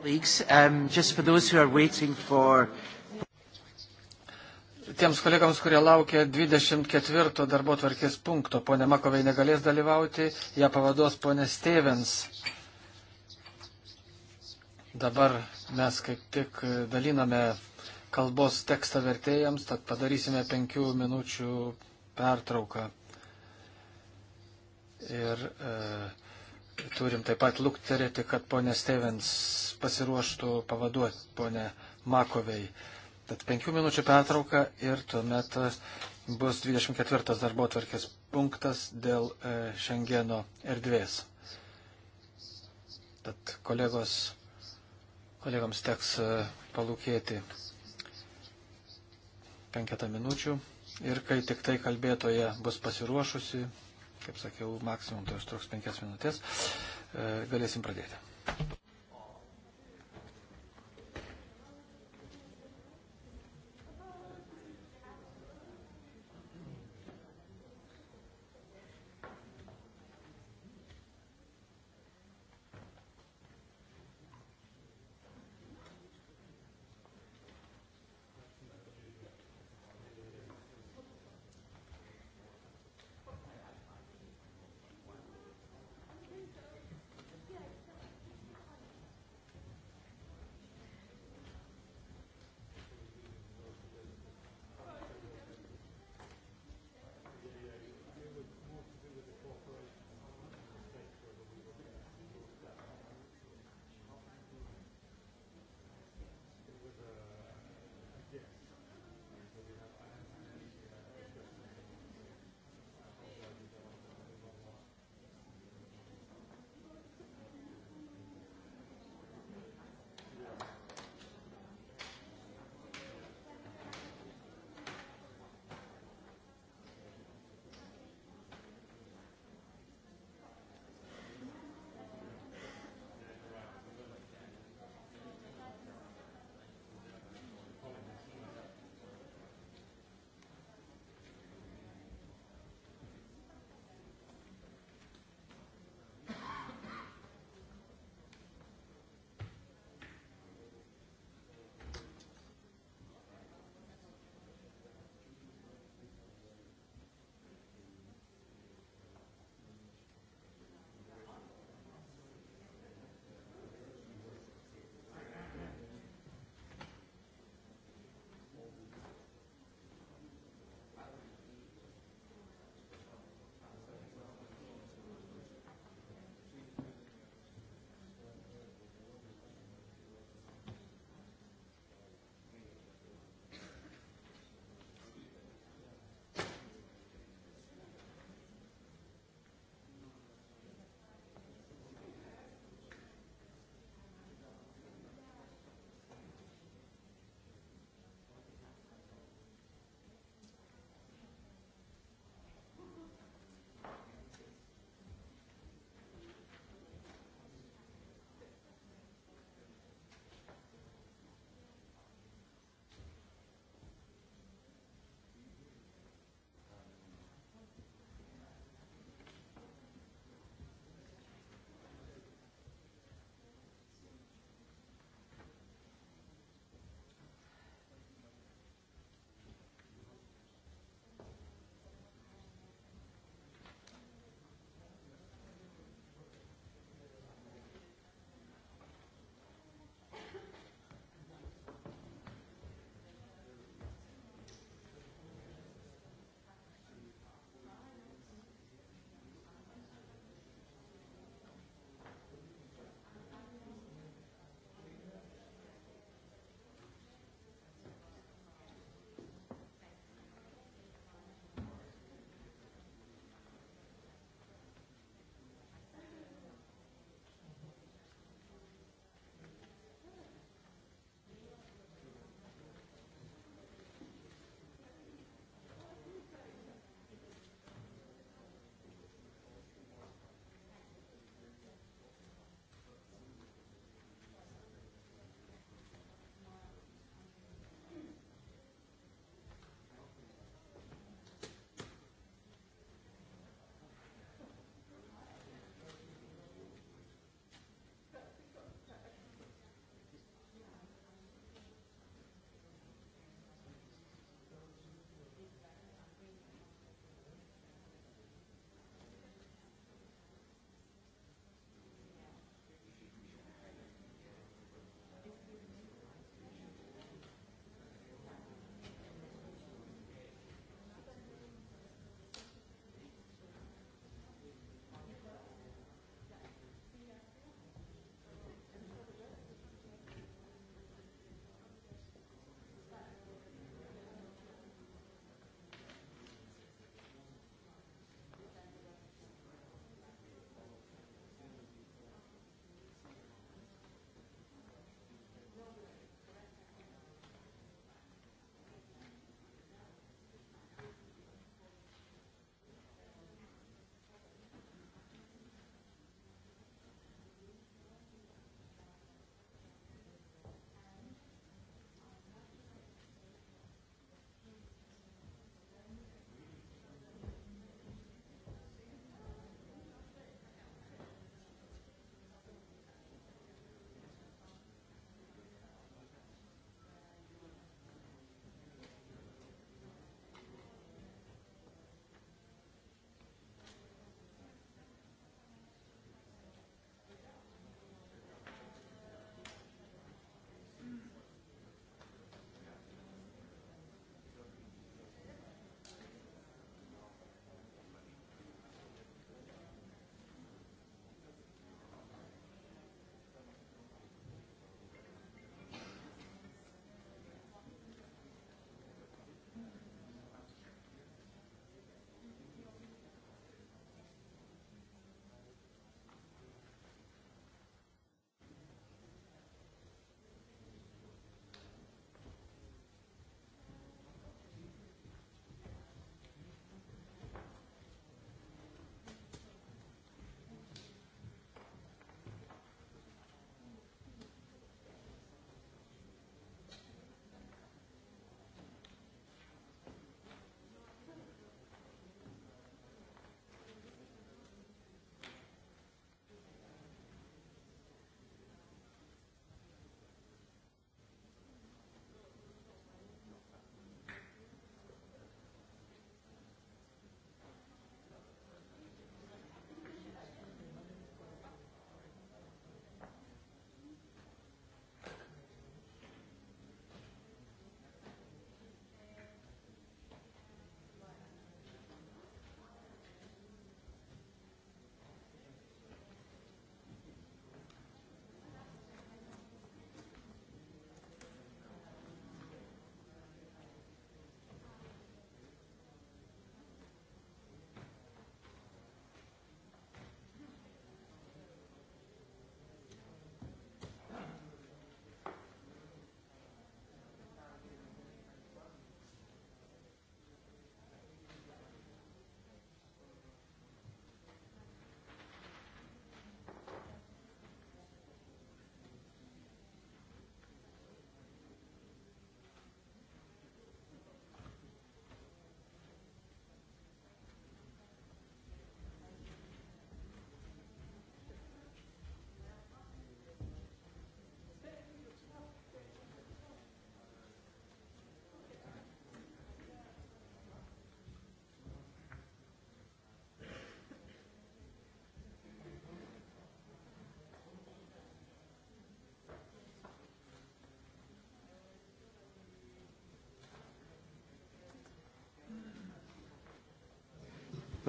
colleagues, um, just for those who are waiting for tiems kolegams, kurie laukia 24 darbo tvarkės punkto, ponė Makovai negalės dalyvauti, ją pavaduos ponė Stevens. Dabar mes kaip tik daliname kalbos tekstą vertėjams, tad padarysime penkių minučių pertrauką. Ir e, Turim taip pat lukterėti, kad ponė Stevens pasiruoštų pavaduoti ponę Makovei. Tad penkių minučių pertrauka ir tuomet bus 24 darbo tvarkės punktas dėl e, Šengeno erdvės. Tad kolegos, kolegams teks e, palūkėti penketą minučių ir kai tik tai kalbėtoja bus pasiruošusi, kaip sakiau, maksimum tai užtruks penkias minutės. E, galėsim pradėti.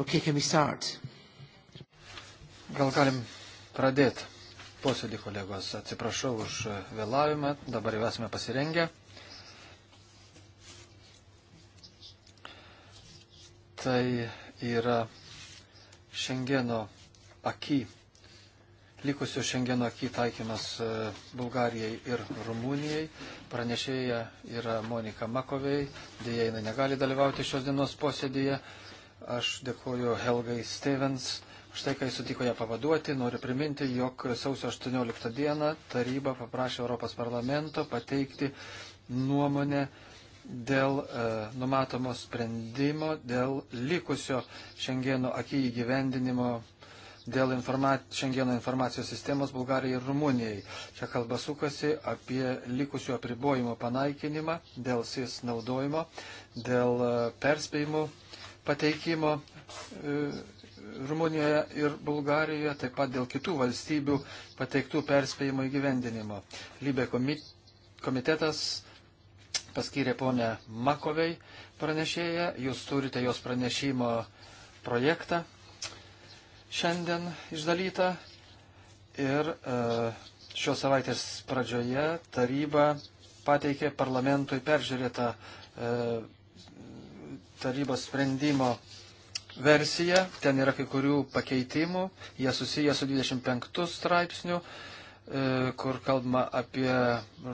Okay, can we start? Gal galim pradėti posėdį, kolegos. Atsiprašau už e, vėlavimą, dabar jau esame pasirengę. Tai yra Šengeno aky, likusio Šengeno aky taikymas e, Bulgarijai ir Rumunijai. Pranešėja yra Monika Makovei, dėja jinai negali dalyvauti šios dienos posėdėje. Aš dėkuoju Helgai Stevens už tai, kai sutiko ją pavaduoti. Noriu priminti, jog sausio 18 dieną taryba paprašė Europos parlamento pateikti nuomonę dėl e, numatomo sprendimo, dėl likusio Šengeno akį įgyvendinimo dėl informa Šengeno informacijos sistemos Bulgarijai ir Rumunijai. Čia kalba sukasi apie likusių apribojimo panaikinimą dėl SIS naudojimo, dėl e, perspėjimų pateikimo e, Rumunijoje ir Bulgarijoje, taip pat dėl kitų valstybių pateiktų perspėjimo įgyvendinimo. Lybė komitetas paskyrė ponę Makovei pranešėją, jūs turite jos pranešimo projektą šiandien išdalytą ir e, šios savaitės pradžioje taryba pateikė parlamentui peržiūrėtą e, tarybos sprendimo versiją, ten yra kai kurių pakeitimų, jie susiję su 25 straipsniu, e, kur kalbama apie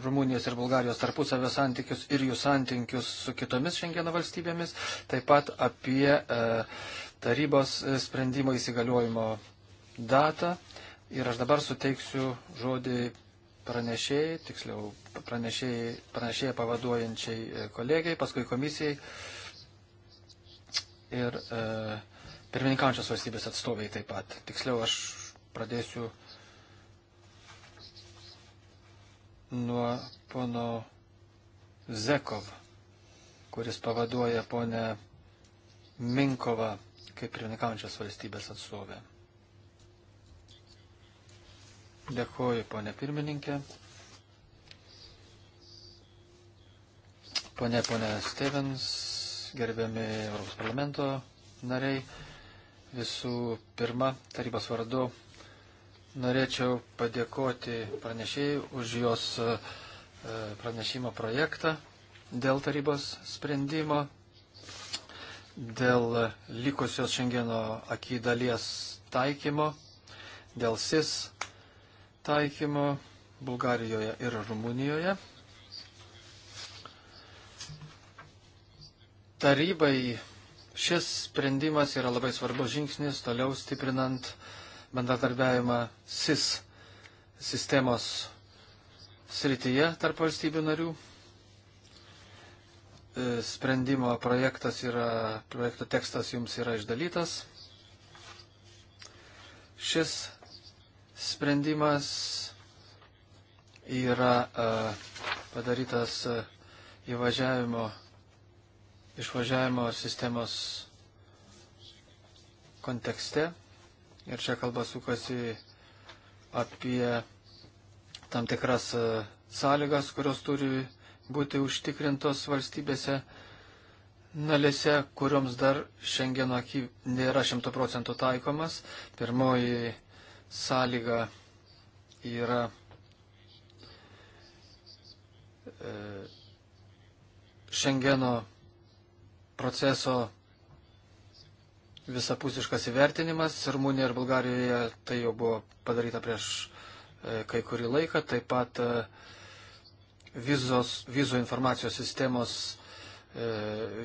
Rumunijos ir Bulgarijos tarpusavio santykius ir jų santykius su kitomis šengeno valstybėmis, taip pat apie e, tarybos e, sprendimo įsigaliojimo datą. Ir aš dabar suteiksiu žodį pranešėjai, tiksliau pranešėjai, pranešėjai pavaduojančiai kolegiai, paskui komisijai ir e, pirmininkaujančios valstybės atstovai taip pat. Tiksliau, aš pradėsiu nuo pono Zekov, kuris pavaduoja ponę Minkovą kaip pirmininkaujančios valstybės atstovę. Dėkuoju, ponė pirmininkė. Pone, ponė Stevens, gerbiami Europos parlamento nariai. Visų pirma, tarybos vardu norėčiau padėkoti pranešėjai už jos e, pranešimo projektą dėl tarybos sprendimo, dėl likusios šiandieno akį dalies taikymo, dėl SIS taikymo Bulgarijoje ir Rumunijoje. tarybai šis sprendimas yra labai svarbus žingsnis toliau stiprinant bendradarbiavimą SIS sistemos srityje tarp valstybių narių. E, sprendimo projektas yra, projekto tekstas jums yra išdalytas. Šis sprendimas yra e, padarytas e, įvažiavimo išvažiavimo sistemos kontekste. Ir čia kalba sukasi apie tam tikras e, sąlygas, kurios turi būti užtikrintos valstybėse nalėse, kurioms dar šiandieno akį nėra šimto procentų taikomas. Pirmoji sąlyga yra e, šiandieno proceso visapusiškas įvertinimas. Rumunijoje ir Bulgarijoje tai jau buvo padaryta prieš e, kai kurį laiką. Taip pat e, vizos, vizų informacijos sistemos e,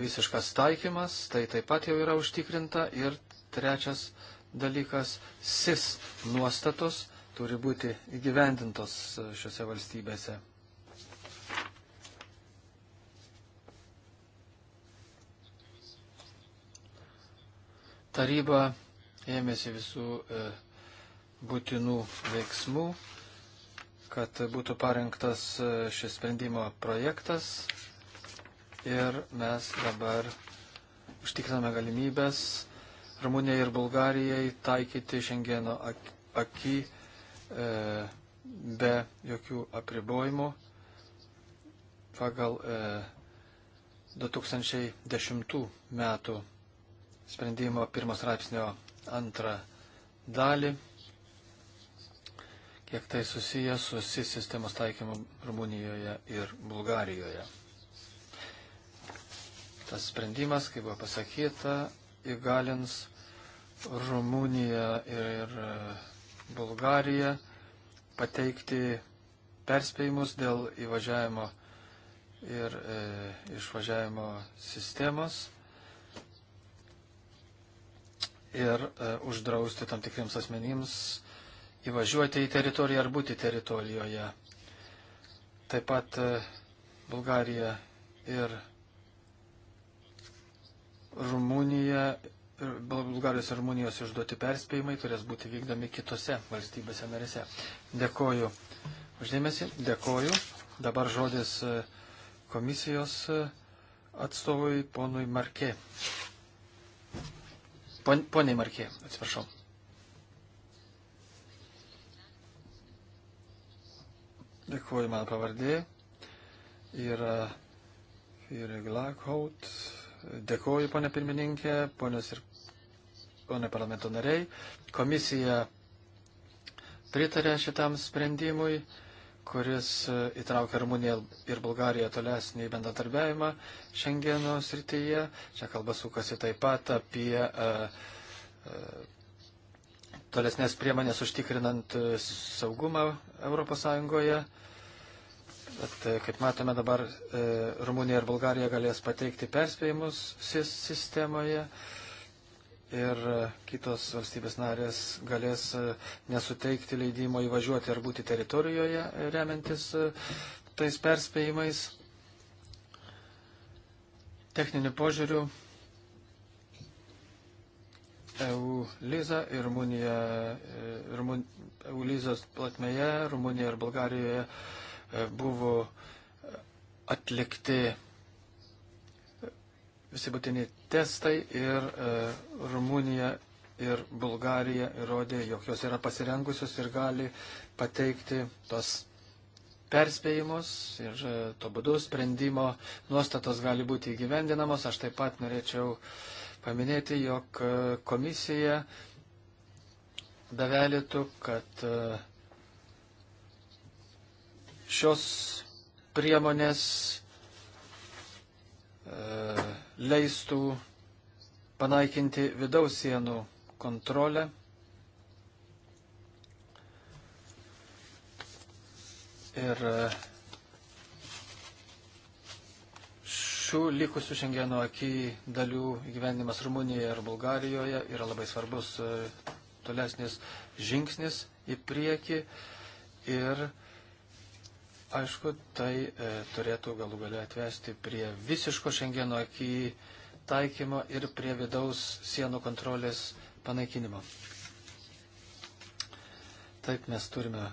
visiškas taikymas, tai taip pat jau yra užtikrinta. Ir trečias dalykas - SIS nuostatos turi būti įgyvendintos šiuose valstybėse. Taryba ėmėsi visų e, būtinų veiksmų, kad būtų parengtas e, šis sprendimo projektas ir mes dabar užtikriname galimybės Rumunijai ir Bulgarijai taikyti Šengeno akį e, be jokių apribojimų pagal e, 2010 metų sprendimo pirmos raipsnio antrą dalį, kiek tai susiję su SIS sistemos taikymu Rumunijoje ir Bulgarijoje. Tas sprendimas, kaip buvo pasakyta, įgalins Rumuniją ir e, Bulgariją pateikti perspėjimus dėl įvažiavimo ir e, išvažiavimo sistemos ir e, uždrausti tam tikriems asmenims įvažiuoti į teritoriją ar būti teritorijoje. Taip pat e, Bulgarija ir Rumunija, Bulgarijos ir Rumunijos išduoti perspėjimai turės būti vykdomi kitose valstybėse narėse. Dėkoju uždėmesi, dėkoju. Dabar žodis e, komisijos e, atstovui ponui Markė. Pon, poniai Markė, atsiprašau. Dėkuoju, mano pavardė yra Fyri Glakhout. Dėkuoju, ponė pirmininkė, ponios ir ponė parlamento nariai. Komisija pritarė šitam sprendimui kuris e, įtraukia Rumuniją ir Bulgariją tolesnį bendradarbiavimą Šengeno srityje. Čia kalba sukasi taip pat apie e, e, tolesnės priemonės užtikrinant saugumą ES. Bet, kaip matome dabar, Rumunija ir Bulgarija galės pateikti perspėjimus sistemoje. E, ir e, kitos valstybės narės galės e, nesuteikti leidimo įvažiuoti ar būti teritorijoje e, remiantis tais perspėjimais. Techniniu požiūriu EU Liza ir Rumunija, Rumun, EU Lizos platmeje, Rumunija ir Bulgarijoje buvo atlikti visi būtini testai ir e, Rumunija ir Bulgarija įrodė, jog jos yra pasirengusios ir gali pateikti tos perspėjimus ir e, to būdu sprendimo nuostatos gali būti įgyvendinamos. Aš taip pat norėčiau paminėti, jog e, komisija davelytų, kad e, šios priemonės E, leistų panaikinti vidaus sienų kontrolę. Ir e, šių likusių šengeno akį dalių gyvenimas Rumunijoje ir Bulgarijoje yra labai svarbus e, tolesnis žingsnis į priekį ir Aišku, tai e, turėtų galų gale atvesti prie visiško šengeno akį taikymo ir prie vidaus sienų kontrolės panaikinimo. Taip mes turime,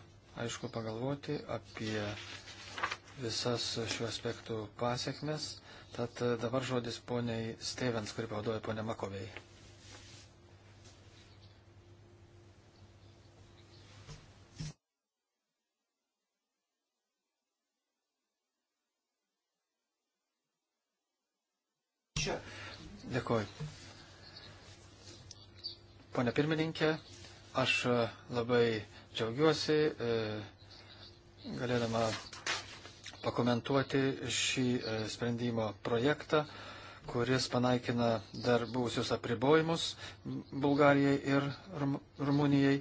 aišku, pagalvoti apie visas šių aspektų pasiekmes. Tad dabar žodis poniai Stevens, kurį pavaduoja ponia Makovėjai. Dėkuoju. Pone pirmininkė, aš labai džiaugiuosi e, galėdama pakomentuoti šį e, sprendimo projektą, kuris panaikina dar būsius apribojimus Bulgarijai ir Rumunijai.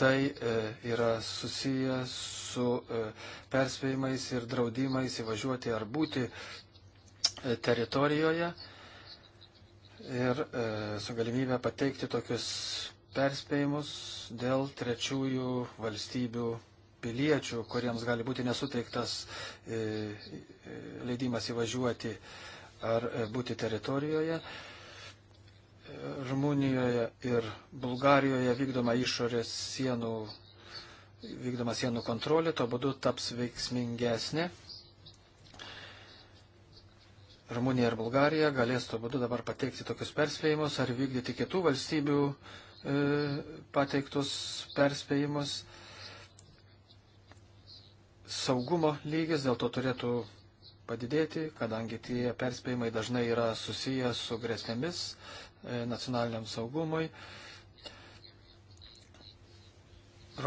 Tai e, yra susiję su perspėjimais ir draudimais įvažiuoti ar būti teritorijoje ir e, su galimybė pateikti tokius perspėjimus dėl trečiųjų valstybių piliečių, kuriems gali būti nesuteiktas e, e, leidimas įvažiuoti ar e, būti teritorijoje. Rumunijoje ir Bulgarijoje vykdoma išorės sienų, vykdoma sienų kontrolė, to būdu taps veiksmingesnė Rumunija ir Bulgarija galės tuo būdu dabar pateikti tokius perspėjimus ar vykdyti kitų valstybių e, pateiktus perspėjimus. Saugumo lygis dėl to turėtų padidėti, kadangi tie perspėjimai dažnai yra susiję su grėsmėmis e, nacionaliniam saugumui.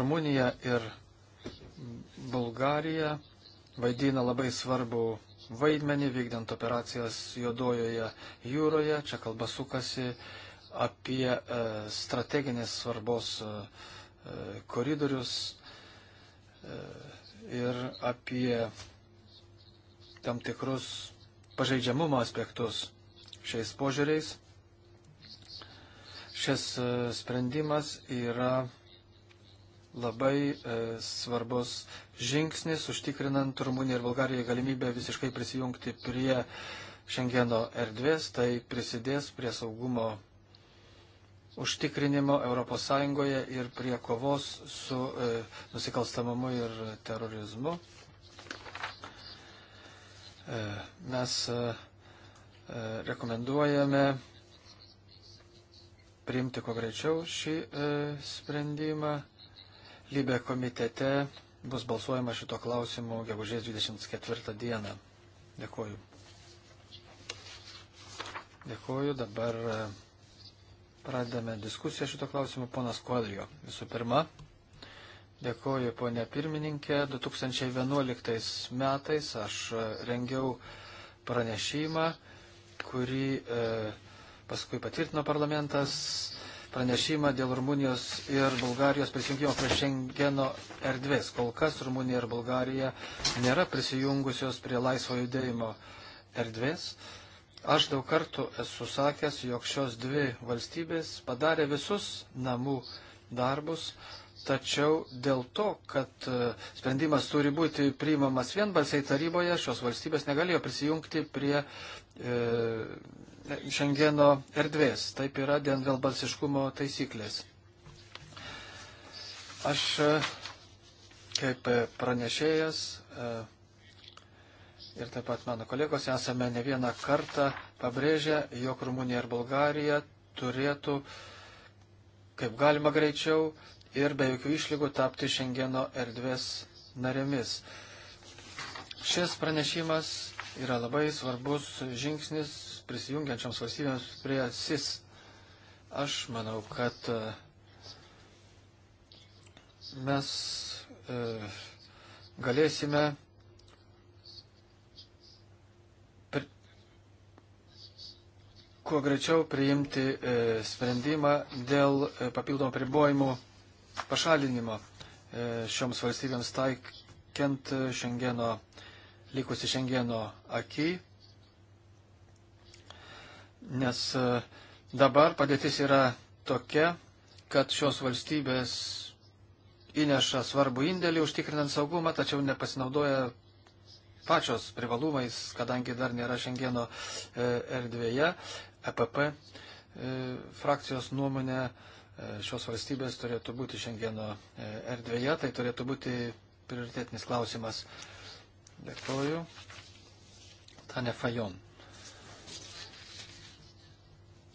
Rumunija ir Bulgarija vaidina labai svarbu vaidmenį vykdant operacijas Juodojoje jūroje. Čia kalba sukasi apie e, strateginės svarbos e, e, koridorius ir apie tam tikrus pažeidžiamumo aspektus šiais požiūriais. Šis sprendimas yra labai e, svarbus žingsnis, užtikrinant Rumuniją ir Bulgariją galimybę visiškai prisijungti prie Šengeno erdvės, tai prisidės prie saugumo užtikrinimo ES ir prie kovos su e, nusikalstamumu ir terorizmu. E, mes e, e rekomenduojame priimti kuo greičiau šį e, sprendimą. Lybė komitete bus balsuojama šito klausimu gegužės 24 dieną. Dėkuoju. Dėkuoju. Dabar e, pradedame diskusiją šito klausimu. Ponas Kuodrijo. Visų pirma, dėkuoju ponė pirmininkė. 2011 metais aš e, rengiau pranešimą, kurį e, paskui patvirtino parlamentas pranešimą dėl Rumunijos ir Bulgarijos prisijungimo prie Schengeno erdvės. Kol kas Rumunija ir Bulgarija nėra prisijungusios prie laisvo judėjimo erdvės. Aš daug kartų esu sakęs, jog šios dvi valstybės padarė visus namų darbus, tačiau dėl to, kad e, sprendimas turi būti priimamas vienbalsiai taryboje, šios valstybės negalėjo prisijungti prie e, Šengeno erdvės. Taip yra dėl vienbalsiškumo taisyklės. Aš e, kaip pranešėjas e, ir taip pat mano kolegos esame ne vieną kartą pabrėžę, jog Rumunija ir Bulgarija turėtų kaip galima greičiau ir be jokių išlygų tapti Šengeno erdvės narėmis. Šis pranešimas yra labai svarbus žingsnis prisijungiančioms valstybėms prie SIS. Aš manau, kad e, mes e, galėsime kuo greičiau priimti e, sprendimą dėl e, papildomų pribojimų pašalinimo e, šioms valstybėms taikiant Šengeno, likusi Šengeno akį. Nes e, dabar padėtis yra tokia, kad šios valstybės įneša svarbu indėlį užtikrinant saugumą, tačiau nepasinaudoja pačios privalumais, kadangi dar nėra šiandieno e, erdvėje. EPP e, frakcijos nuomonė šios valstybės turėtų būti šiandieno erdvėje, tai turėtų būti prioritetinis klausimas. Dėkuoju. Tane Fajon.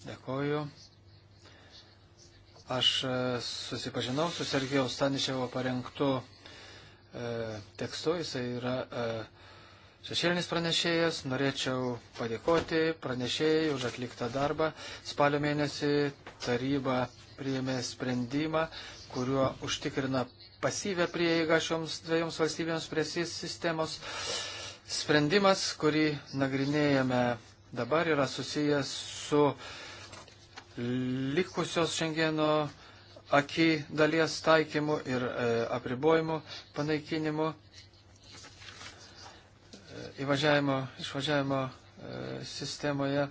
Dėkoju. Aš e, susipažinau su Sergijaus Staniševo parengtu e, tekstu. Jisai yra e, šešėlinis pranešėjas. Norėčiau padėkoti pranešėjai už atliktą darbą. Spalio mėnesį taryba priėmė sprendimą, kuriuo užtikrina pasyvę prieigą šioms dviejoms valstybėms prie SIS sistemos. Sprendimas, kurį nagrinėjame dabar, yra susijęs su likusios Šengeno aki dalies taikymų ir e, apribojimų panaikinimų, e, įvažiavimo, išvažiavimo e, sistemoje.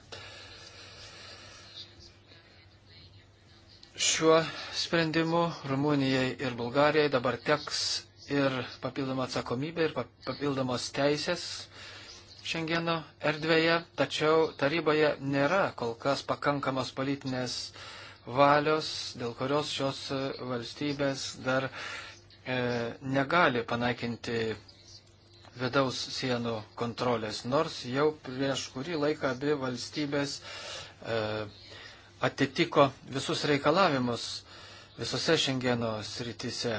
Šiuo sprendimu Rumunijai ir Bulgarijai dabar teks ir papildoma atsakomybė, ir papildomos teisės Šengeno erdvėje, tačiau taryboje nėra kol kas pakankamos politinės valios, dėl kurios šios e, valstybės dar e, negali panaikinti vidaus sienų kontrolės, nors jau prieš kurį laiką abi valstybės e, atitiko visus reikalavimus visose Šengeno srityse.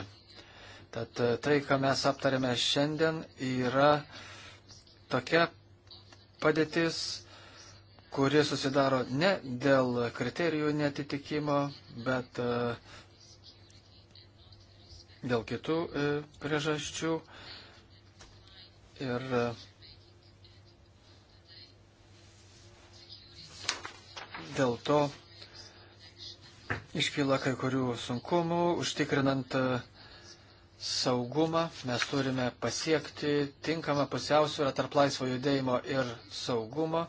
Tad e, tai, ką mes aptarėme šiandien, yra e, tokia padėtis, kuri susidaro ne dėl kriterijų netitikimo, bet e, dėl kitų e, priežasčių. Ir e, dėl to iškyla kai kurių sunkumų, užtikrinant uh, saugumą, mes turime pasiekti tinkamą pusiausvyrą tarp laisvo judėjimo ir saugumo.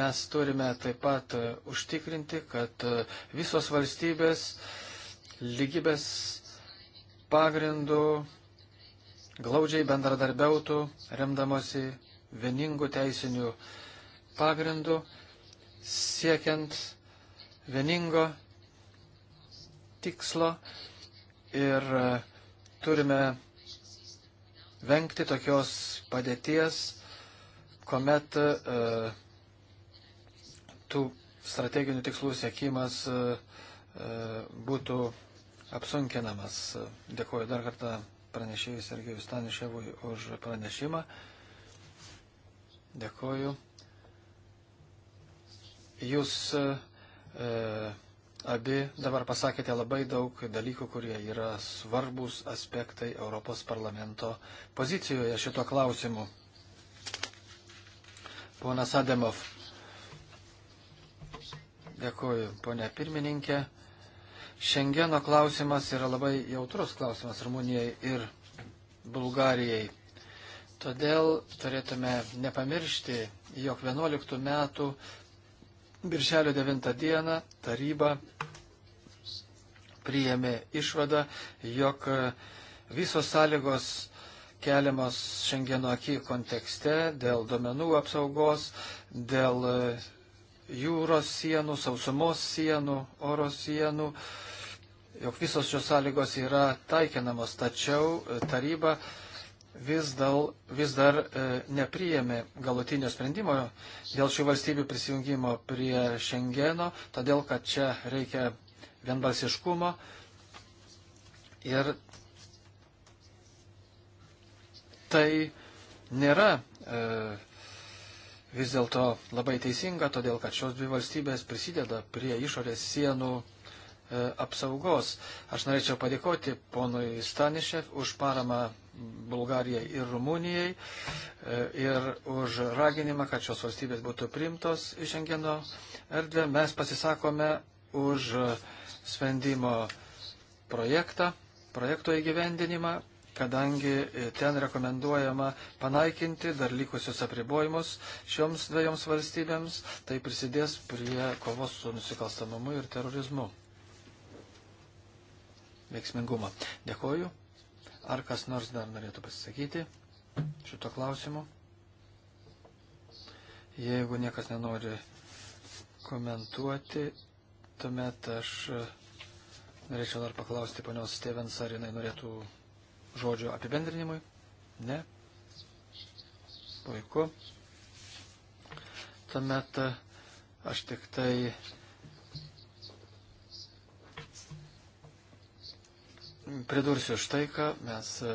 Mes turime taip pat e, užtikrinti, kad e, visos valstybės lygybės pagrindų glaudžiai bendradarbiautų, remdamosi vieningų teisinių pagrindų, siekiant vieningo tikslo ir uh, turime vengti tokios padėties, kuomet e, tų strateginių tikslų siekimas e, e būtų apsunkinamas. Dėkuoju dar kartą pranešėjui Sergejui Staniševui už pranešimą. Dėkuoju. Jūs e, Abi dabar pasakėte labai daug dalykų, kurie yra svarbus aspektai Europos parlamento pozicijoje šito klausimu. Ponas Ademov. Dėkuoju, ponė pirmininkė. Šengeno klausimas yra labai jautrus klausimas Rumunijai ir Bulgarijai. Todėl turėtume nepamiršti, jog 11 metų Birželio 9 dieną taryba priėmė išvadą, jog e, visos sąlygos keliamos Šengeno akį kontekste dėl domenų apsaugos, dėl e, jūros sienų, sausumos sienų, oro sienų, jog visos šios sąlygos yra taikinamos, tačiau e, taryba vis, dal, vis dar e, nepriėmė galutinio sprendimo dėl šių valstybių prisijungimo prie Šengeno, todėl kad čia reikia vienbalsiškumo ir tai nėra e, vis dėlto labai teisinga, todėl kad šios dvi valstybės prisideda prie išorės sienų e, apsaugos. Aš norėčiau padėkoti ponui Stanišev už paramą Bulgarijai ir Rumunijai e, ir už raginimą, kad šios valstybės būtų primtos iš Engeno erdvę. Mes pasisakome už sprendimo projektą, projekto įgyvendinimą, kadangi ten rekomenduojama panaikinti dar likusius apribojimus šioms dviejoms valstybėms, tai prisidės prie kovos su nusikalstamumu ir terorizmu. Veiksmingumą. Dėkoju. Ar kas nors dar norėtų pasisakyti šito klausimu? Jeigu niekas nenori komentuoti, tuomet aš e, norėčiau dar paklausti ponios Stevens, ar jinai norėtų žodžio apibendrinimui. Ne? Puiku. Tuomet e, aš tik tai pridursiu štai ką. Mes e,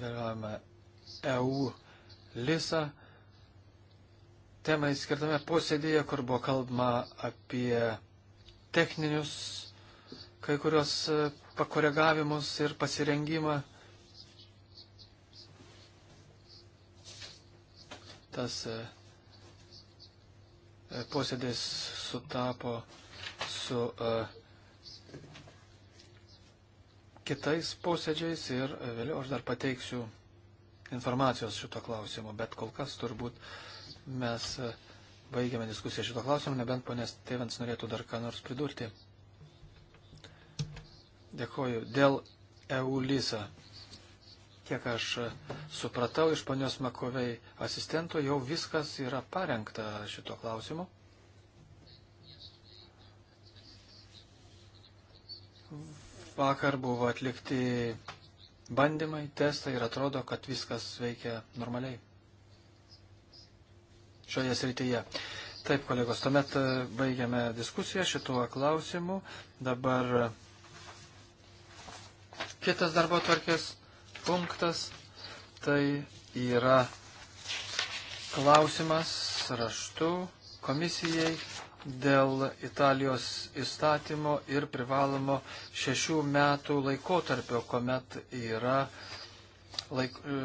dalyvavome EU LISA temai skirtame posėdėje, kur buvo kalbama apie techninius kai kurios e, pakoregavimus ir pasirengimą. Tas e, posėdis sutapo su e, kitais posėdžiais ir e, vėliau aš dar pateiksiu informacijos šito klausimu, bet kol kas turbūt mes e, baigiame diskusiją šito klausimu, nebent ponės tėvens norėtų dar ką nors pridurti. Dėkoju. Dėl EULISA, kiek aš supratau iš ponios Makovei asistento, jau viskas yra parengta šito klausimu. Vakar buvo atlikti bandymai, testai ir atrodo, kad viskas veikia normaliai šioje srityje. Taip, kolegos, tuomet e, baigiame diskusiją šituo klausimu. Dabar kitas darbo tvarkės punktas tai yra klausimas raštu komisijai dėl Italijos įstatymo ir privalomo šešių metų laikotarpio, kuomet yra laik, e,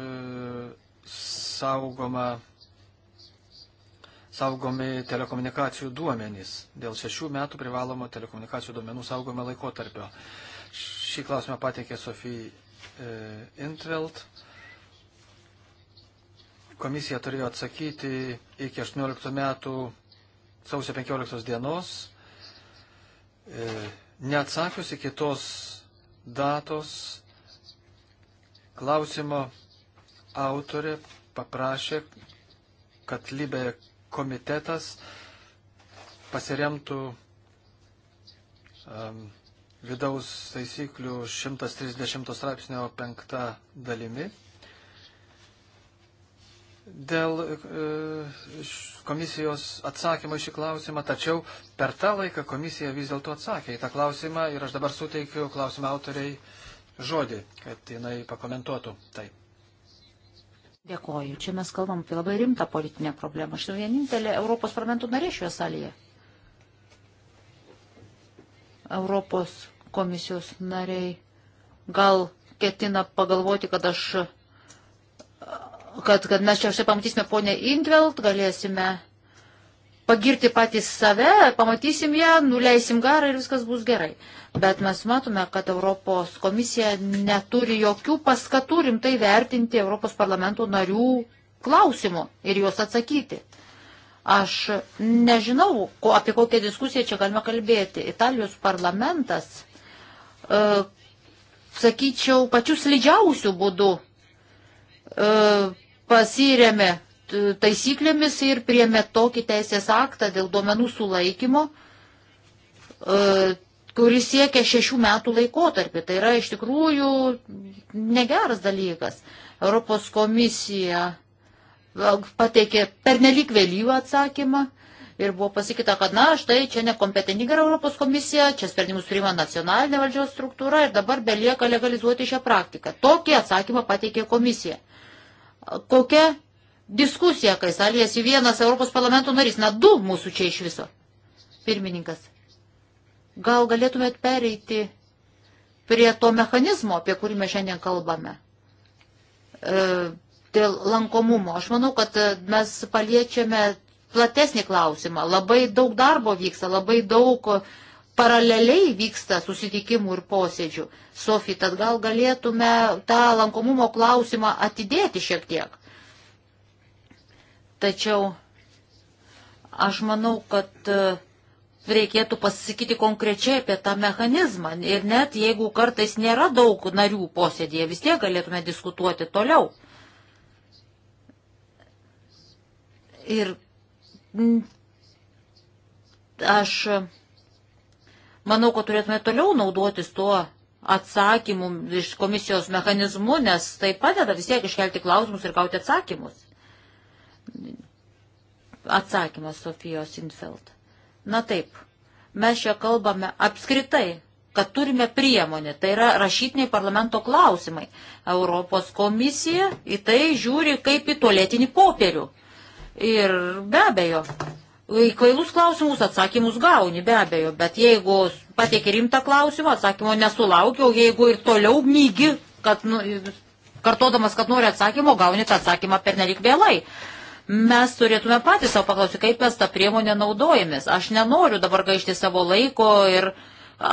saugoma, saugomi telekomunikacijų duomenys, dėl šešių metų privalomo telekomunikacijų duomenų saugoma laikotarpio. Šį klausimą pateikė Sofija e, Intveld. Komisija turėjo atsakyti iki 18 metų sausio 15 dienos, e, neatsakius iki tos datos, klausimo autorė paprašė, kad Libė komitetas pasiremtų um, vidaus taisyklių 130 straipsnio 5 dalimi dėl e, komisijos atsakymo šį klausimą, tačiau per tą laiką komisija vis dėlto atsakė į tą klausimą ir aš dabar suteikiu klausimą autoriai žodį, kad jinai pakomentuotų tai. Dėkoju. Čia mes kalbam apie labai rimtą politinę problemą. Aš esu vienintelė Europos parlamento narė šioje salėje. Europos komisijos nariai gal ketina pagalvoti, kad aš kad, kad mes čia štai pamatysime ponę Indveld, galėsime pagirti patys save, pamatysim ją, nuleisim garą ir viskas bus gerai. Bet mes matome, kad Europos komisija neturi jokių paskatų rimtai vertinti Europos parlamento narių klausimų ir juos atsakyti. Aš nežinau, ko, apie kokią diskusiją čia galima kalbėti. Italijos parlamentas, e, sakyčiau, pačius lydžiausių būdų E, pasiremė taisyklėmis ir priemė tokį teisės aktą dėl duomenų sulaikymo, e, kuris siekia šešių metų laikotarpį. Tai yra iš tikrųjų negeras dalykas. Europos komisija e, pateikė pernelyg vėlyvą atsakymą ir buvo pasakyta, kad na, štai čia nekompetentinga yra Europos komisija, čia sprendimus priima nacionalinė valdžios struktūra ir dabar belieka legalizuoti šią praktiką. Tokį atsakymą pateikė komisija kokia diskusija, kai salėsi vienas Europos parlamento narys, na du mūsų čia iš viso. Pirmininkas, gal galėtumėt pereiti prie to mechanizmo, apie kurį mes šiandien kalbame, e, dėl lankomumo. Aš manau, kad mes paliečiame platesnį klausimą. Labai daug darbo vyksta, labai daug paraleliai vyksta susitikimų ir posėdžių. Sofija, tad gal galėtume tą lankomumo klausimą atidėti šiek tiek. Tačiau aš manau, kad e, reikėtų pasisakyti konkrečiai apie tą mechanizmą. Ir net jeigu kartais nėra daug narių posėdėje, vis tiek galėtume diskutuoti toliau. Ir aš Manau, kad turėtume toliau naudotis tuo atsakymų iš komisijos mechanizmų, nes tai padeda vis tiek iškelti klausimus ir gauti atsakymus. Atsakymas Sofijos Infeld. Na taip, mes čia kalbame apskritai, kad turime priemonę, tai yra rašytiniai parlamento klausimai. Europos komisija į tai žiūri kaip į tualetinį popierių. Ir be abejo, Kvailus klausimus atsakymus gauni, be abejo, bet jeigu pateikė rimtą klausimą, atsakymo nesulaukiau, jeigu ir toliau mygi, kad nu, kartodamas, kad nori atsakymo, gauni tą atsakymą per nelik vėlai. Mes turėtume patys savo paklausyti, kaip mes tą priemonę naudojamės. Aš nenoriu dabar gaišti savo laiko ir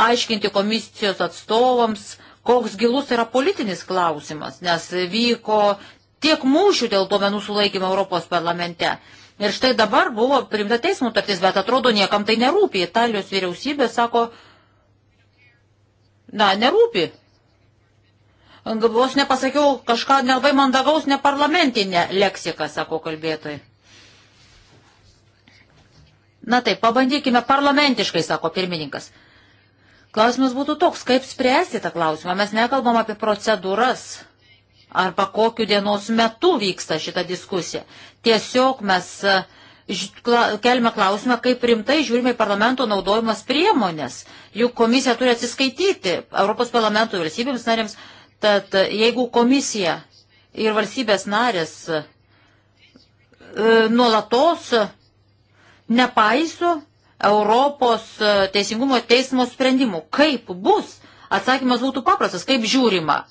aiškinti komisijos atstovams, koks gilus yra politinis klausimas, nes vyko tiek mūšių dėl duomenų sulaikymo Europos parlamente. Ir štai dabar buvo priimta teismų tartis, bet atrodo niekam tai nerūpi. Italijos vyriausybė sako, na, nerūpi. Vos nepasakiau kažką nelabai mandagaus, ne parlamentinė leksika, sako kalbėtojai. Na taip, pabandykime parlamentiškai, sako pirmininkas. Klausimas būtų toks, kaip spręsti tą klausimą. Mes nekalbam apie procedūras arba kokiu dienos metu vyksta šita diskusija. Tiesiog mes e, kelime klausimą, kaip rimtai žiūrime į parlamento naudojimas priemonės. Juk komisija turi atsiskaityti Europos parlamento valstybėms narėms. Tad e, jeigu komisija ir valstybės narės e, nuolatos nepaiso Europos e, teisingumo teismo sprendimų, kaip bus, atsakymas būtų paprastas, kaip žiūrima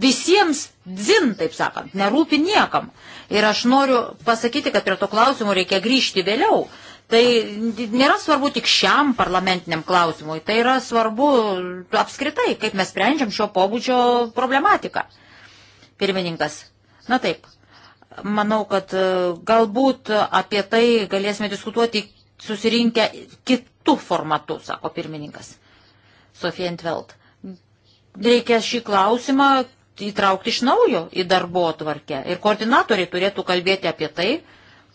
Visiems dzin, taip sakant, nerūpi niekam. Ir aš noriu pasakyti, kad prie to klausimo reikia grįžti vėliau. Tai nėra svarbu tik šiam parlamentiniam klausimui, tai yra svarbu apskritai, kaip mes sprendžiam šio pobūdžio problematiką. Pirmininkas. Na taip, manau, kad e, galbūt apie tai galėsime diskutuoti susirinkę kitų formatų, sako pirmininkas. Sofija Entveld. Reikia šį klausimą įtraukti iš naujo į darbo tvarkę. Ir koordinatoriai turėtų kalbėti apie tai,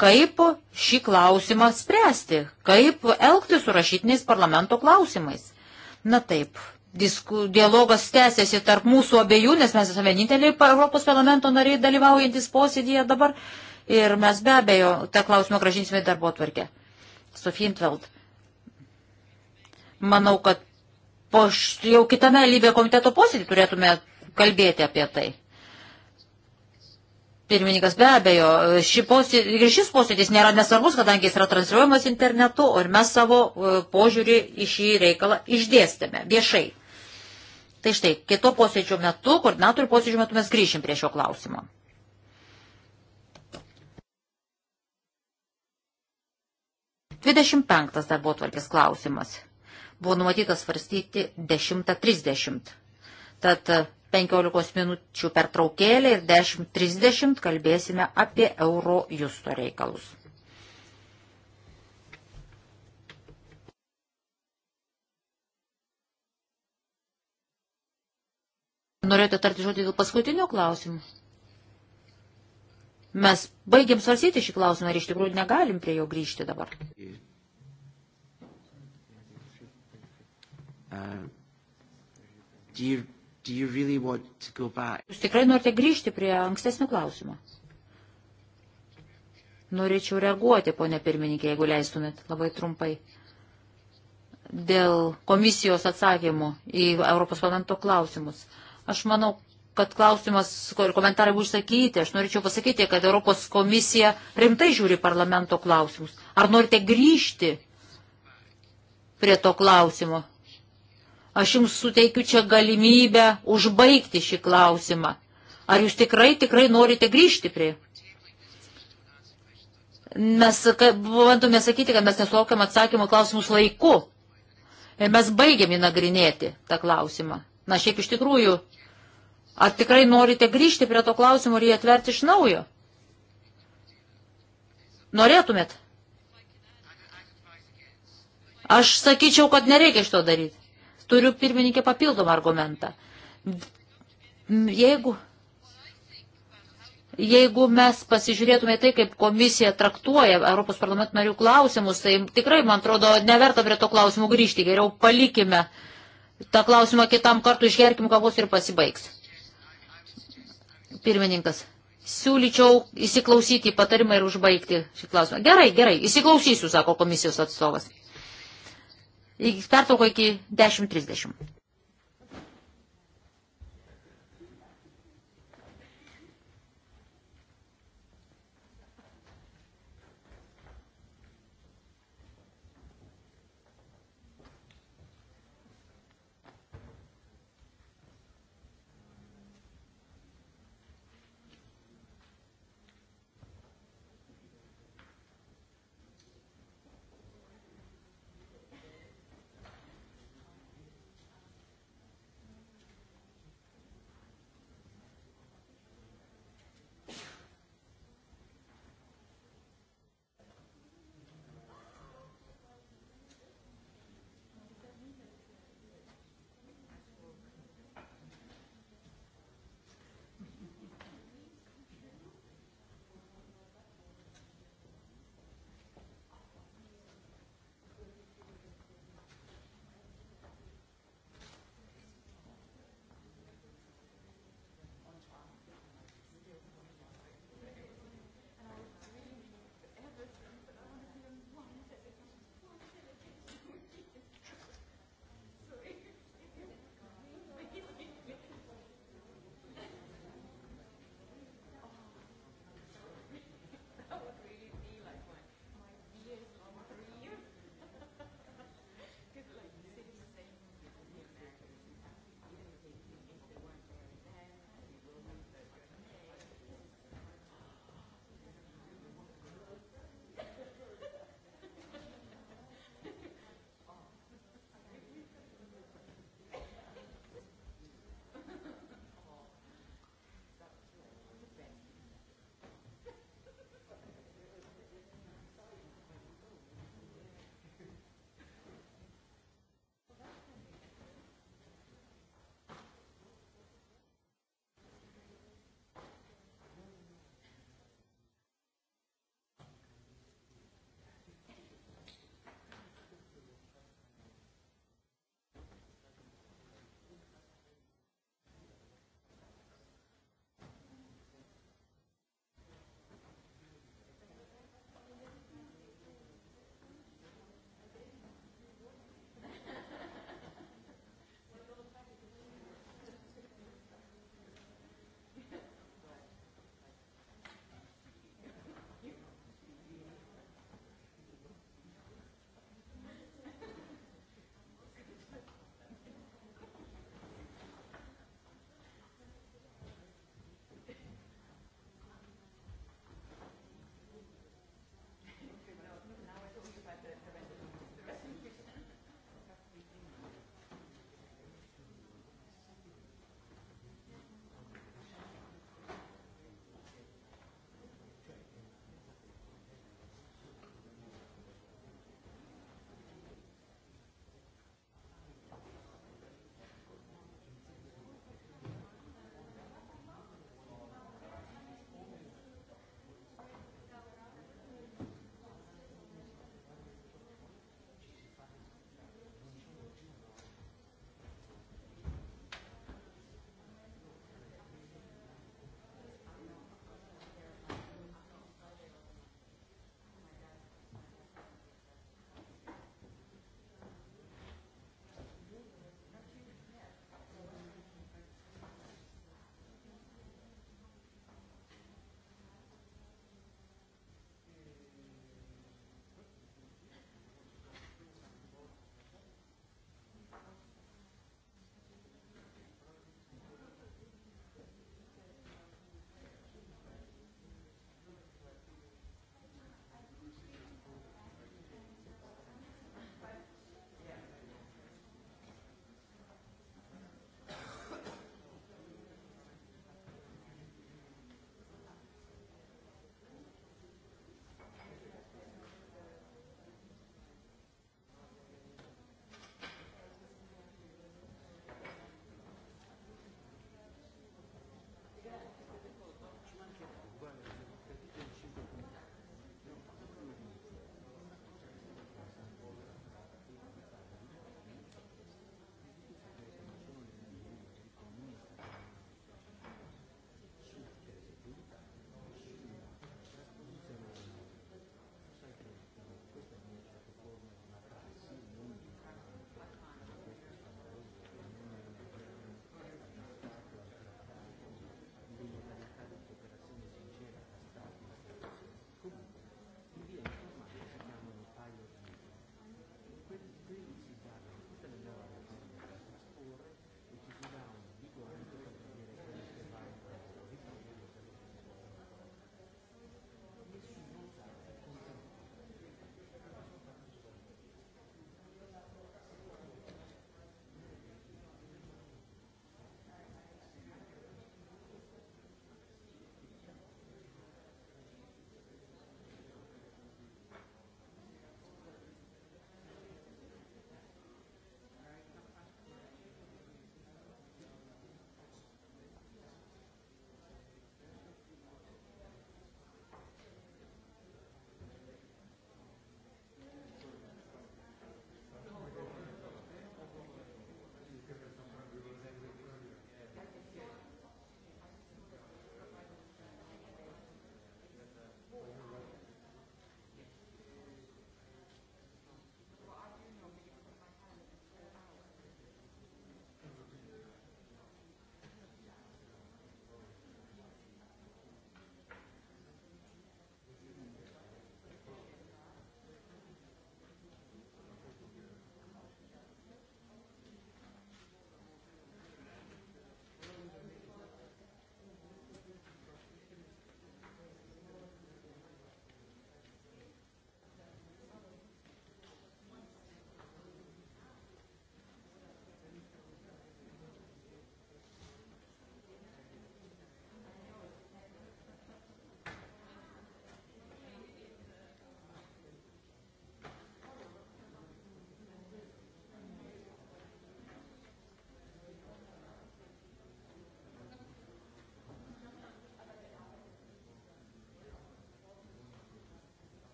kaip šį klausimą spręsti, kaip elgti su rašytiniais parlamento klausimais. Na taip, disku, dialogas tęsiasi tarp mūsų abiejų, nes mes esame vieninteliai Europos parlamento nariai dalyvaujantis posėdėje dabar ir mes be abejo tą klausimą gražinsime į darbo tvarkę. Sofintveld. Manau, kad po, jau kitame lygio komiteto posėdį turėtume kalbėti apie tai. Pirmininkas be abejo, ši posėdė, ir šis posėdis nėra nesvarbus, kadangi jis yra transliuojamas internetu, ir mes savo e, požiūrį į šį reikalą išdėstėme viešai. Tai štai, kito posėdžio metu, koordinatorių posėdžio metu mes grįšim prie šio klausimo. Dvidešimt penktas darbo tvarkės klausimas. Buvo numatytas svarstyti 10.30. Tad 15 minučių per traukėlę ir 10.30 kalbėsime apie euro justo reikalus. Norėjote tarti žodį dėl paskutinio klausimų? Mes baigiam svarsyti šį klausimą ir iš tikrųjų negalim prie jo grįžti dabar. Uh, do you Really Jūs tikrai norite grįžti prie ankstesnio klausimo? Norėčiau reaguoti, ponė pirmininkė, jeigu leistumėt, labai trumpai. Dėl komisijos atsakymų į Europos parlamento klausimus. Aš manau, kad klausimas ir komentarai buvo išsakyti. Aš norėčiau pasakyti, kad Europos komisija rimtai žiūri parlamento klausimus. Ar norite grįžti prie to klausimo? Aš jums suteikiu čia galimybę užbaigti šį klausimą. Ar jūs tikrai, tikrai norite grįžti prie? Mes bandome sakyti, kad mes nesulaukiam atsakymų klausimus laiku. Ir mes baigiam įnagrinėti tą klausimą. Na, šiaip iš tikrųjų, ar tikrai norite grįžti prie to klausimo ir jį atverti iš naujo? Norėtumėt? Aš sakyčiau, kad nereikia šito daryti. Turiu pirmininkė papildomą argumentą. Jeigu, jeigu mes pasižiūrėtume tai, kaip komisija traktuoja Europos parlamento narių klausimus, tai tikrai, man atrodo, neverta prie to klausimų grįžti. Geriau palikime tą klausimą kitam kartu, išgerkim kavos ir pasibaigs. Pirmininkas siūlyčiau įsiklausyti į patarimą ir užbaigti šį klausimą. Gerai, gerai, įsiklausysiu, sako komisijos atstovas. Pertrauko iki 10.30.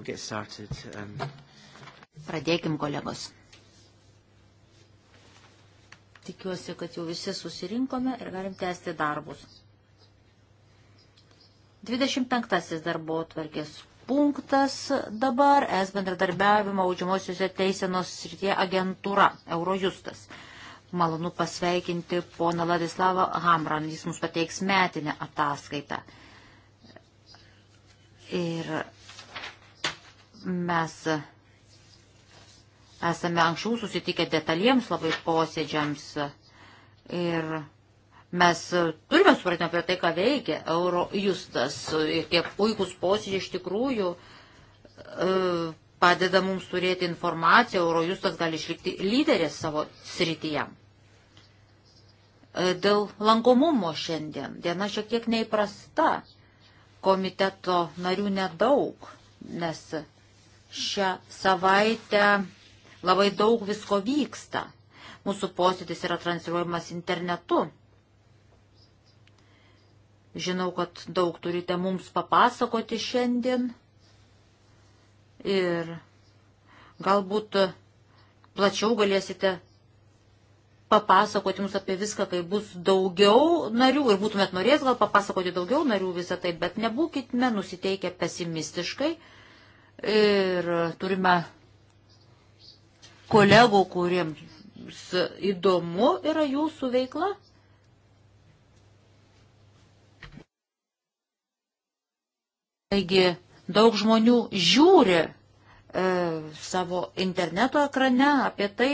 we'll get started. Um... Pradėkim, kolegos. Tikiuosi, kad jau visi susirinkome ir galim tęsti darbus. 25 darbo tvarkės punktas dabar es bendradarbiavimo audžiamosiuose teisenos srityje agentūra Eurojustas. Malonu pasveikinti poną Ladislavą Hamran, jis mums pateiks metinę ataskaitą. Ir Mes esame anksčiau susitikę detaliems labai posėdžiams ir mes turime supratimą apie tai, ką veikia Eurojustas ir tie puikūs posėdžiai iš tikrųjų e, padeda mums turėti informaciją, Eurojustas gali išlikti lyderės savo srityje. E, dėl lankomumo šiandien diena šiek tiek neįprasta, komiteto narių nedaug, nes Šią savaitę labai daug visko vyksta. Mūsų posėdis yra transliuojamas internetu. Žinau, kad daug turite mums papasakoti šiandien ir galbūt plačiau galėsite papasakoti jums apie viską, kai bus daugiau narių ir būtumėt norės gal papasakoti daugiau narių visą tai, bet nebūkite nusiteikę pesimistiškai. Ir turime kolegų, kuriems įdomu yra jūsų veikla. Taigi daug žmonių žiūri e, savo interneto ekrane apie tai,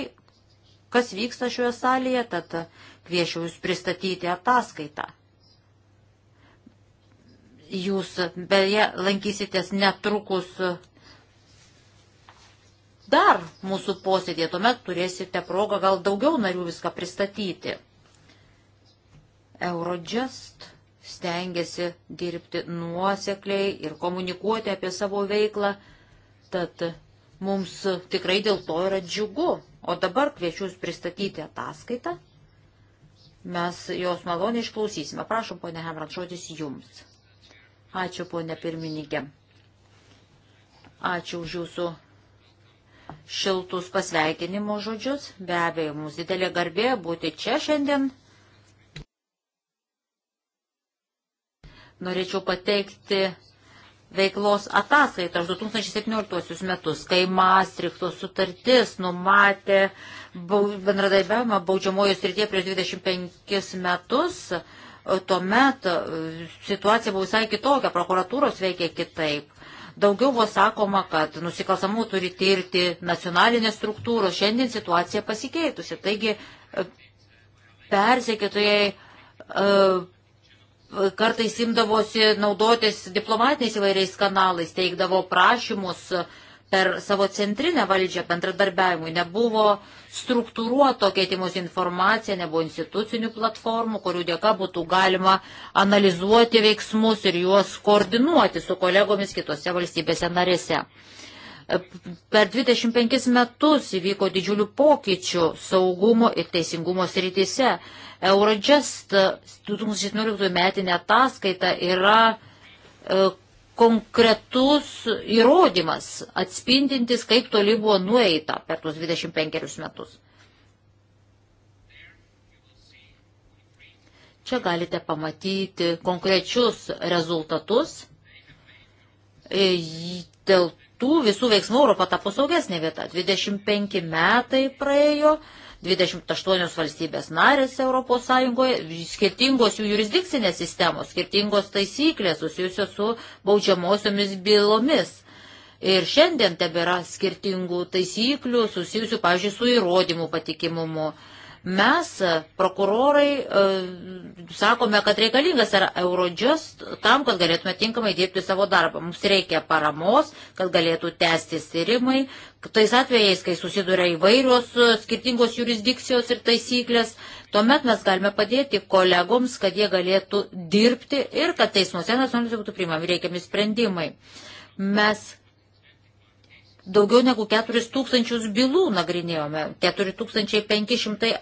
kas vyksta šioje salėje, tad kviečiu jūs pristatyti ataskaitą. Jūs beje lankysitės netrukus dar mūsų posėdėje, tuomet turėsite progą gal daugiau narių viską pristatyti. Eurodžest stengiasi dirbti nuosekliai ir komunikuoti apie savo veiklą, tad mums tikrai dėl to yra džiugu. O dabar kviečiu jūs pristatyti ataskaitą. Mes jos maloniai išklausysime. Prašom, ponė Hemrat, žodis jums. Ačiū, ponė pirmininkė. Ačiū už jūsų šiltus pasveikinimo žodžius. Be abejo, mums didelė garbė būti čia šiandien. Norėčiau pateikti veiklos ataskaitą už 2017 metus, kai Maastrichto sutartis numatė bendradarbiavimą baudžiamojo srityje prieš 25 metus. Tuomet e, situacija buvo visai kitokia, prokuratūros veikė kitaip Daugiau buvo sakoma, kad nusikalstamų turi tirti nacionalinės struktūros. Šiandien situacija pasikeitusi. Taigi e, persekėtojai e, kartais imdavosi naudotis diplomatiniais įvairiais kanalais, teikdavo prašymus per savo centrinę valdžią bendradarbiavimui. Nebuvo struktūruoto keitimos informacija, nebuvo institucinių platformų, kurių dėka būtų galima analizuoti veiksmus ir juos koordinuoti su kolegomis kitose valstybėse narėse. Per 25 metus įvyko didžiulių pokyčių saugumo ir teisingumo srityse. Eurojust 2017 metinė ataskaita yra e, konkretus įrodymas atspindintis, kaip toli buvo nueita per tuos 25 metus. Čia galite pamatyti konkrečius rezultatus. E, dėl tų visų veiksmų Europa tapo saugesnė vieta. 25 metai praėjo, 28 valstybės narės ES, skirtingos jų jurisdikcinės sistemos, skirtingos taisyklės susijusios su baudžiamosiomis bylomis. Ir šiandien tebėra skirtingų taisyklių susijusių, pažiūrėjau, su įrodymų patikimumu, Mes, e, prokurorai, e, sakome, kad reikalingas yra Eurodžius tam, kad galėtume tinkamai dirbti savo darbą. Mums reikia paramos, kad galėtų tęstis tyrimai. Tais atvejais, kai susiduria įvairios e, skirtingos jurisdikcijos ir taisyklės, tuomet mes galime padėti kolegoms, kad jie galėtų dirbti ir kad teismuose nacionalizuotų būtų priimami reikiami sprendimai. Mes daugiau negu 4000 bylų nagrinėjome, 4500 e,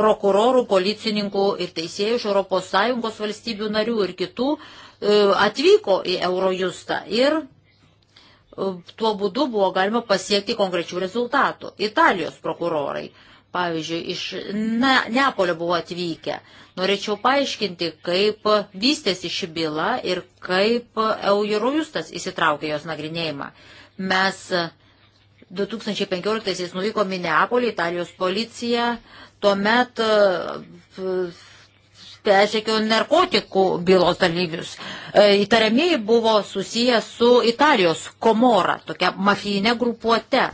prokurorų, policininkų ir teisėjų iš ES valstybių narių ir kitų e, atvyko į Eurojustą ir e, tuo būdu buvo galima pasiekti konkrečių rezultatų. Italijos prokurorai, pavyzdžiui, iš Na, Neapolio buvo atvykę. Norėčiau paaiškinti, kaip vystėsi ši byla ir kaip Eurojustas įsitraukė jos nagrinėjimą. Mes 2015-aisiais e, nuvyko Minneapolį, Italijos policija, tuomet e, persekio narkotikų bylos dalyvius. E, įtariamieji buvo susiję su Italijos komora, tokia mafijinė grupuote.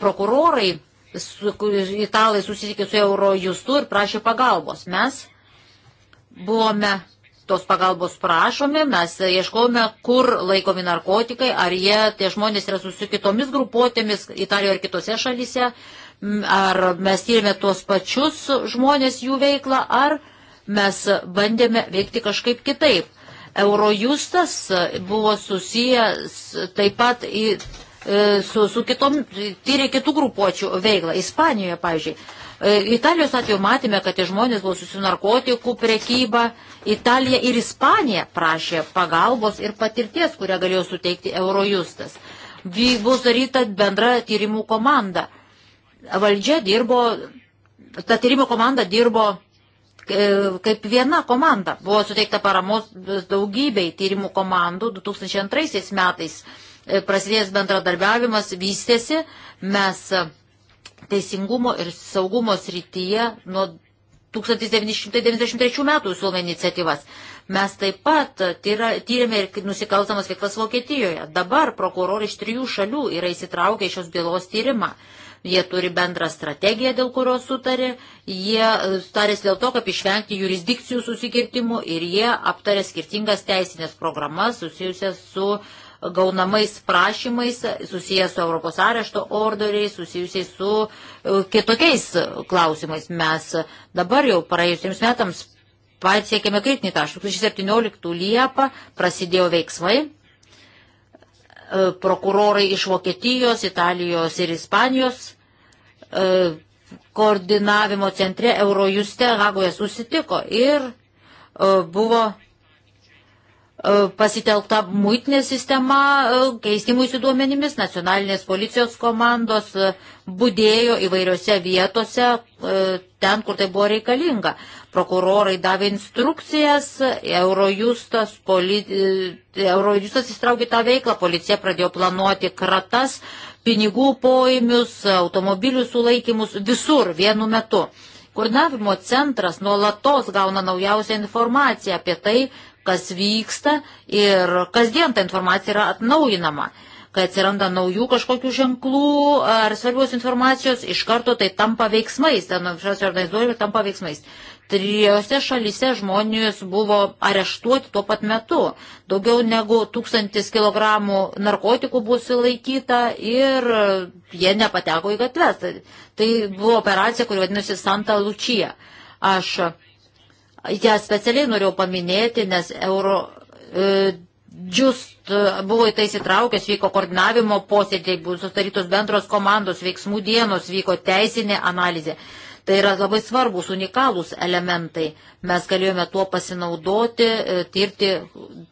Prokurorai, su, italai susitikė su Eurojustu ir prašė pagalbos. Mes buvome tos pagalbos prašome, mes ieškome, kur laikomi narkotikai, ar jie, tie žmonės yra su kitomis grupuotėmis Italijoje ar kitose šalyse, ar mes tyrėme tuos pačius žmonės jų veiklą, ar mes bandėme veikti kažkaip kitaip. Eurojustas buvo susijęs taip pat į E, su, su kitom, tyrė kitų grupuočių veiklą. Ispanijoje, pavyzdžiui, e, Italijos atveju matėme, kad tie žmonės buvo susinarkotikų prekyba. Italija ir Ispanija prašė pagalbos ir patirties, kurią galėjo suteikti Eurojustas. Bus daryta bendra tyrimų komanda. Valdžia dirbo, ta tyrimų komanda dirbo e, kaip viena komanda. Buvo suteikta paramos daugybei tyrimų komandų 2002 metais E, prasidėjęs bendradarbiavimas vystėsi, mes e, teisingumo ir saugumo srityje nuo 1993 metų siūlome iniciatyvas. Mes taip pat e, tyrėme ir nusikalstamas veiklas Vokietijoje. Dabar prokurorai iš trijų šalių yra įsitraukę į šios bylos tyrimą. Jie turi bendrą strategiją, dėl kurios sutarė. Jie tarėsi dėl to, kaip išvengti jurisdikcijų susikirtimų ir jie aptarė skirtingas teisinės programas susijusias su uh, gaunamais prašymais susijęs su Europos arešto orderiais, susijusiais su e, kitokiais klausimais. Mes dabar jau praėjusiems metams pasiekėme kritinį tašką. 2017 Liepą prasidėjo veiksmai. E, prokurorai iš Vokietijos, Italijos ir Ispanijos e, koordinavimo centre Eurojuste Hagoje susitiko ir buvo E, pasitelkta muitinė sistema, e, keistimuisi duomenimis, nacionalinės policijos komandos e, būdėjo įvairiose vietose, ten, kur tai buvo reikalinga. Prokurorai davė instrukcijas, Eurojustas, poli... Eurojustas įstraukė tą veiklą, policija pradėjo planuoti kratas, pinigų poimius, automobilių sulaikymus, visur vienu metu. Koordinavimo centras nuolatos gauna naujausią informaciją apie tai, kas vyksta ir kasdien ta informacija yra atnaujinama kai atsiranda naujų kažkokių ženklų ar svarbios informacijos, iš karto tai tampa veiksmais, ten informacija organizuojama ir tampa veiksmais. Trijose šalyse žmonės buvo areštuoti tuo pat metu. Daugiau negu tūkstantis kilogramų narkotikų buvo sulaikyta ir jie nepateko į gatves. Tai buvo operacija, kuri vadinosi Santa Lučija. Aš Ja specialiai norėjau paminėti, nes euro. E, Just e, buvo į tai sitraukęs, vyko koordinavimo posėdžiai, buvo sustarytos bendros komandos, veiksmų dienos, vyko teisinė analizė. Tai yra labai svarbus, unikalūs elementai. Mes galėjome tuo pasinaudoti, e, tirti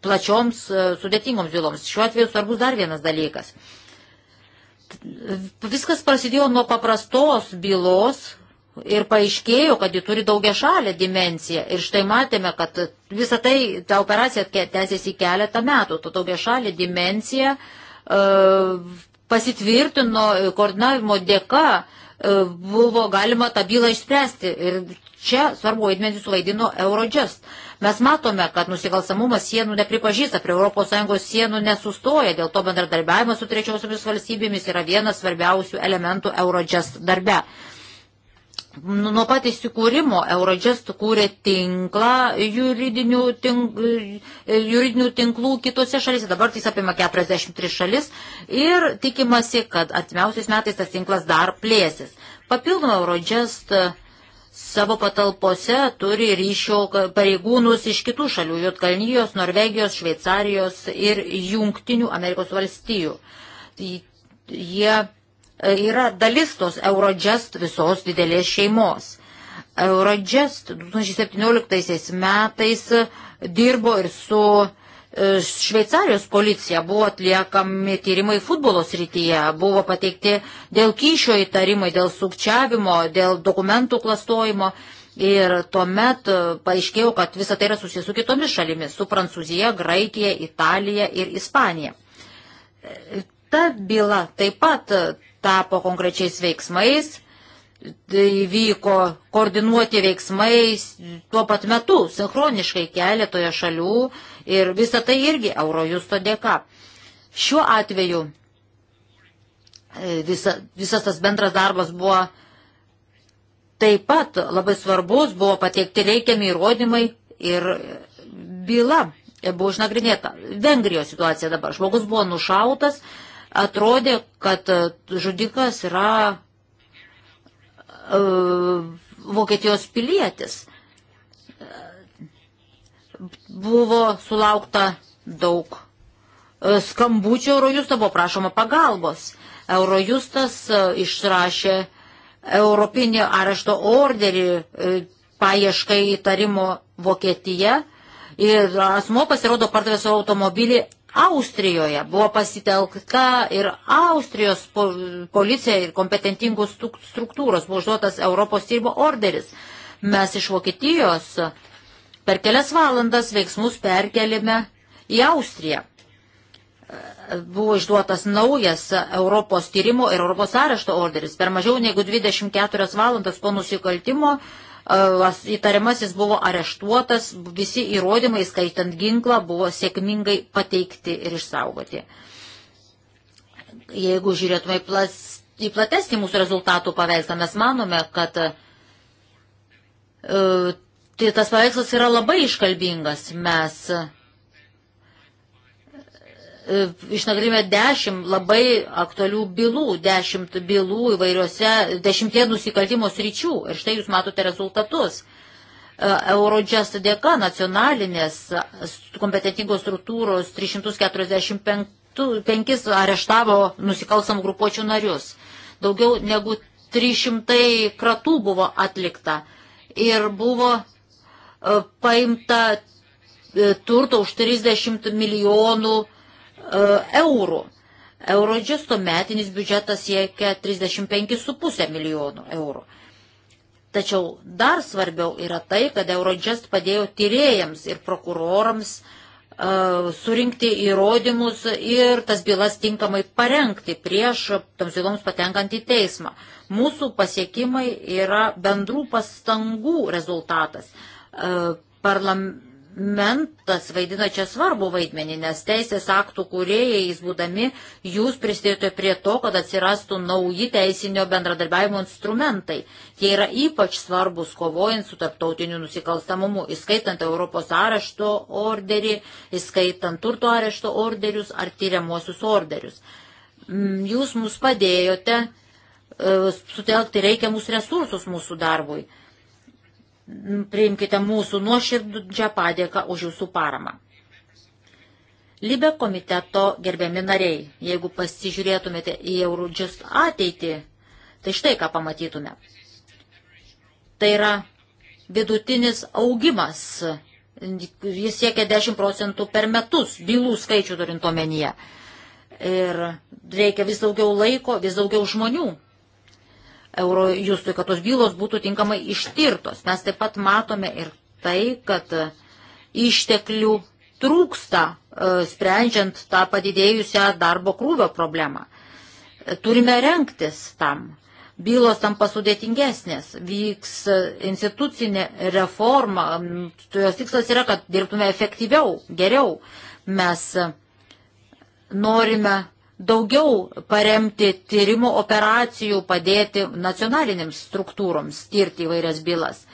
plačioms e, sudėtingoms byloms. Šiuo atveju svarbus dar vienas dalykas. Viskas prasidėjo nuo paprastos bylos, ir paaiškėjo, kad ji turi daugia šalę dimenciją. Ir štai matėme, kad visa tai, ta operacija tęsiasi keletą metų, to daugia šalė dimencija e, pasitvirtino e, koordinavimo dėka, e, buvo galima tą bylą išspręsti. Ir čia svarbu vaidmenį suvaidino Eurojust. Mes matome, kad nusikalstamumas sienų nepripažįsta, prie ES sienų nesustoja, dėl to bendradarbiavimas su trečiosiomis valstybėmis yra vienas svarbiausių elementų Eurojust darbe. Nu, nuo pat įsikūrimo Eurodžest kūrė tinklą juridinių, tink, juridinių tinklų kitose šalise, dabar tai jis apima 43 šalis ir tikimasi, kad atmiausiais metais tas tinklas dar plėsis. Papildomą Eurodžest savo patalpose turi ryšio pareigūnus iš kitų šalių - Jotkalnyjos, Norvegijos, Šveicarijos ir Junktinių Amerikos valstijų. Jie yra dalis tos Eurodžest visos didelės šeimos. Eurodžest 2017 metais dirbo ir su e, Šveicarijos policija buvo atliekami tyrimai futbolo srityje, buvo pateikti dėl kyšio įtarimai, dėl sukčiavimo, dėl dokumentų klastojimo. Ir tuomet paaiškėjo, kad visa tai yra susijęs su kitomis šalimis - su Prancūzija, Graikija, Italija ir Ispanija. Ta byla taip pat tapo konkrečiais veiksmais, tai vyko koordinuoti veiksmai tuo pat metu, sinchroniškai keletoje šalių ir visa tai irgi Eurojusto dėka. Šiuo atveju e, visa, visas tas bendras darbas buvo taip pat labai svarbus, buvo pateikti reikiami įrodymai ir byla buvo išnagrinėta. Vengrijos situacija dabar. Žmogus buvo nušautas, atrodė, kad e, žudikas yra e, Vokietijos pilietis. Buvo sulaukta daug e, skambučių Eurojusto, buvo prašoma pagalbos. Eurojustas e, išrašė Europinį arešto orderį paieškai įtarimo Vokietija ir asmo pasirodo pardavė savo automobilį Austrijoje buvo pasitelkta ir Austrijos policija ir kompetentingos struktūros buvo užduotas Europos tyrimo orderis. Mes iš Vokietijos per kelias valandas veiksmus perkelime į Austriją. Buvo išduotas naujas Europos tyrimo ir Europos arešto orderis. Per mažiau negu 24 valandas po nusikaltimo uh, Įtariamasis buvo areštuotas, visi įrodymai, skaitant ginklą, buvo sėkmingai pateikti ir išsaugoti. Jeigu žiūrėtume į platesnį mūsų rezultatų paveikslą, mes manome, kad e, tai tas paveikslas yra labai iškalbingas. Mes E, išnagrinėjome dešimt labai aktualių bylų, dešimt bylų įvairiuose, dešimtie nusikaltimo sričių. Ir štai jūs matote rezultatus. E, Eurodžest dėka nacionalinės kompetentingos struktūros 345 areštavo nusikalstamų grupuočių narius. Daugiau negu 300 kratų buvo atlikta ir buvo e, paimta turto už 30 milijonų E, eurų. Eurodžesto metinis biudžetas siekia 35,5 milijonų eurų. Tačiau dar svarbiau yra tai, kad Eurodžest padėjo tyrėjams ir prokurorams uh, surinkti įrodymus ir tas bylas tinkamai parengti prieš toms byloms patenkant į teismą. Mūsų pasiekimai yra bendrų pastangų rezultatas. Uh, parlam, mentas vaidina čia svarbu vaidmenį, nes teisės aktų kūrėjais būdami jūs prisidėjote prie to, kad atsirastų nauji teisinio bendradarbiavimo instrumentai. Jie yra ypač svarbus kovojant su tarptautiniu nusikalstamumu, įskaitant Europos arešto orderį, įskaitant turto arešto orderius ar tyriamuosius orderius. Mm, jūs mus padėjote e, sutelkti reikiamus resursus mūsų darbui. Nu, priimkite mūsų nuoširdžią padėką už jūsų paramą. Libe komiteto gerbiami nariai, jeigu pasižiūrėtumėte į Eurojust ateitį, tai štai ką pamatytume. Tai yra vidutinis augimas, jis siekia 10 procentų per metus, bylų skaičių turint omenyje. Ir reikia vis daugiau laiko, vis daugiau žmonių Eurojustui, kad tos bylos būtų tinkamai ištirtos. Mes taip pat matome ir tai, kad e, išteklių trūksta e, sprendžiant tą padidėjusią darbo krūvio problemą. E, turime renktis tam. Bylos tampa sudėtingesnės, vyks institucinė reforma, jos tikslas yra, kad dirbtume efektyviau, geriau. Mes norime daugiau paremti tyrimo operacijų, padėti nacionalinėms struktūroms tirti įvairias bylas.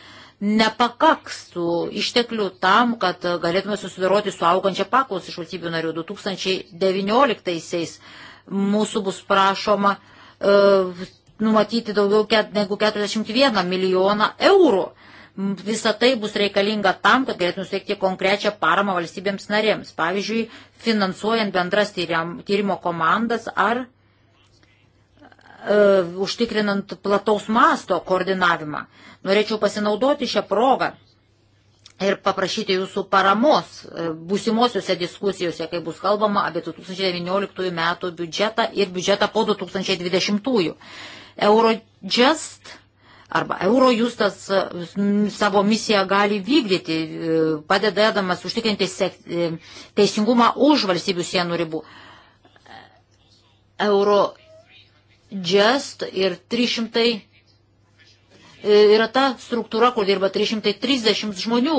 Nepakaks tų išteklių tam, kad galėtume susidoroti su augančia paklaus iš valstybių narių. 2019 mūsų bus prašoma e, numatyti daugiau ket, negu 41 milijoną eurų Visą tai bus reikalinga tam, kad galėtume suteikti konkrečią paramą valstybėms narėms, pavyzdžiui, finansuojant bendras tyrimo komandas ar e, užtikrinant plataus masto koordinavimą. Norėčiau pasinaudoti šią progą ir paprašyti jūsų paramos e, būsimosiuose diskusijose, kai bus kalbama apie 2019 metų biudžetą ir biudžetą po 2020. Eurojust arba Eurojustas e, savo misiją gali vykdyti, e, padedamas užtikrinti e, teisingumą už valstybių sienų ribų. Eurojust ir 300 yra ta struktūra, kur dirba 330 žmonių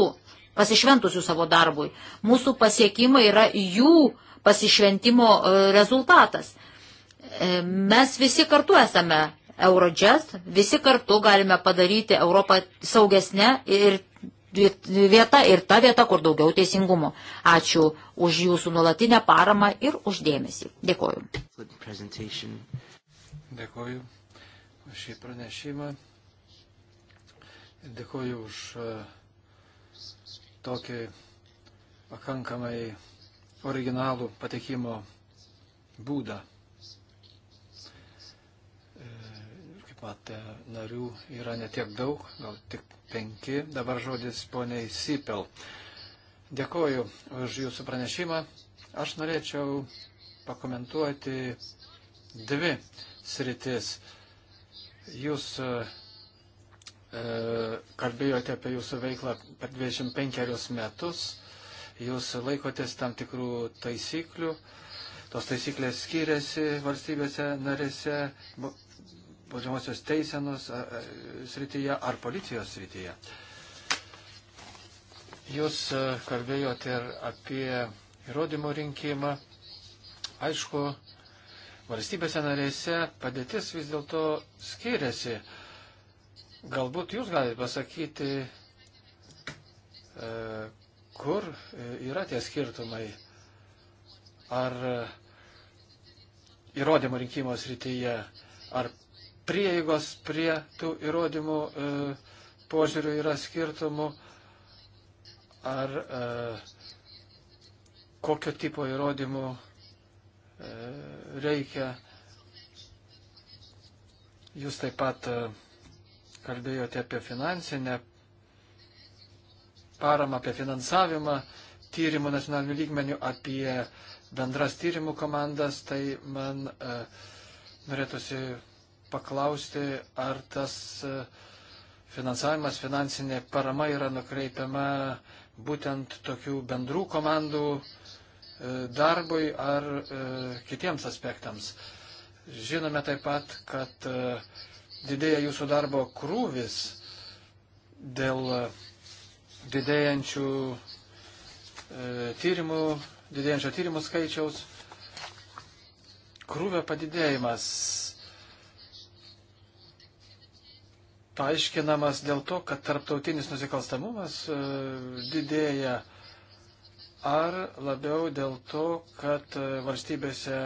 pasišventusių savo darbui. Mūsų pasiekimai yra jų pasišventimo rezultatas. Mes visi kartu esame Eurodžest, visi kartu galime padaryti Europą saugesnę ir vieta ir ta vieta, kur daugiau teisingumo. Ačiū už jūsų nulatinę paramą ir uždėmesį. Dėkoju. Dėkoju už šį pranešimą. Dėkoju už e, tokį pakankamai originalų patekimo būdą. pat e, narių yra netiek daug, gal tik penki. Dabar žodis poniai Sipel. Dėkoju už jūsų pranešimą. Aš norėčiau pakomentuoti dvi sritis. Jūs e, e, kalbėjote apie jūsų veiklą per 25 metus, jūs laikotės tam tikrų taisyklių, tos taisyklės skiriasi valstybėse narėse, baudžiamosios teisenos srityje ar policijos srityje. Jūs kalbėjote ir apie įrodymų rinkimą. Aišku, valstybėse narėse padėtis vis dėlto skiriasi. Galbūt jūs galite pasakyti, kur yra tie skirtumai. Ar įrodymų rinkimo srityje, ar prieigos prie tų įrodymų e, požiūrių yra skirtumų, ar e, kokio tipo įrodymų e, reikia. Jūs taip pat e, kalbėjote apie finansinę paramą, apie finansavimą tyrimų nacionalinių lygmenių, apie bendras tyrimų komandas, tai man e, norėtųsi paklausti, ar tas e, finansavimas, finansinė parama yra nukreipiama būtent tokių bendrų komandų e, darbui ar e, kitiems aspektams. Žinome taip pat, kad didėja jūsų darbo krūvis dėl didėjančių tyrimų, didėjančio tyrimų skaičiaus. Krūvio padidėjimas paaiškinamas dėl to, kad tarptautinis nusikalstamumas e, didėja, ar labiau dėl to, kad e, valstybėse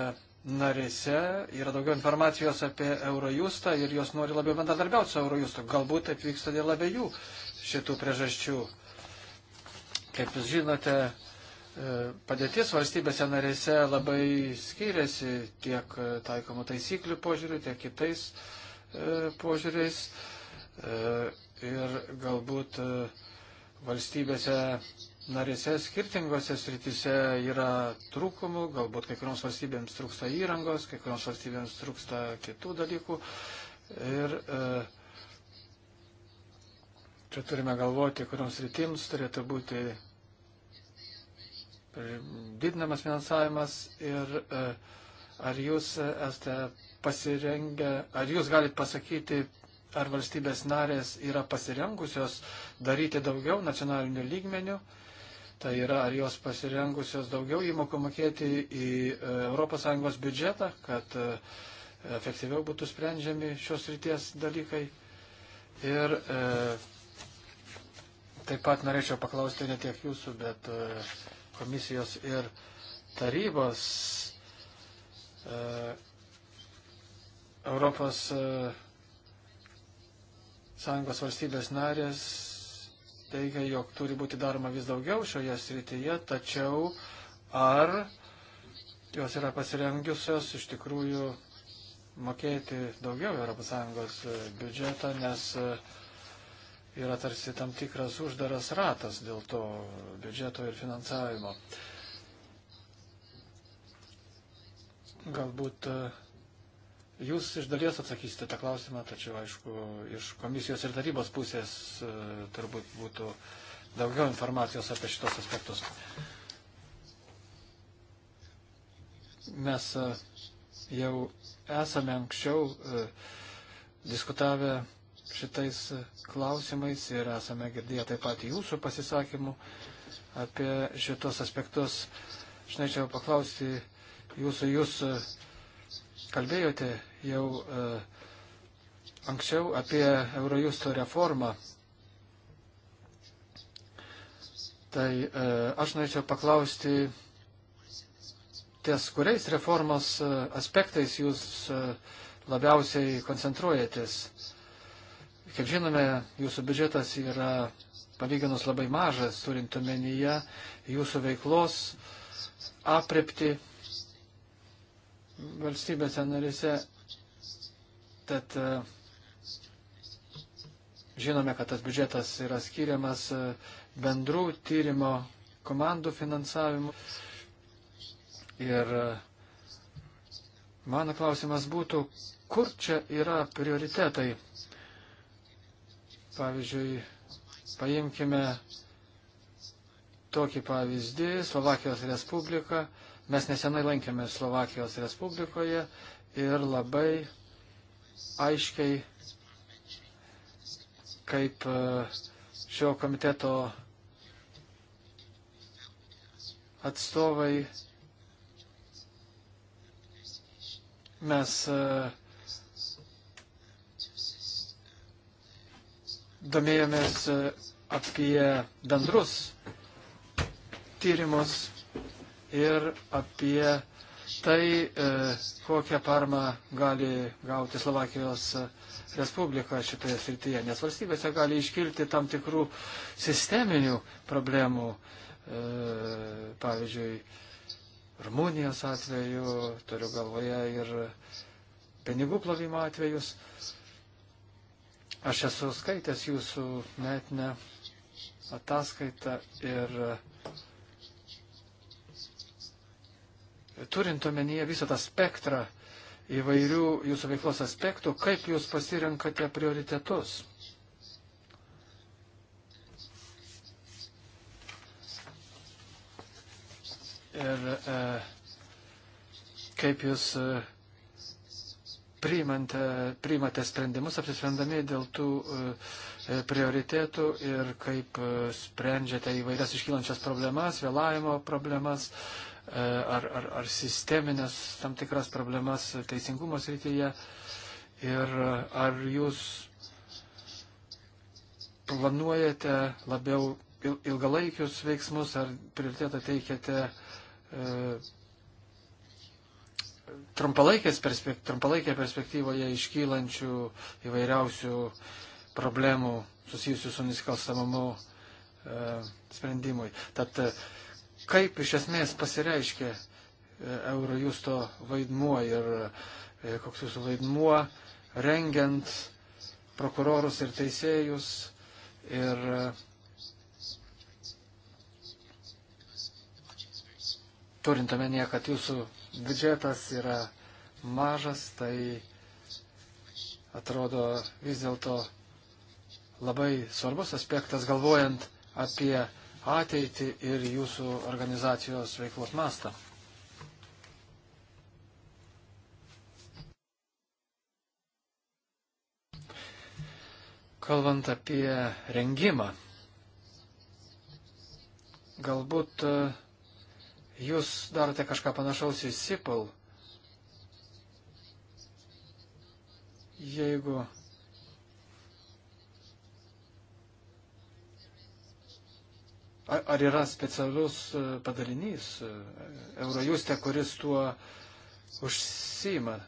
narėse yra daugiau informacijos apie Eurojustą ir jos nori labiau bendradarbiauti su Eurojustu. Galbūt taip vyksta dėl abiejų šitų priežasčių. Kaip jūs žinote, e, padėtis valstybėse narėse labai skiriasi tiek taikomų taisyklių požiūrių, tiek kitais požiūriais. E, ir galbūt e, valstybėse narėse skirtingose sritise yra trūkumų, galbūt kai kurioms valstybėms trūksta įrangos, kai kurioms valstybėms trūksta kitų dalykų. Ir e, čia turime galvoti, kurioms rytims turėtų būti didinamas finansavimas ir e, ar jūs esate pasirengę, ar jūs galite pasakyti ar valstybės narės yra pasirengusios daryti daugiau nacionalinių lygmenių, tai yra ar jos pasirengusios daugiau įmokų mokėti į e, ES biudžetą, kad e, efektyviau būtų sprendžiami šios ryties dalykai. Ir e, taip pat norėčiau paklausti ne tiek jūsų, bet e, komisijos ir tarybos e, Europos. E, Sąjungos valstybės narės teigia, jog turi būti daroma vis daugiau šioje srityje, tačiau ar jos yra pasirengiusios iš tikrųjų mokėti daugiau ES e, biudžetą, nes e, yra tarsi tam tikras uždaras ratas dėl to biudžeto ir finansavimo. Galbūt uh, Jūs iš dalies atsakysite tą klausimą, tačiau, aišku, iš komisijos ir tarybos pusės e, turbūt būtų daugiau informacijos apie šitos aspektus. Mes e, jau esame anksčiau e, diskutavę šitais klausimais ir esame girdėję taip pat jūsų pasisakymų apie šitos aspektus. Aš norėčiau paklausti jūsų, jūs kalbėjote jau e, anksčiau apie Eurojusto reformą. Tai e, aš norėčiau paklausti, ties kuriais reformos e, aspektais jūs labiausiai koncentruojatės. Kaip žinome, jūsų biudžetas yra palyginus labai mažas, turint omenyje jūsų veiklos aprepti valstybėse narise. Tad e, žinome, kad tas biudžetas yra skiriamas e, bendrų tyrimo komandų finansavimu. Ir e, mano klausimas būtų, kur čia yra prioritetai. Pavyzdžiui, paimkime tokį pavyzdį, Slovakijos Respublika Mes nesenai lankėmės Slovakijos Respublikoje ir labai aiškiai, kaip e, šio komiteto atstovai mes e, domėjomės e, apie bendrus tyrimus ir apie tai, e, kokią parmą gali gauti Slovakijos Respublika šitoje srityje, nes valstybėse gali iškilti tam tikrų sisteminių problemų, e, pavyzdžiui, Rumunijos atveju, turiu galvoje ir pinigų plovimo atvejus. Aš esu skaitęs jūsų metinę ataskaitą ir uh, turint omenyje visą tą spektrą įvairių jūsų veiklos aspektų, kaip jūs pasirenkate prioritetus? Ir e, kaip jūs e, priimant, priimate sprendimus, apsisprendami dėl tų e, e, prioritėtų ir kaip e, sprendžiate įvairias iškylančias problemas, vėlavimo problemas, E, ar, ar, ar sisteminės tam tikras problemas teisingumo srityje ir ar jūs planuojate labiau ilgalaikius veiksmus, ar prioritetą teikiate e, perspekt, trumpalaikėje perspektyvoje iškylančių įvairiausių problemų susijusių su nusikalstamamu e, sprendimui. Tad kaip iš esmės pasireiškia e, Eurojusto vaidmuo ir e, koks jūsų vaidmuo rengiant prokurorus ir teisėjus ir e, turint omenyje, kad jūsų biudžetas yra mažas, tai atrodo vis dėlto labai svarbus aspektas galvojant apie ateitį ir jūsų organizacijos veiklos mastą. Kalbant apie rengimą, galbūt e, jūs darote kažką panašaus į SIPL. Jeigu Ar yra specialus e, padalinys e, Eurojuste, kuris tuo užsima?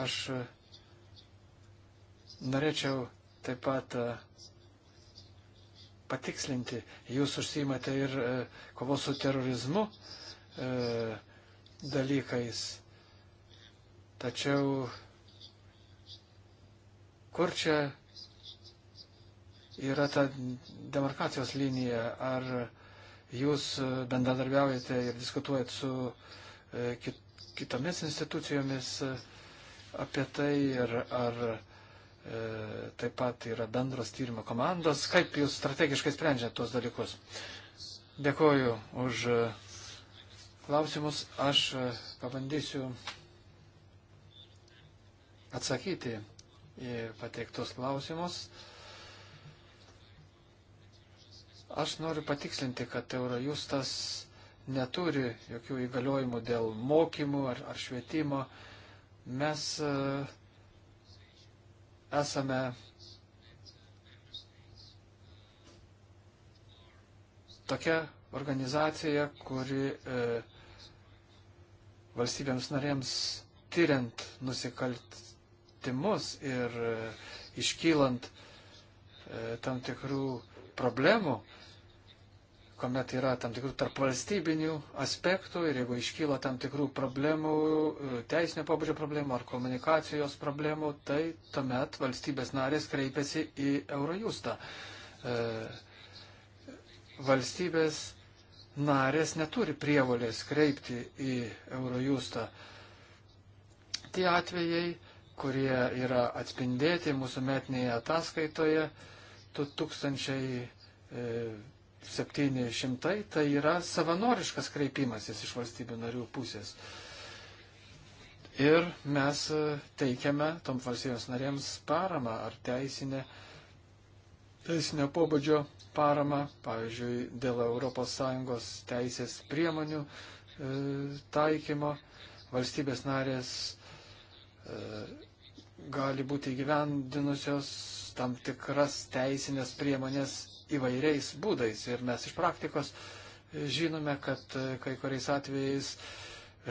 Aš e, norėčiau taip pat patikslinti, jūs užsimate ir kovos su terorizmu dalykais. Tačiau kur čia yra ta demarkacijos linija? Ar jūs bendradarbiaujate ir diskutuojat su e, kit, kitomis institucijomis e, apie tai? Ir, ar e, taip pat yra bendros tyrimo komandos? Kaip jūs strategiškai sprendžiate tuos dalykus? Dėkoju už klausimus. Aš pabandysiu atsakyti į pateiktus klausimus. Aš noriu patikslinti, kad Eurojustas neturi jokių įgaliojimų dėl mokymų ar, ar švietimo. Mes e, esame tokia organizacija, kuri e, valstybėms narėms tyriant nusikaltimus ir e, iškylant e, tam tikrų problemų, e, kuomet yra tam tikrų tarpvalstybinių aspektų ir jeigu iškyla tam tikrų problemų, e, teisinio pobūdžio problemų ar komunikacijos problemų, tai tuomet valstybės narės kreipiasi į Eurojustą. E, valstybės narės neturi prievolės kreipti į Eurojustą. Tie atvejai, kurie yra atspindėti mūsų metinėje ataskaitoje 2000. 700, tai yra savanoriškas kreipimasis iš valstybių narių pusės. Ir mes e, teikiame tom valstybės narėms paramą ar teisinę, teisinio pobūdžio paramą, pavyzdžiui, dėl ES teisės priemonių e, taikymo valstybės narės e, gali būti įgyvendinusios tam tikras teisinės priemonės įvairiais būdais. Ir mes iš praktikos žinome, kad kai kuriais atvejais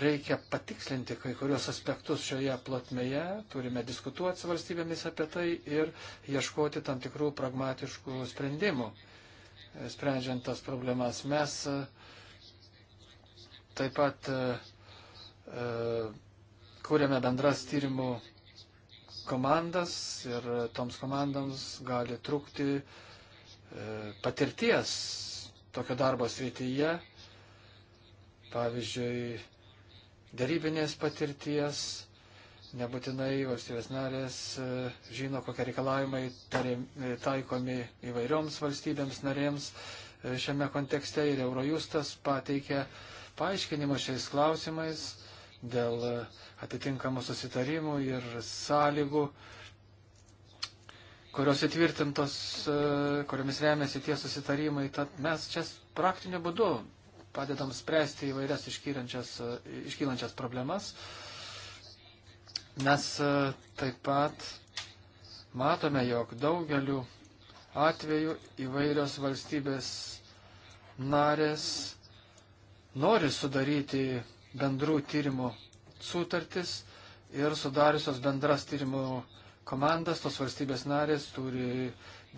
reikia patikslinti kai kurios aspektus šioje plotmėje, turime diskutuoti su valstybėmis apie tai ir ieškoti tam tikrų pragmatiškų sprendimų, sprendžiant tas problemas. Mes e, taip pat e, e, kūrėme bendras tyrimų komandas ir toms komandoms gali trukti uh, E, patirties tokio darbo srityje, pavyzdžiui, darybinės patirties, nebūtinai valstybės narės e, žino, kokie reikalavimai e, taikomi įvairioms valstybėms narėms šiame kontekste ir Eurojustas pateikė paaiškinimą šiais klausimais dėl atitinkamų susitarimų ir sąlygų, kurios įtvirtintos, e, kuriomis remiasi tie susitarimai, tad mes čia praktiniu būdu padedam spręsti įvairias iškylančias e, problemas. Mes e, taip pat matome, jog daugeliu atveju įvairios valstybės narės nori sudaryti bendrų tyrimų sutartis ir sudariusios bendras tyrimų sutartis komandas, tos valstybės narės turi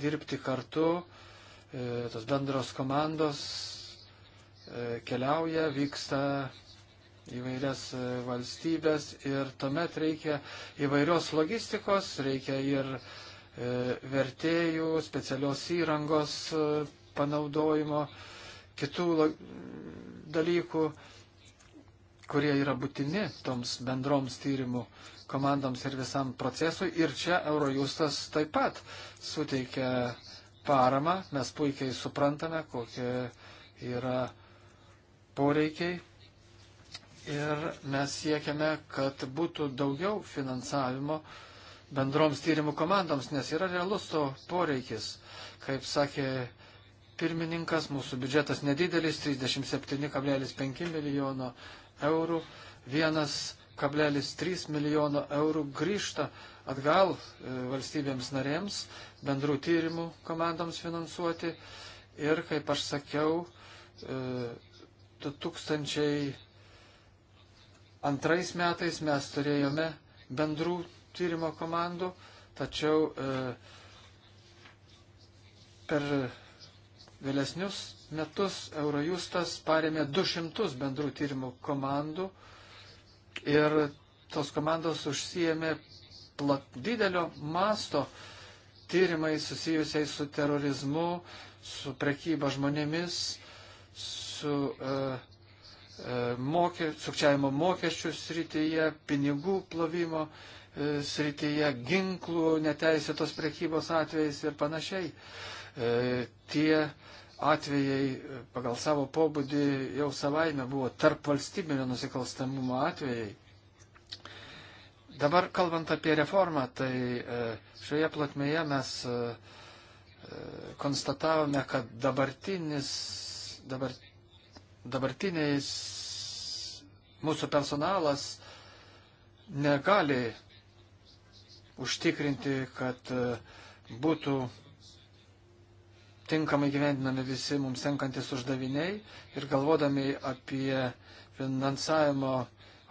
dirbti kartu, e, tos bendros komandos e, keliauja, vyksta įvairias e, valstybės ir tuomet reikia įvairios logistikos, reikia ir vertėjų, specialios įrangos panaudojimo, kitų dalykų, kurie yra būtini toms bendroms tyrimų komandoms ir visam procesui. Ir čia Eurojustas taip pat suteikia paramą, mes puikiai suprantame, kokie yra poreikiai. Ir mes siekiame, kad būtų daugiau finansavimo bendroms tyrimų komandoms, nes yra realus to poreikis. Kaip sakė pirmininkas, mūsų biudžetas nedidelis - 37,5 milijono eurų. Vienas 1,3 milijono eurų grįžta atgal e, valstybėms narėms, bendrų tyrimų komandoms finansuoti. Ir, kaip aš sakiau, 2002 e, metais mes turėjome bendrų tyrimo komandų, tačiau e, per vėlesnius metus Eurojustas parėmė 200 bendrų tyrimų komandų Ir tos komandos užsijėmė plat, didelio masto tyrimai susijusiai su terorizmu, su prekyba žmonėmis, su e, e, mokė, sukčiavimo mokesčių srityje, pinigų plovimo e, srityje, ginklų neteisėtos prekybos atvejais ir panašiai. E, tie atvejai e, pagal savo pobūdį jau savaime buvo tarp valstybinio nusikalstamumo atvejai. Dabar kalbant apie reformą, tai e, šioje platmėje mes e, konstatavome, kad dabartinis, dabar, dabartiniais mūsų personalas negali užtikrinti, kad būtų tinkamai gyvendinami visi mums tenkantis uždaviniai ir galvodami apie finansavimo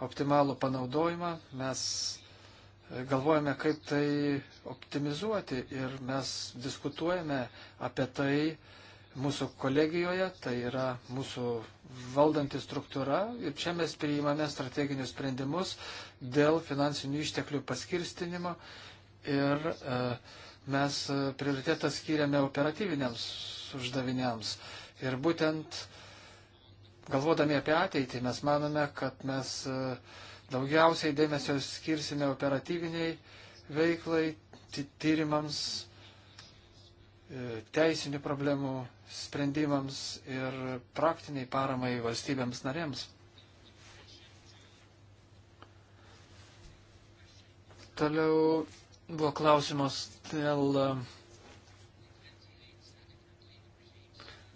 optimalų panaudojimą, mes e, galvojame, kaip tai optimizuoti ir mes diskutuojame apie tai mūsų kolegijoje, tai yra mūsų valdanti struktūra ir čia mes priimame strateginius sprendimus dėl finansinių išteklių paskirstinimo ir e, mes e, prioritetą skiriame operatyviniams uždaviniams. Ir būtent galvodami apie ateitį mes manome, kad mes e, daugiausiai dėmesio skirsime operatyviniai veiklai, tyrimams, e, teisinių problemų sprendimams ir praktiniai paramai valstybėms narėms. Toliau Buvo klausimas dėl,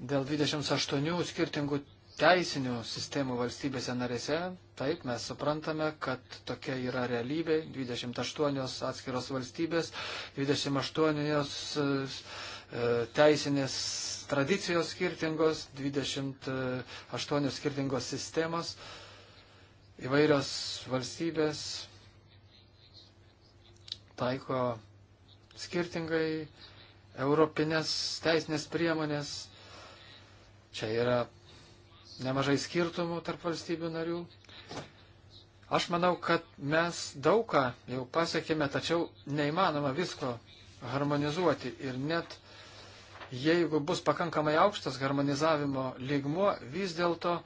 dėl 28 skirtingų teisinių sistemų valstybėse narėse. Taip, mes suprantame, kad tokia yra realybė. 28 atskiros valstybės, 28 e, teisinės tradicijos skirtingos, 28 skirtingos sistemos, įvairios valstybės taiko skirtingai europinės teisinės priemonės. Čia yra nemažai skirtumų tarp valstybių narių. Aš manau, kad mes daugą jau pasiekėme, tačiau neįmanoma visko harmonizuoti. Ir net jeigu bus pakankamai aukštas harmonizavimo lygmuo, vis dėlto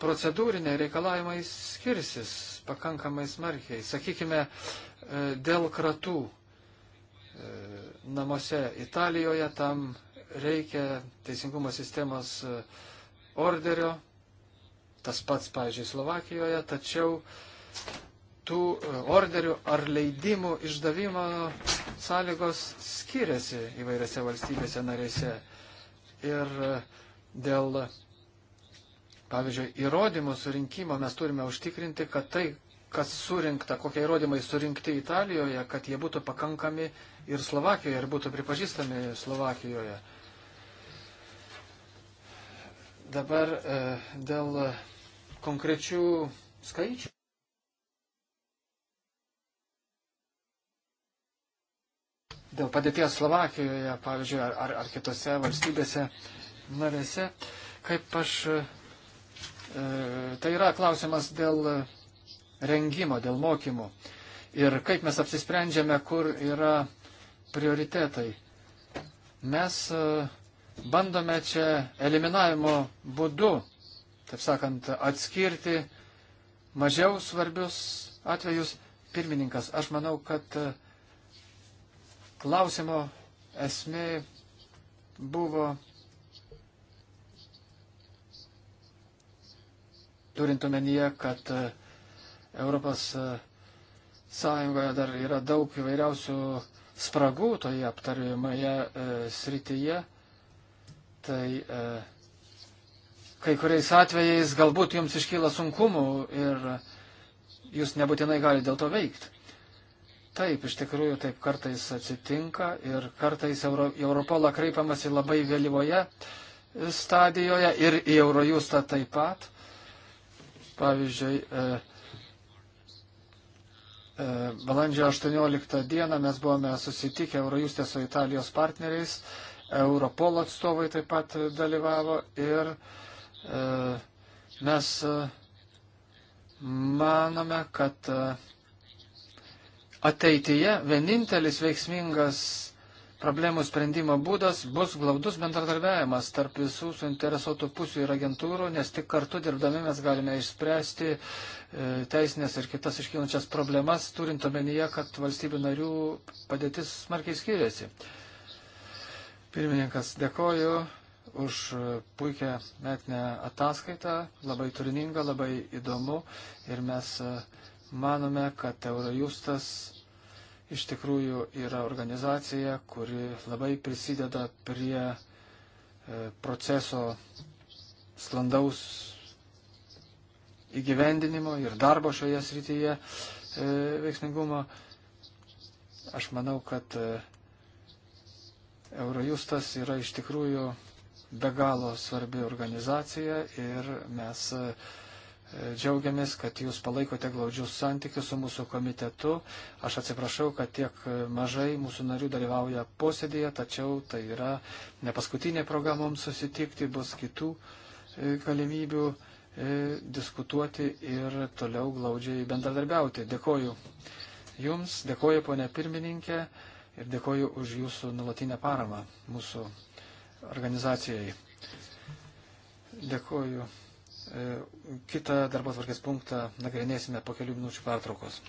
procedūriniai reikalavimai skirsis pakankamai smarkiai. Sakykime, E, dėl kratų e, namuose Italijoje, tam reikia teisingumo sistemos e, orderio, tas pats, pavyzdžiui, Slovakijoje, tačiau tų orderių ar leidimų išdavimo sąlygos skiriasi įvairiose valstybėse narėse. Ir dėl, pavyzdžiui, įrodymų surinkimo mes turime užtikrinti, kad tai, kas surinkta, kokie įrodymai surinkti Italijoje, kad jie būtų pakankami ir Slovakijoje, ir būtų pripažįstami Slovakijoje. Dabar e, dėl konkrečių skaičių. Dėl padėties Slovakijoje, pavyzdžiui, ar, ar, ar kitose valstybėse narėse, kaip aš. E, tai yra klausimas dėl rengimo, dėl mokymų. Ir kaip mes apsisprendžiame, kur yra prioritetai. Mes e, bandome čia eliminavimo būdu, taip sakant, atskirti mažiau svarbius atvejus. Pirmininkas, aš manau, kad e, klausimo esmė buvo turint omenyje, kad e, Europos e, Sąjungoje dar yra daug įvairiausių spragų toje aptariamoje e, srityje. Tai e, kai kuriais atvejais galbūt jums iškyla sunkumų ir jūs nebūtinai galite dėl to veikti. Taip, iš tikrųjų taip kartais atsitinka ir kartais Euro, Europolą kreipiamasi labai vėlyvoje stadijoje ir į Eurojustą taip pat. Pavyzdžiui, e, E, balandžio 18 dieną mes buvome susitikę Eurojustė su Italijos partneriais, Europol atstovai taip pat dalyvavo ir e, mes e, manome, kad e, ateityje vienintelis veiksmingas problemų sprendimo būdas bus glaudus bendradarbiavimas tarp visų suinteresuotų pusių ir agentūrų, nes tik kartu dirbdami mes galime išspręsti e, teisinės ir kitas iškylančias problemas, turint omenyje, kad valstybių narių padėtis smarkiai skiriasi. Pirmininkas, dėkoju už puikią metinę ataskaitą, labai turininga, labai įdomu ir mes e, manome, kad Eurojustas iš tikrųjų yra organizacija, kuri labai prisideda prie e, proceso sklandaus įgyvendinimo ir darbo šioje srityje e, veiksmingumo. Aš manau, kad e, Eurojustas yra iš tikrųjų be galo svarbi organizacija ir mes uh, Džiaugiamės, kad jūs palaikote glaudžius santykius su mūsų komitetu. Aš atsiprašau, kad tiek mažai mūsų narių dalyvauja posėdėje, tačiau tai yra ne paskutinė proga mums susitikti, bus kitų e, galimybių e, diskutuoti ir toliau glaudžiai bendradarbiauti. Dėkoju Jums, dėkoju ponė pirmininkė ir dėkoju už Jūsų nulatinę paramą mūsų organizacijai. Dėkoju. E, Kita darbos varkės punktą nagrinėsime po kelių minučių pertraukos.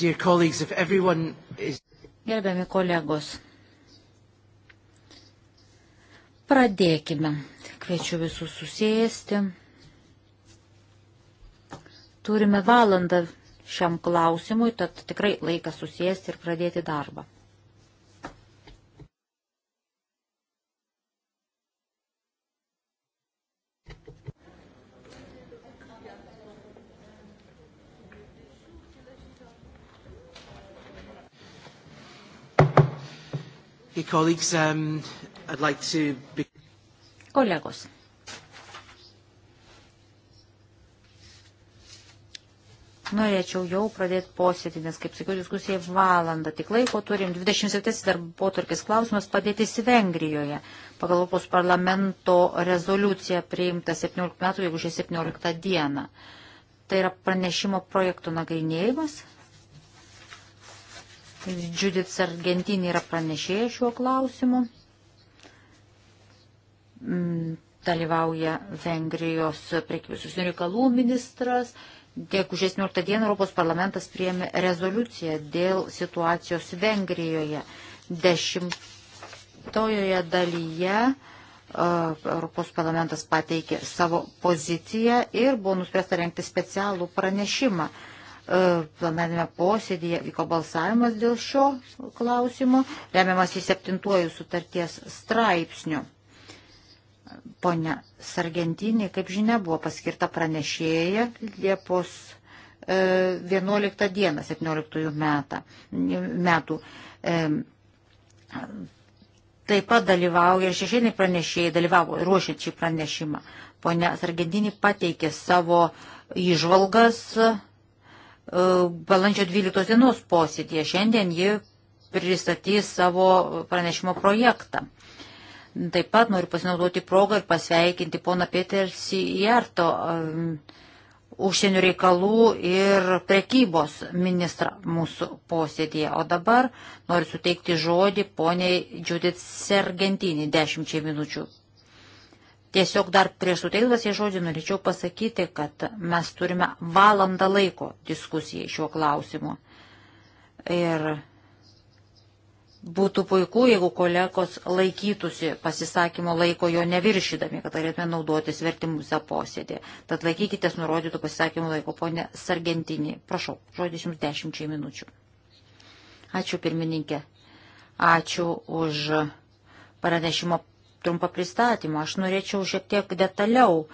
Is... Gerbiami kolegos, pradėkime. Kviečiu visus susėsti. Turime valandą šiam klausimui, tad tikrai laikas susėsti ir pradėti darbą. colleagues, um, I'd like to be... Kolegos. Norėčiau jau pradėti posėdį, nes, kaip sakiau, diskusijai valandą. Tik laiko turim 27 darbo turkis klausimas padėtis Vengrijoje. Pagal Europos parlamento rezoliuciją priimta 17 metų, jeigu šią 17 dieną. Tai yra pranešimo projektų nagrinėjimas, Judith Sargentinė yra pranešėja šiuo klausimu. Mm, dalyvauja Vengrijos prekyvius reikalų ministras. Gegužės 19 dieną Europos parlamentas priėmė rezoliuciją dėl situacijos Vengrijoje. Dešimtojoje dalyje uh, Europos parlamentas pateikė savo poziciją ir buvo nuspręsta renkti specialų pranešimą. Uh, E, Planavime posėdėje vyko balsavimas dėl šio klausimo, remiamas į septintuoju sutarties straipsniu. Pone Sargentinė, kaip žinia, buvo paskirta pranešėja Liepos 11 e, dieną 17 metą, metų. E, taip pat dalyvauja ir šešėliniai pranešėjai dalyvavo ruošiant šį pranešimą. Pone Sargentinė pateikė savo įžvalgas balandžio 12 dienos posėdėje. Šiandien ji pristatys savo pranešimo projektą. Taip pat noriu pasinaudoti progą ir pasveikinti poną Petersį Jarto um, užsienio reikalų ir prekybos ministrą mūsų posėdėje. O dabar noriu suteikti žodį poniai Judith Sergentinį dešimčiai minučių. Tiesiog dar prieš suteikdamas į žodį norėčiau pasakyti, kad mes turime valandą laiko diskusijai šiuo klausimu. Ir būtų puiku, jeigu kolegos laikytųsi pasisakymo laiko jo neviršydami, kad galėtume naudotis vertimus tą posėdį. Tad laikykitės nurodytų pasisakymų laiko, ponė Sargentinį. Prašau, žodis jums dešimčiai minučių. Ačiū pirmininkė. Ačiū už pranešimo trumpą pristatymą. Aš norėčiau šiek tiek detaliau e,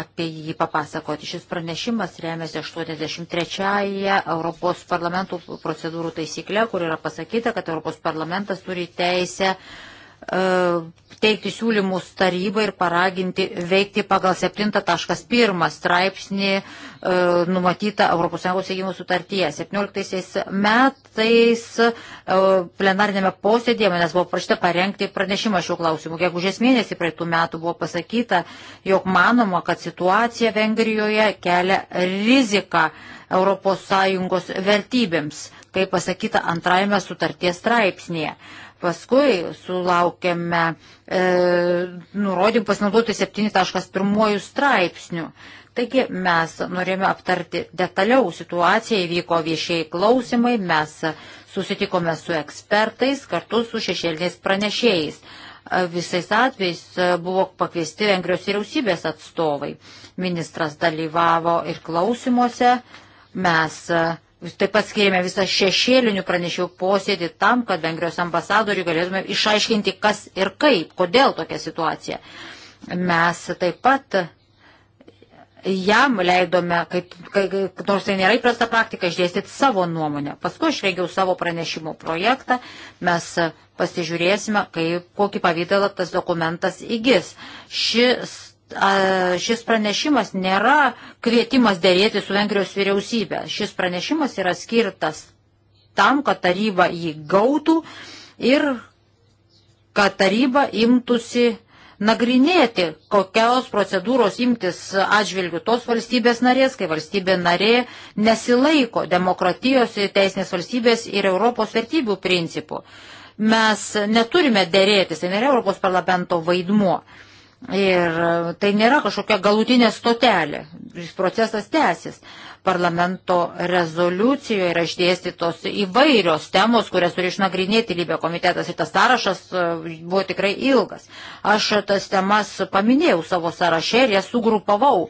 apie jį papasakoti. Šis pranešimas remiasi 83-ąją Europos parlamentų procedūrų taisyklę, kur yra pasakyta, kad Europos parlamentas turi teisę uh, E, teikti siūlymus tarybai ir paraginti veikti pagal 7.1 straipsnį e, numatytą ES įgimų sutartyje. 17 metais e, plenarinėme posėdėje manęs buvo prašyta parengti pranešimą šiuo klausimu. Gegužės mėnesį praeitų metų buvo pasakyta, jog manoma, kad situacija Vengrijoje kelia riziką ES vertybėms, kaip pasakyta antrajame sutarties straipsnėje. Paskui sulaukėme e, nurodymų pasinaudoti 7.1 straipsnių. Taigi mes norėjome aptarti detaliau situaciją, įvyko viešieji klausimai, mes susitikome su ekspertais kartu su šešėliniais pranešėjais. E, visais atvejais e, buvo pakviesti Vengrijos vyriausybės atstovai. Ministras dalyvavo ir klausimuose. Mes e, Taip pat skirėme visą šešėlinių pranešių posėdį tam, kad Vengrijos ambasadoriui galėtume išaiškinti, kas ir kaip, kodėl tokia situacija. Mes taip pat jam leidome, kaip, kaip, nors tai nėra įprasta praktika, išdėstyti savo nuomonę. Paskui aš rengiau savo pranešimo projektą, mes pasižiūrėsime, kaip, kokį pavydalą tas dokumentas įgis. Šis šis pranešimas nėra kvietimas dėrėti su Vengrijos vyriausybė. Šis pranešimas yra skirtas tam, kad taryba jį gautų ir kad taryba imtųsi nagrinėti, kokios procedūros imtis atžvilgių tos valstybės narės, kai valstybė narė nesilaiko demokratijos ir teisinės valstybės ir Europos vertybių principų. Mes neturime dėrėtis, tai nėra Europos parlamento vaidmuo. Ir e, tai nėra kažkokia galutinė stotelė. Šis procesas tęsis. Parlamento rezoliucijoje yra išdėstytos įvairios temos, kurias turi išnagrinėti Libė komitetas ir tas sąrašas e, buvo tikrai ilgas. Aš tas temas paminėjau savo sąraše ir jas sugrupavau.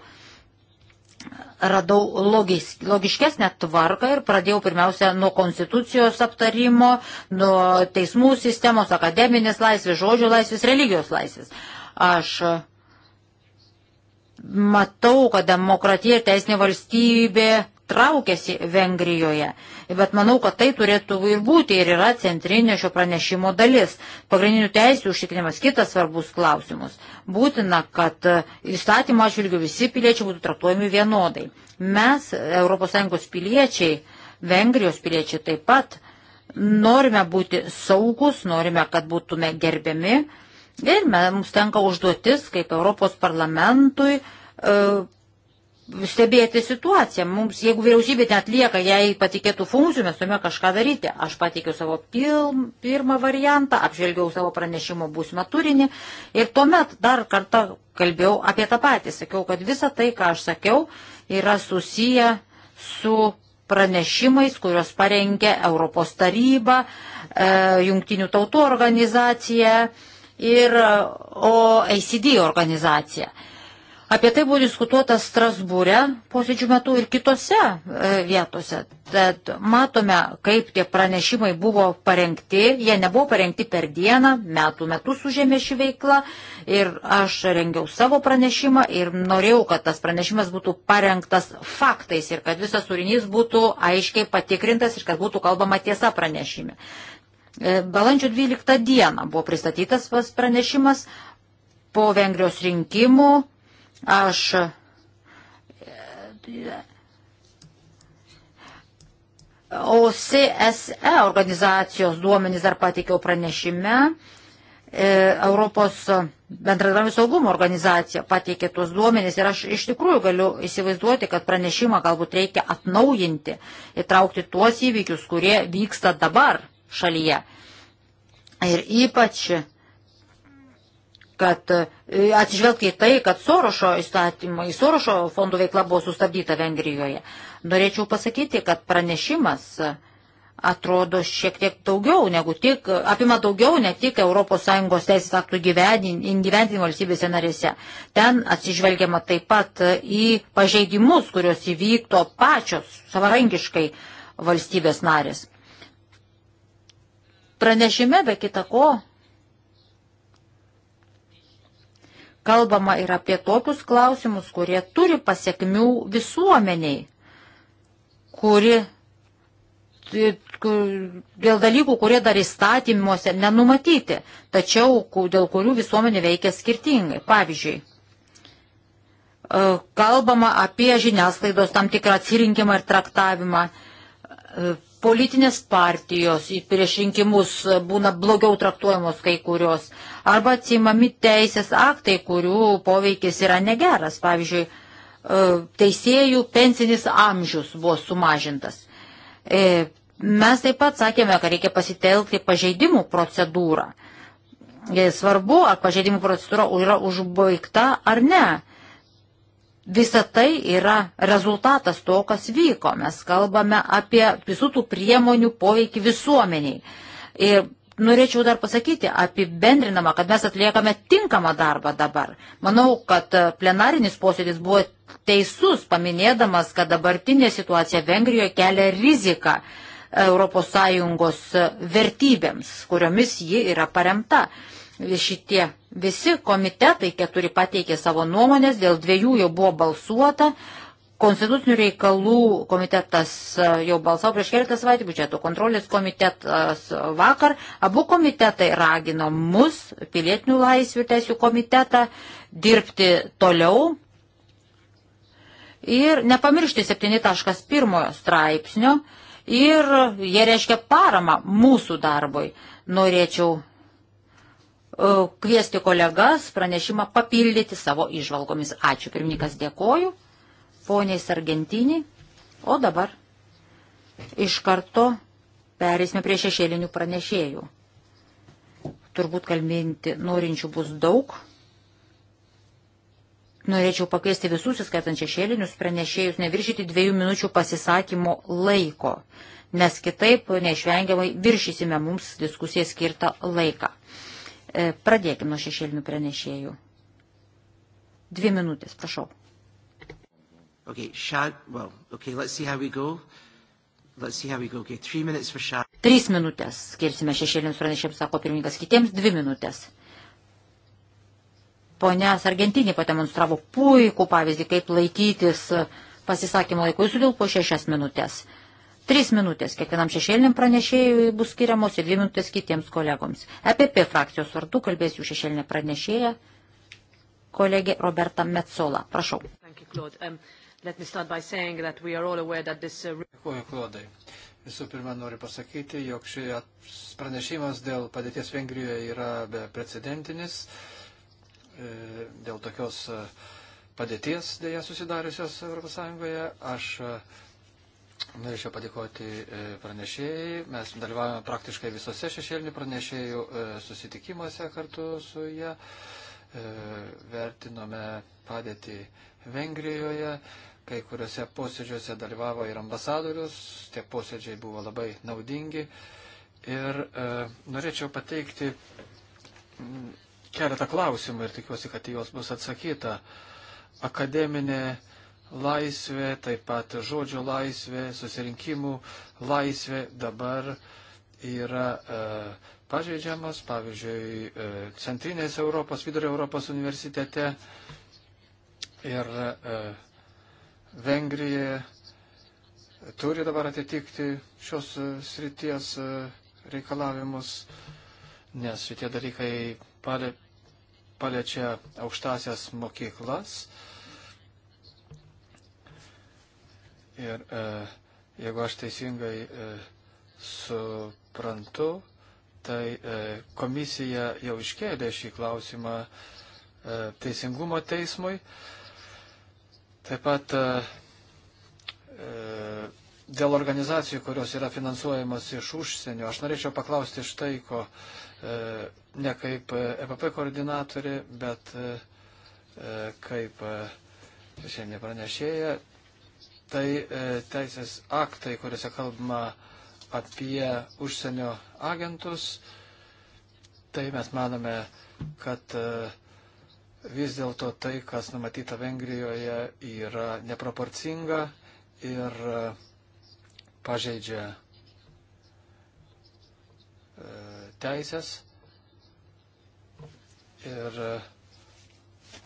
Radau logis, logiškesnę tvarką ir pradėjau pirmiausia nuo konstitucijos aptarimo, nuo teismų sistemos, akademinės laisvės, žodžių laisvės, religijos laisvės Aš matau, kad demokratija ir teisinė valstybė traukiasi Vengrijoje, bet manau, kad tai turėtų ir būti ir yra centrinė šio pranešimo dalis. Pagrindinių teisų užtikrinimas kitas svarbus klausimus. Būtina, kad įstatymo atžvilgių visi piliečiai būtų traktuojami vienodai. Mes, ES piliečiai, Vengrijos piliečiai taip pat, norime būti saugus, norime, kad būtume gerbiami Ir mums tenka užduotis kaip Europos parlamentui e, stebėti situaciją. Mums, jeigu vyriausybė netlieka jai patikėtų funkcijų, mes turime kažką daryti. Aš pateikiau savo pilm, pirmą variantą, apžvelgiau savo pranešimo būsimą turinį ir tuomet dar kartą kalbėjau apie tą patį. Sakiau, kad visa tai, ką aš sakiau, yra susiję su pranešimais, kuriuos parengė Europos taryba, e, jungtinių tautų organizacija. E, ir e, OECD organizacija. Apie tai buvo diskutuota Strasbūre posėdžių metu ir kitose e, vietose. Tad matome, kaip tie pranešimai buvo parengti. Jie nebuvo parengti per dieną, metų metus užėmė šį veiklą. Ir aš rengiau savo pranešimą ir norėjau, kad tas pranešimas būtų parengtas faktais ir kad visas turinys būtų aiškiai patikrintas ir kad būtų kalbama tiesa pranešime. E, balandžio 12 dieną buvo pristatytas pranešimas po Vengrijos rinkimų. Aš OCSE e organizacijos duomenys dar pateikiau pranešime. E, Europos bendradarbiavimo saugumo organizacija pateikė tuos duomenys ir aš iš tikrųjų galiu įsivaizduoti, kad pranešimą galbūt reikia atnaujinti, įtraukti tuos įvykius, kurie vyksta dabar šalyje. Ir ypač, kad e, atsižvelgti į tai, kad Sorošo įstatymai, Sorošo fondų veikla buvo sustabdyta Vengrijoje. Norėčiau pasakyti, kad pranešimas atrodo šiek tiek daugiau negu tik, apima daugiau ne tik ES teisės aktų įgyvendinimo valstybėse narėse. Ten atsižvelgiama taip pat į pažeidimus, kurios įvykto pačios savarankiškai valstybės narės. Pranešime be kita ko kalbama ir apie tokius klausimus, kurie turi pasiekmių visuomeniai, kuri dėl dalykų, kurie dar įstatymuose nenumatyti, tačiau dėl kurių visuomenė veikia skirtingai. Pavyzdžiui, e, kalbama apie žiniasklaidos tam tikrą atsirinkimą ir traktavimą. E, politinės partijos prieš rinkimus būna blogiau traktuojamos kai kurios, arba atsimami teisės aktai, kurių poveikis yra negeras. Pavyzdžiui, e, teisėjų pensinis amžius buvo sumažintas. E, mes taip pat sakėme, kad reikia pasitelkti pažeidimų procedūrą. E, svarbu, ar pažeidimų procedūra yra užbaigta ar ne. Visa tai yra rezultatas to, kas vyko. Mes kalbame apie visų tų priemonių poveikį visuomeniai. Ir norėčiau dar pasakyti, apibendrinama, kad mes atliekame tinkamą darbą dabar. Manau, kad plenarinis posėdis buvo teisus, paminėdamas, kad dabartinė situacija Vengrijoje kelia riziką ES vertybėms, kuriomis ji yra paremta šitie visi komitetai keturi pateikė savo nuomonės, dėl dviejų jau buvo balsuota. Konstitucinių reikalų komitetas e, jau balsavo prieš keletą savaitę, biudžeto kontrolės komitetas e, vakar. Abu komitetai ragino mus, pilietinių laisvių teisų komitetą, dirbti toliau. Ir nepamiršti 7.1 straipsnio. Ir jie reiškia paramą mūsų darbui. Norėčiau E, kviesti kolegas pranešimą papildyti savo išvalgomis. Ačiū, pirmininkas dėkoju, poniai Sargentiniai. O dabar iš karto perėsime prie šešėlinių pranešėjų. Turbūt kalbinti norinčių bus daug. Norėčiau pakviesti visus, įskaitant šešėlinius pranešėjus, neviršyti dviejų minučių pasisakymo laiko, nes kitaip neišvengiamai viršysime mums diskusiją skirtą laiką. E, pradėkime nuo šešėlinių pranešėjų. Dvi minutės, prašau. Okay, shall, well, okay, let's see how we go. Let's see how we go. Okay, three minutes for shall. Trys minutės skirsime šešėlinius pranešėms, sako pirmininkas, kitiems dvi minutės. Ponės Argentinė pademonstravo puikų pavyzdį, kaip laikytis pasisakymo laiko. Jūs sudėl po šešias minutės. Uh, Tris minutės kiekvienam šešėliniam pranešėjui bus skiriamos ir dvi minutės kitiems kolegoms. EPP frakcijos vardu kalbės jų šešėlinė pranešėja kolegė Roberta Metzola. Prašau. Um, uh, Dėkuoju, Klodai. Visų pirma, noriu pasakyti, jog šis pranešimas dėl padėties Vengrijoje yra beprecedentinis, e, dėl tokios e, padėties dėja susidariusios ES. Aš e, Norėčiau padėkoti e, pranešėjai. Mes dalyvavome praktiškai visose šešėlinių pranešėjų e, susitikimuose kartu su ją. E, vertinome padėtį Vengrijoje. Kai kuriuose posėdžiuose dalyvavo ir ambasadorius. Tie posėdžiai buvo labai naudingi. Ir e, norėčiau pateikti mm, keletą klausimų ir tikiuosi, kad į juos bus atsakyta. Akademinė e, laisvė, taip pat žodžio laisvė, susirinkimų laisvė dabar yra e, pažeidžiamas, pavyzdžiui, e, Centrinės Europos, Vidurio Europos universitete ir e, Vengrija turi dabar atitikti šios e, srities e, reikalavimus, nes šitie dalykai paliečia aukštasias mokyklas. E, Ir e, jeigu aš teisingai e, suprantu, tai e, komisija jau iškėlė šį klausimą e, teisingumo teismui. Taip pat e, e dėl organizacijų, kurios yra finansuojamas iš užsienio, aš norėčiau paklausti štai ko, e, ne kaip EPP e koordinatorė, bet e, e kaip šiandien pranešėja, tai e, teisės aktai, kuriuose kalbama apie užsienio agentus, tai mes manome, kad e, vis dėlto tai, kas numatyta Vengrijoje, yra neproporcinga ir e, pažeidžia teisės. Ir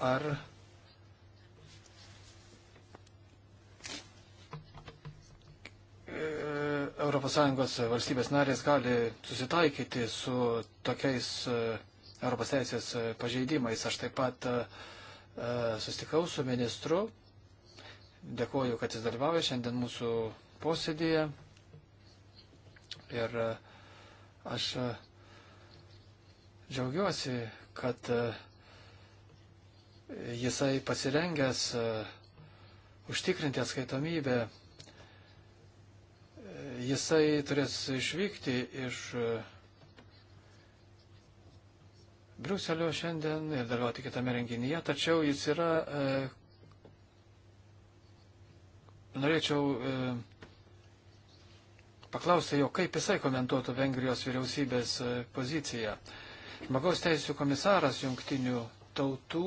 ar ES valstybės narės gali susitaikyti su tokiais e, Europos teisės e, pažeidimais. Aš taip pat e, sustikau su ministru. Dėkuoju, kad jis dalyvauja šiandien mūsų posėdėje. Ir aš džiaugiuosi, kad jisai pasirengęs užtikrinti atskaitomybę jisai turės išvykti iš e, Briuselio šiandien ir dalyvauti kitame renginyje, tačiau jis yra, e, norėčiau e, paklausti jo, kaip jisai komentuotų Vengrijos vyriausybės e, poziciją. Žmogaus teisų komisaras jungtinių tautų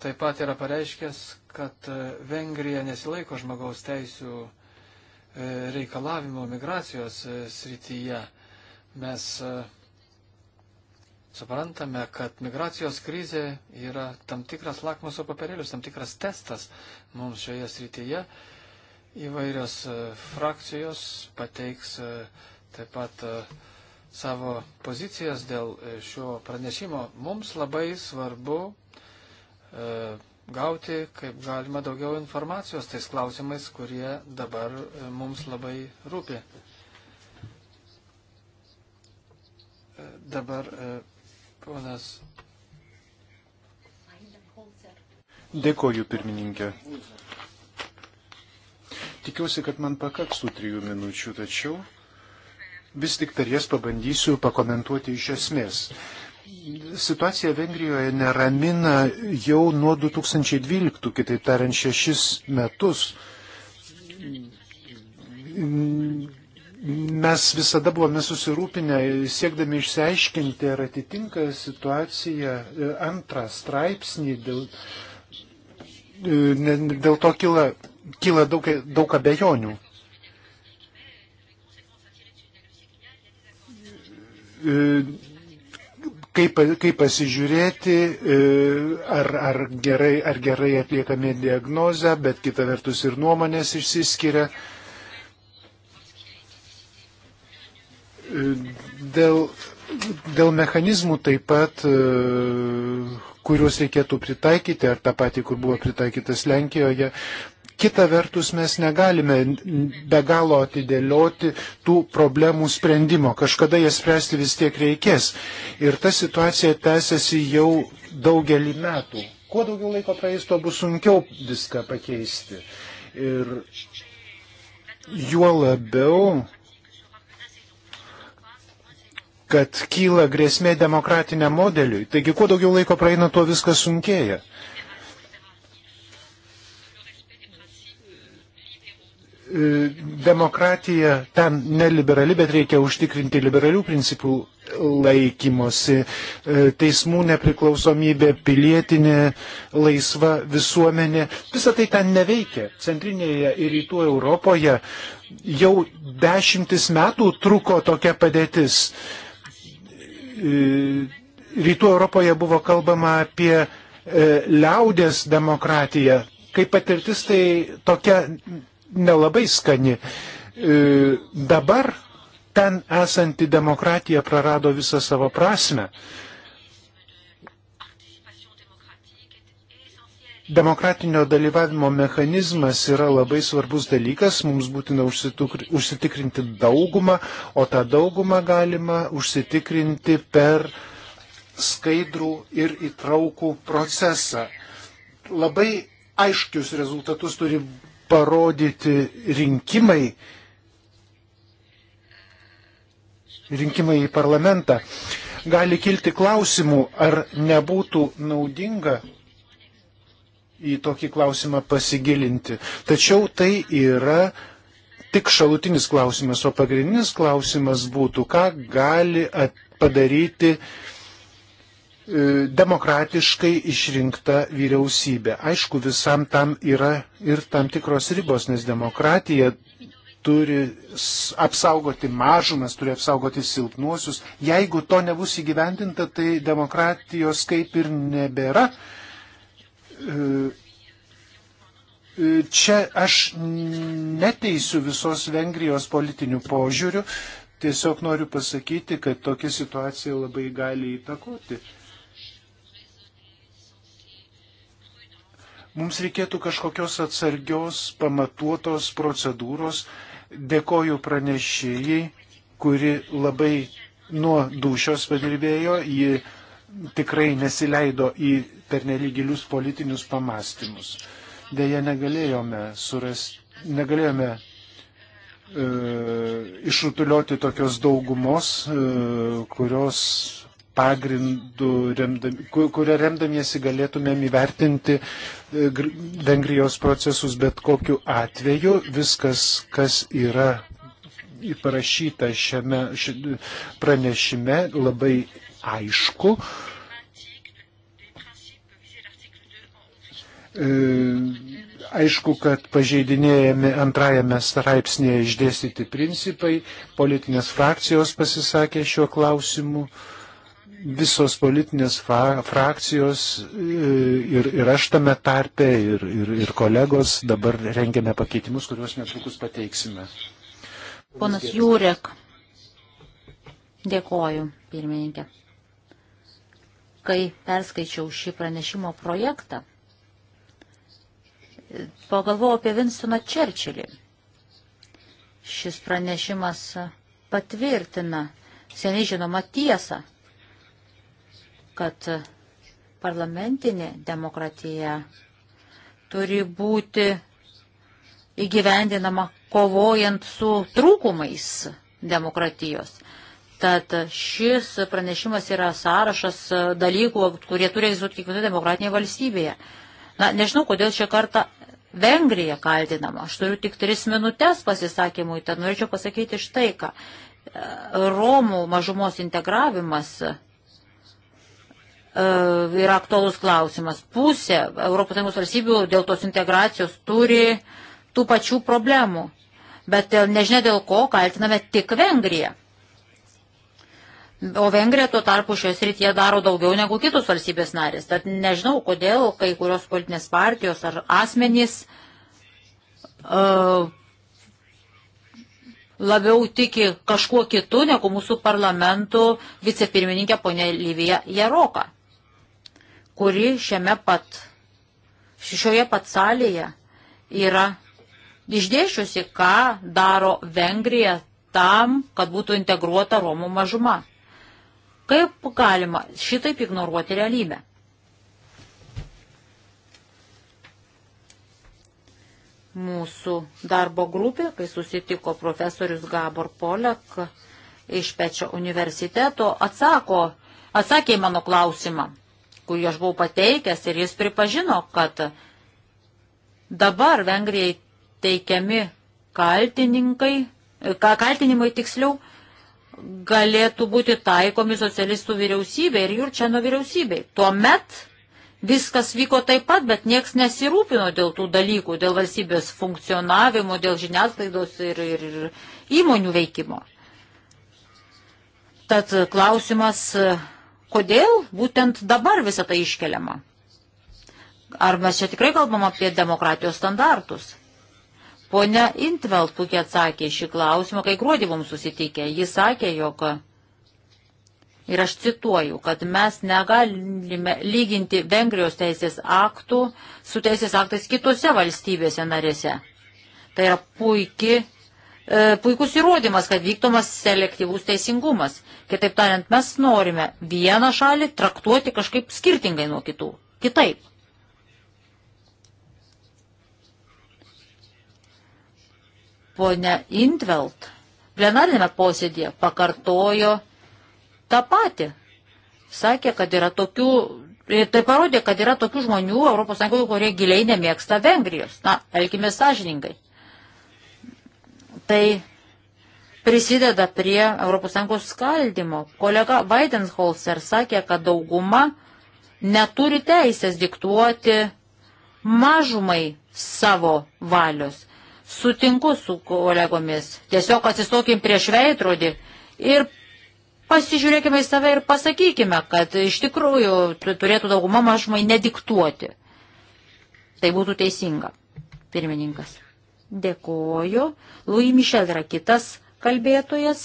taip pat yra pareiškęs, kad e, Vengrija nesilaiko žmogaus teisų E, reikalavimo migracijos e, srityje. Mes e, suprantame, kad migracijos krizė yra tam tikras lakmuso papirėlis, tam tikras testas mums šioje srityje. Įvairios frakcijos pateiks taip pat savo pozicijas dėl šio pranešimo. Mums labai svarbu gauti kaip galima daugiau informacijos tais klausimais, kurie dabar e, mums labai rūpi. E, dabar e, ponas. Dėkoju, pirmininkė. Tikiuosi, kad man pakaks tų trijų minučių, tačiau vis tik per jas pabandysiu pakomentuoti iš esmės. Situacija Vengrijoje neramina jau nuo 2012, kitaip tariant, šešis metus. Mes visada buvome susirūpinę, siekdami išsiaiškinti, ar atitinka situacija e, antrą straipsnį. Dėl, e, dėl to kyla, kyla daug, daug abejonių. E, kaip, kaip pasižiūrėti, e, ar, ar, gerai, ar gerai atliekame diagnozę, bet kita vertus ir nuomonės išsiskiria. E, dėl, dėl mechanizmų taip pat, e, kuriuos reikėtų pritaikyti, ar tą patį, kur buvo pritaikytas Lenkijoje, Kita vertus, mes negalime be galo atidėlioti tų problemų sprendimo. Kažkada jas spręsti vis tiek reikės. Ir ta situacija tęsiasi jau daugelį metų. Kuo daugiau laiko praeis, tuo bus sunkiau viską pakeisti. Ir juo labiau kad kyla grėsmė demokratiniam modeliui. Taigi, kuo daugiau laiko praeina, tuo viskas sunkėja. E, demokratija ten neliberali, bet reikia užtikrinti liberalių principų laikymosi, e, teismų nepriklausomybė, pilietinė, laisva visuomenė. Visą tai ten neveikia. Centrinėje ir rytų Europoje jau dešimtis metų truko tokia padėtis. E, rytų Europoje buvo kalbama apie liaudės demokratiją. Kaip patirtis tai tokia nelabai skani. E, dabar ten esanti demokratija prarado visą savo prasme. Demokratinio dalyvavimo mechanizmas yra labai svarbus dalykas, mums būtina užsitikrinti daugumą, o tą daugumą galima užsitikrinti per skaidrų ir įtraukų procesą. Labai aiškius rezultatus turi parodyti rinkimai, rinkimai į parlamentą, gali kilti klausimų, ar nebūtų naudinga į tokį klausimą pasigilinti. Tačiau tai yra tik šalutinis klausimas, o pagrindinis klausimas būtų, ką gali padaryti uh, E, demokratiškai išrinkta vyriausybė. Aišku, visam tam yra ir tam tikros ribos, nes demokratija turi apsaugoti mažumas, turi apsaugoti silpnuosius. Jeigu to nebus įgyvendinta, tai demokratijos kaip ir nebėra. E, e, čia aš neteisiu visos Vengrijos politinių požiūrių, tiesiog noriu pasakyti, kad tokia situacija labai gali įtakoti Mums reikėtų kažkokios atsargios, pamatuotos procedūros. Dėkoju pranešėjai, kuri labai nuo dušios padirbėjo, ji tikrai nesileido į pernelygilius politinius pamastymus. Deja, negalėjome surasti, negalėjome e, išrutulioti tokios daugumos, e, kurios pagrindų, kurio remdamiesi galėtumėm įvertinti e, Vengrijos procesus, bet kokiu atveju viskas, kas yra parašyta šiame ši, pranešime, labai aišku. E, aišku, kad pažeidinėjami antrajame straipsnėje išdėstyti principai, politinės frakcijos pasisakė šiuo klausimu. E, visos politinės fra, frakcijos e, ir, ir aš tame tarpe ir, ir, ir kolegos dabar rengiame pakeitimus, kuriuos netrukus pateiksime. Ponas Jūrek, dėkoju, pirmininkė. Kai perskaičiau šį pranešimo projektą, pagalvojau apie Vinstoną Čerčilį. Šis pranešimas patvirtina seniai žinoma tiesą, kad parlamentinė demokratija turi būti įgyvendinama kovojant su trūkumais demokratijos. Tad šis pranešimas yra sąrašas dalykų, kurie turi egzistuoti kiekvienoje demokratinėje valstybėje. Na, nežinau, kodėl šią kartą Vengrija kaltinama. Aš turiu tik tris minutės pasisakymui, tad norėčiau pasakyti štai ką. Romų mažumos integravimas E, yra aktuolus klausimas. Pusė ES valstybių dėl tos integracijos turi tų pačių problemų, bet dėl, nežinia dėl ko kaltiname tik Vengriją. O Vengrija tuo tarpu šioje srityje daro daugiau negu kitos valstybės narės. Tad nežinau, kodėl kai kurios politinės partijos ar asmenys uh, labiau tiki kažkuo kitu negu mūsų parlamentų vicepirmininkė ponė Lyvija Jaroka kuri šiame pat, šioje pat salėje yra išdėšiusi, ką daro Vengrija tam, kad būtų integruota Romų mažuma. Kaip galima šitaip ignoruoti realybę? Mūsų darbo grupė, kai susitiko profesorius Gabor Polek iš Pečio universiteto, atsako, atsakė į mano klausimą kurį aš buvau pateikęs ir jis pripažino, kad dabar Vengrijai teikiami kaltininkai, kaltinimai tiksliau, galėtų būti taikomi socialistų vyriausybė ir Jurčiano vyriausybei. Tuomet viskas vyko taip pat, bet nieks nesirūpino dėl tų dalykų, dėl valstybės funkcionavimo, dėl žiniasklaidos ir, ir, ir įmonių veikimo. Tad klausimas Kodėl būtent dabar visą tai iškeliama? Ar mes čia tikrai kalbam apie demokratijos standartus? Pone Intveld puikiai atsakė šį klausimą, kai gruodį mums susitikė. Jis sakė, jog, ir aš cituoju, kad mes negalime lyginti Vengrijos teisės aktų su teisės aktais kitose valstybėse narėse. Tai yra puikiai E, puikus įrodymas, kad vykdomas selektyvus teisingumas. Kitaip tariant, mes norime vieną šalį traktuoti kažkaip skirtingai nuo kitų. Kitaip. Pone Intvelt plenarinėme posėdėje pakartojo tą patį. Sakė, kad yra tokių, tai parodė, kad yra tokių žmonių ES, kurie giliai nemėgsta Vengrijos. Na, elkime sąžiningai tai prisideda prie ES skaldimo. Kolega Weidenholzer sakė, kad dauguma neturi teisės diktuoti mažumai savo valios. Sutinku su kolegomis. Tiesiog atsistokim prieš veidrodį ir pasižiūrėkime į save ir pasakykime, kad iš tikrųjų turėtų dauguma mažumai nediktuoti. Tai būtų teisinga. Pirmininkas. Dėkoju. Louis Michel yra kitas kalbėtojas.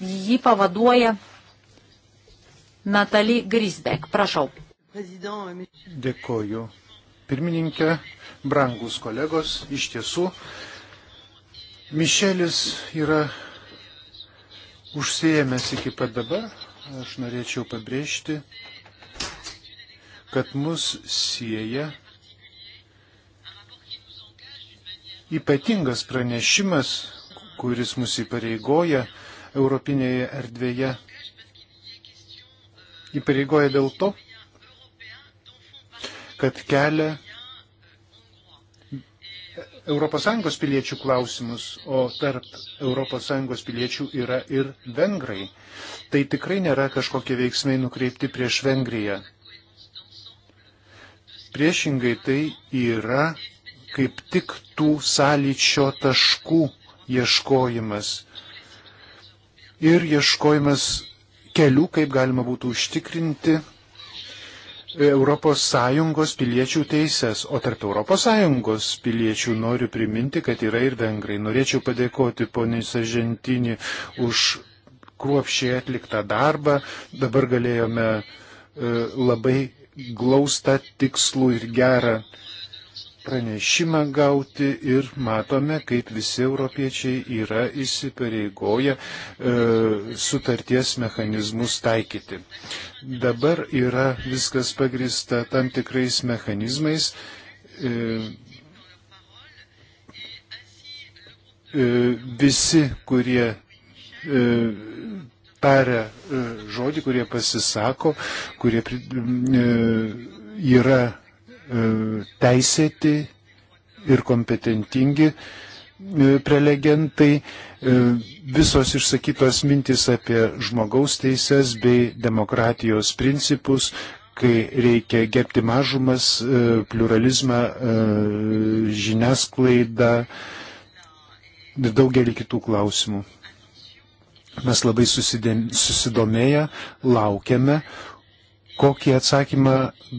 Jį pavaduoja Natalie Grisbek. Prašau. Dėkoju. Pirmininkė, brangus kolegos, iš tiesų, Mišelis yra užsijėmęs iki pat dabar. Aš norėčiau pabrėžti, kad mus sieja ypatingas pranešimas, kuris mus įpareigoja Europinėje erdvėje. Įpareigoja dėl to, kad kelia ES piliečių klausimus, o tarp ES piliečių yra ir vengrai. Tai tikrai nėra kažkokie veiksmai nukreipti prieš Vengriją. Priešingai tai yra kaip tik tų sąlyčio taškų ieškojimas ir ieškojimas kelių, kaip galima būtų užtikrinti ES piliečių teises. O tarp ES piliečių noriu priminti, kad yra ir vengrai. Norėčiau padėkoti poniai Sažentinį už kruopšiai atliktą darbą. Dabar galėjome e, labai glaustą tikslų ir gerą pranešimą gauti ir matome, kaip visi europiečiai yra įsipareigoję e, sutarties mechanizmus taikyti. Dabar yra viskas pagrista tam tikrais mechanizmais. E, e, visi, kurie e, tarę e, žodį, kurie pasisako, kurie e, yra e, teisėti ir kompetentingi prelegentai, visos išsakytos mintis apie žmogaus teises bei demokratijos principus, kai reikia gerbti mažumas, pluralizmą, žiniasklaidą ir daugelį kitų klausimų. Mes labai susidėm, susidomėję laukiame, kokį atsakymą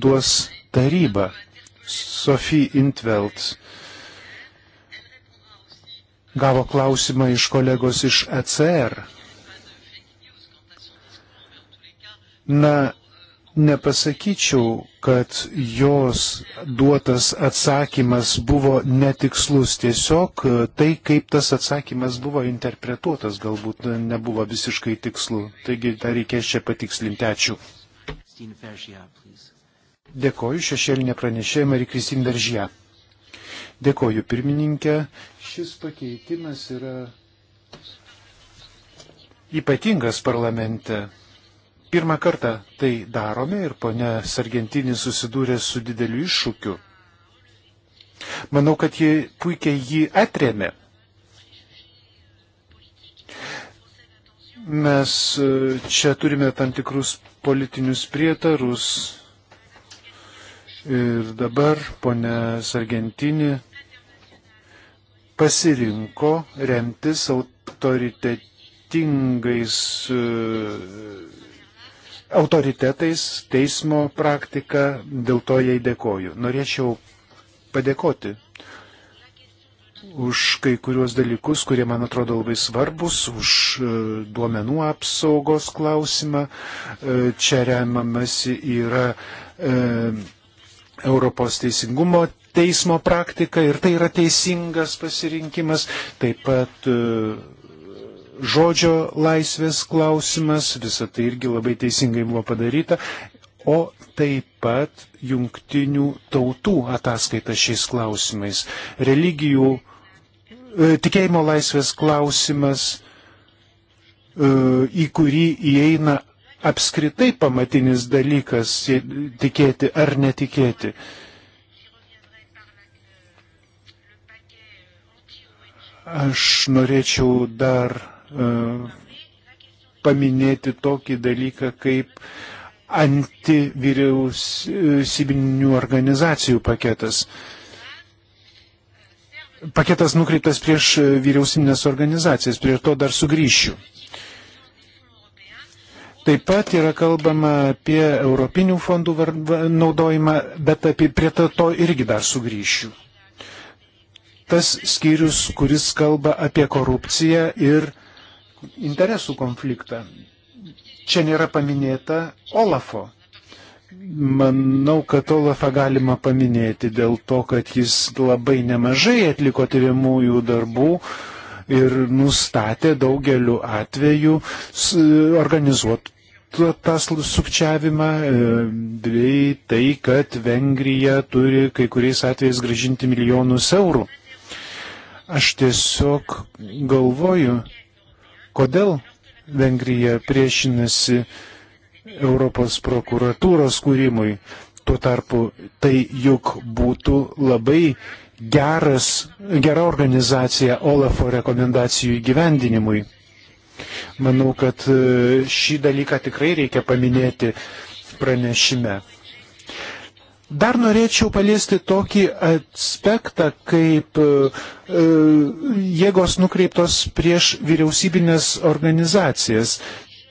duos taryba. Sofie Intveld gavo klausimą iš kolegos iš ECR. Na, nepasakyčiau, kad jos duotas atsakymas buvo netikslus, tiesiog tai, kaip tas atsakymas buvo interpretuotas, galbūt nebuvo visiškai tikslu. Taigi dar reikės čia patikslinti. Ačiū. Dėkoju šešėlinė pranešėja Marija Kristin Veržė. Dėkoju pirmininkė. Šis pakeitimas yra ypatingas parlamente Pirmą kartą tai darome ir ponia Sargentinė susidūrė su dideliu iššūkiu. Manau, kad ji puikiai jį atremė. Mes e, čia turime tam tikrus politinius prietarus. Ir dabar ponia Sargentinė pasirinko remtis autoritetingais e, autoritetais, teismo praktika, dėl to jai dėkoju. Norėčiau padėkoti už kai kuriuos dalykus, kurie man atrodo labai svarbus, už e, duomenų apsaugos klausimą. E, čia remamasi yra e, Europos teisingumo teismo praktika ir tai yra teisingas pasirinkimas. Taip pat žodžio laisvės klausimas, visa tai irgi labai teisingai buvo padaryta, o taip pat jungtinių tautų ataskaita šiais klausimais. Religijų, e, tikėjimo laisvės klausimas, e, į kurį įeina apskritai pamatinis dalykas tikėti ar netikėti. Aš norėčiau dar E, paminėti tokį dalyką kaip antivyriausybinių organizacijų paketas. Paketas nukreiptas prieš vyriausybinės organizacijas, prie to dar sugrįšiu. Taip pat yra kalbama apie europinių fondų naudojimą, bet apie, prie to, to irgi dar sugrįšiu. Tas skyrius, kuris kalba apie korupciją ir e, interesų konfliktą. Čia nėra paminėta Olafo. Manau, kad Olafą galima paminėti dėl to, kad jis labai nemažai atliko tyriamųjų darbų ir nustatė daugeliu atveju organizuot tas sukčiavimą, bei tai, kad Vengrija turi kai kuriais atvejais gražinti milijonus eurų. Aš tiesiog galvoju, Kodėl Vengrija priešinasi Europos prokuratūros kūrimui? Tuo tarpu tai juk būtų labai geras, gera organizacija Olafo rekomendacijų įgyvendinimui. Manau, kad e, šį dalyką tikrai reikia paminėti pranešime. Dar norėčiau paliesti tokį aspektą, kaip e, jėgos nukreiptos prieš vyriausybinės organizacijas.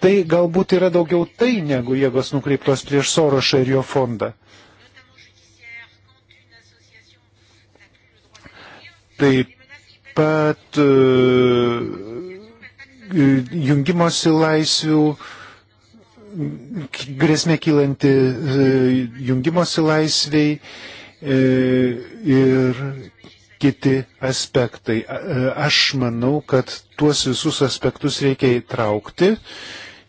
Tai galbūt yra daugiau tai, negu jėgos nukreiptos prieš Sorošą ir jo fondą. Taip pat e, jungimosi laisvių e, grėsmė kylanti e, jungimosi laisviai e, ir kiti aspektai. E, aš manau, kad tuos visus aspektus reikia įtraukti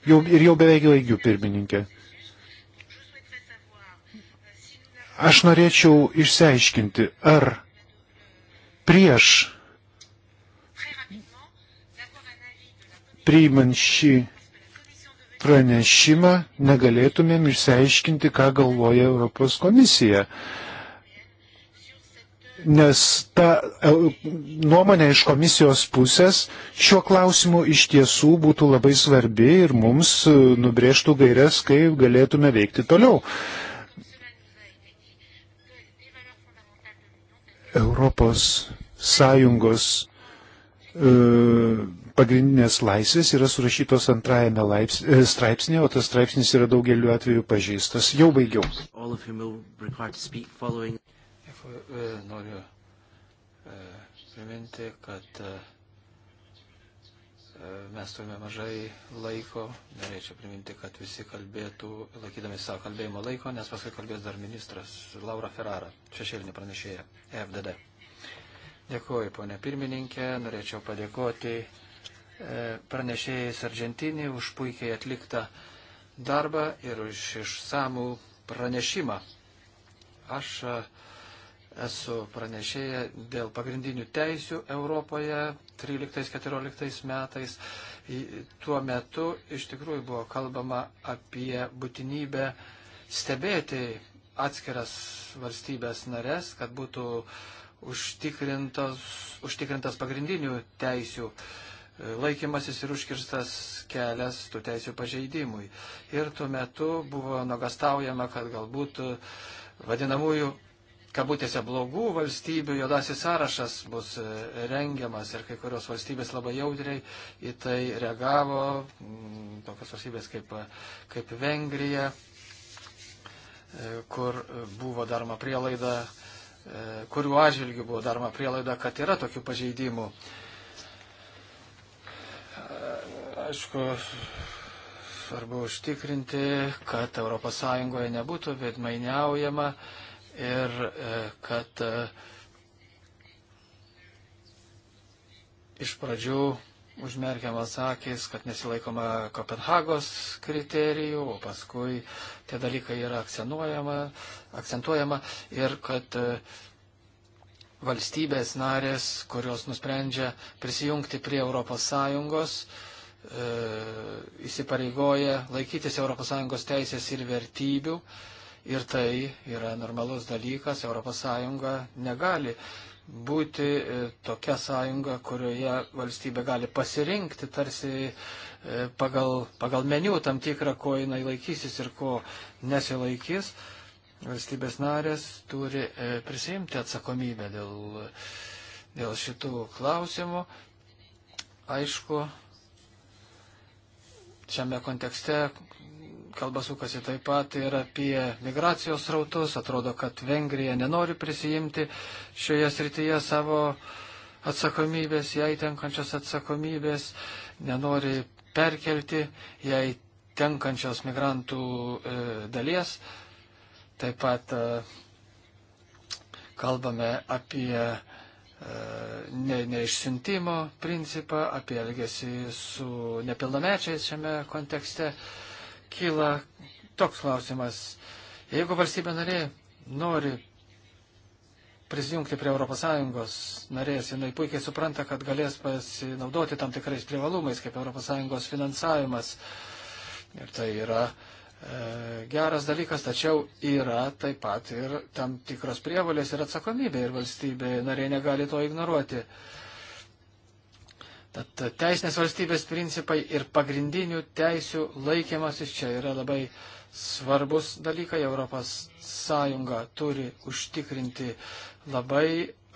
jau, ir jau beveik baigiu, pirmininkė. Aš norėčiau išsiaiškinti, ar prieš priimant šį pranešimą negalėtumėm išsiaiškinti, ką galvoja Europos komisija. Nes ta e, nuomonė iš komisijos pusės šiuo klausimu iš tiesų būtų labai svarbi ir mums e, nubrėžtų gairias, kaip galėtume veikti toliau. Europos Sąjungos e, pagrindinės laisvės yra surašytos antrajame laips, e, straipsnėje, o tas straipsnis yra daugeliu atveju pažįstas. Jau baigiau. Uh, Noriu uh, priminti, kad uh, mes turime mažai laiko. Norėčiau priminti, kad visi kalbėtų, laikydami savo kalbėjimo laiko, nes paskui kalbės dar ministras Laura Ferrara, šešėlinė pranešėja e FDD. Dėkuoju, ponė pirmininkė, norėčiau padėkoti E, pranešėjais Argentinį už puikiai atliktą darbą ir už išsamų pranešimą. Aš e, esu pranešėja dėl pagrindinių teisių Europoje 13-14 metais. Tuo metu iš tikrųjų buvo kalbama apie būtinybę stebėti atskiras valstybės narės, kad būtų užtikrintas, užtikrintas pagrindinių teisių uh, laikymasis ir užkirstas kelias tų teisų pažeidimui. Ir tuo metu buvo nogastaujama, kad galbūt e, vadinamųjų kabutėse blogų valstybių juodasis sąrašas bus e, rengiamas ir kai kurios valstybės labai jautriai į tai reagavo, mm, tokios valstybės kaip, e, kaip Vengrija, kur buvo daroma prielaida, kuriuo atžvilgiu buvo daroma prielaida, kad yra tokių pažeidimų. Aišku, svarbu užtikrinti, kad ES nebūtų veidmainiaujama ir e, kad e, iš pradžių užmerkiamas akis, kad nesilaikoma Kopenhagos kriterijų, o paskui tie dalykai yra akcentuojama, akcentuojama ir kad e, valstybės narės, kurios nusprendžia prisijungti prie ES, E, įsipareigoja laikytis ES teisės ir vertybių. Ir tai yra normalus dalykas. ES negali būti e, tokia sąjunga, kurioje valstybė gali pasirinkti tarsi e, pagal, pagal meniu tam tikrą, ko jinai laikysis ir ko nesilaikys. Valstybės narės turi prisimti atsakomybę dėl, dėl šitų klausimų. Aišku, Šiame kontekste kalba sukasi taip pat ir apie migracijos rautus. Atrodo, kad Vengrija nenori prisijimti šioje srityje savo atsakomybės, jai tenkančios atsakomybės, nenori perkelti jai tenkančios migrantų e, dalies. Taip pat e, kalbame apie ne, neišsintimo principą, apie elgesį su nepilnamečiais šiame kontekste. Kyla toks klausimas. Jeigu valstybė narė nori prisijungti prie ES narės, jinai puikiai supranta, kad galės pasinaudoti tam tikrais privalumais, kaip ES finansavimas. Ir tai yra uh, E, geras dalykas, tačiau yra taip pat ir tam tikros prievalės ir atsakomybė ir valstybė nariai negali to ignoruoti. Tad teisinės valstybės principai ir pagrindinių teisių laikymasis čia yra labai svarbus dalykai. Europos Sąjunga turi užtikrinti labai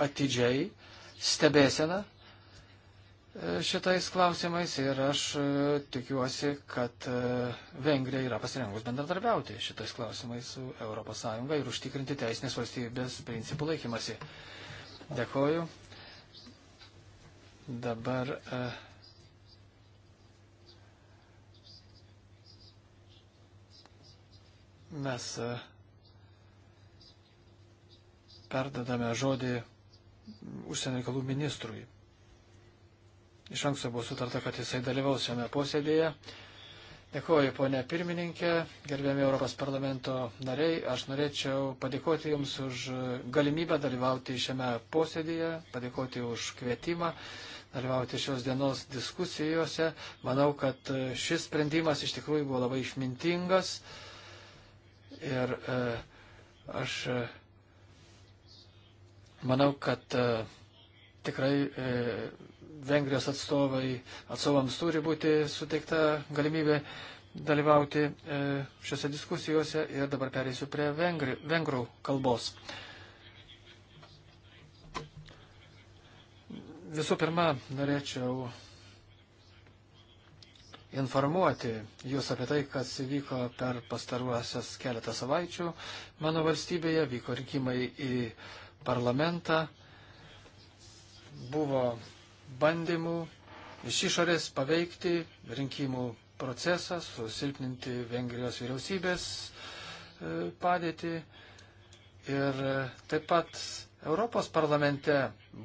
atidžiai stebėseną šitais klausimais ir aš e, tikiuosi, kad e, Vengrija yra pasirengus bendradarbiauti šitais klausimais su ES ir užtikrinti teisinės valstybės principų laikymasi. Dėkoju. Dabar. E, mes perdadame žodį užsienio reikalų ministrui. Iš anksto buvo sutarta, kad jisai dalyvaus šiame posėdėje. Dėkuoju, ponė pirmininkė, gerbėmi Europos parlamento nariai. Aš norėčiau padėkoti Jums už galimybę dalyvauti šiame posėdėje, padėkoti už kvietimą dalyvauti šios dienos diskusijose. Manau, kad šis sprendimas iš tikrųjų buvo labai išmintingas ir e, aš e, manau, kad e, tikrai e, Vengrijos atstovai, atstovams turi būti suteikta galimybė dalyvauti e, šiuose diskusijose ir dabar perėsiu prie vengri, vengrų kalbos. Visų pirma, norėčiau informuoti jūs apie tai, kas įvyko per pastaruosias keletą savaičių. Mano valstybėje vyko rinkimai į parlamentą. Buvo bandymų iš išorės paveikti rinkimų procesą, susilpninti Vengrijos vyriausybės e, padėtį. Ir e, taip pat Europos parlamente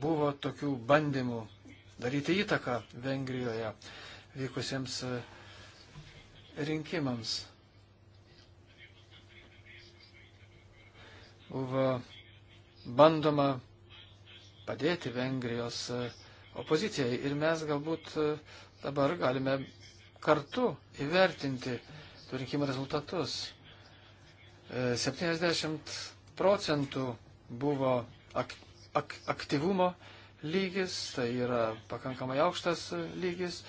buvo tokių bandymų daryti įtaką Vengrijoje vykusiems e, rinkimams. Buvo bandoma padėti Vengrijos uh, opozicijai. Ir mes galbūt e, dabar galime kartu įvertinti tų rinkimų rezultatus. 70 e, procentų buvo ak ak aktyvumo lygis, tai yra pakankamai aukštas lygis.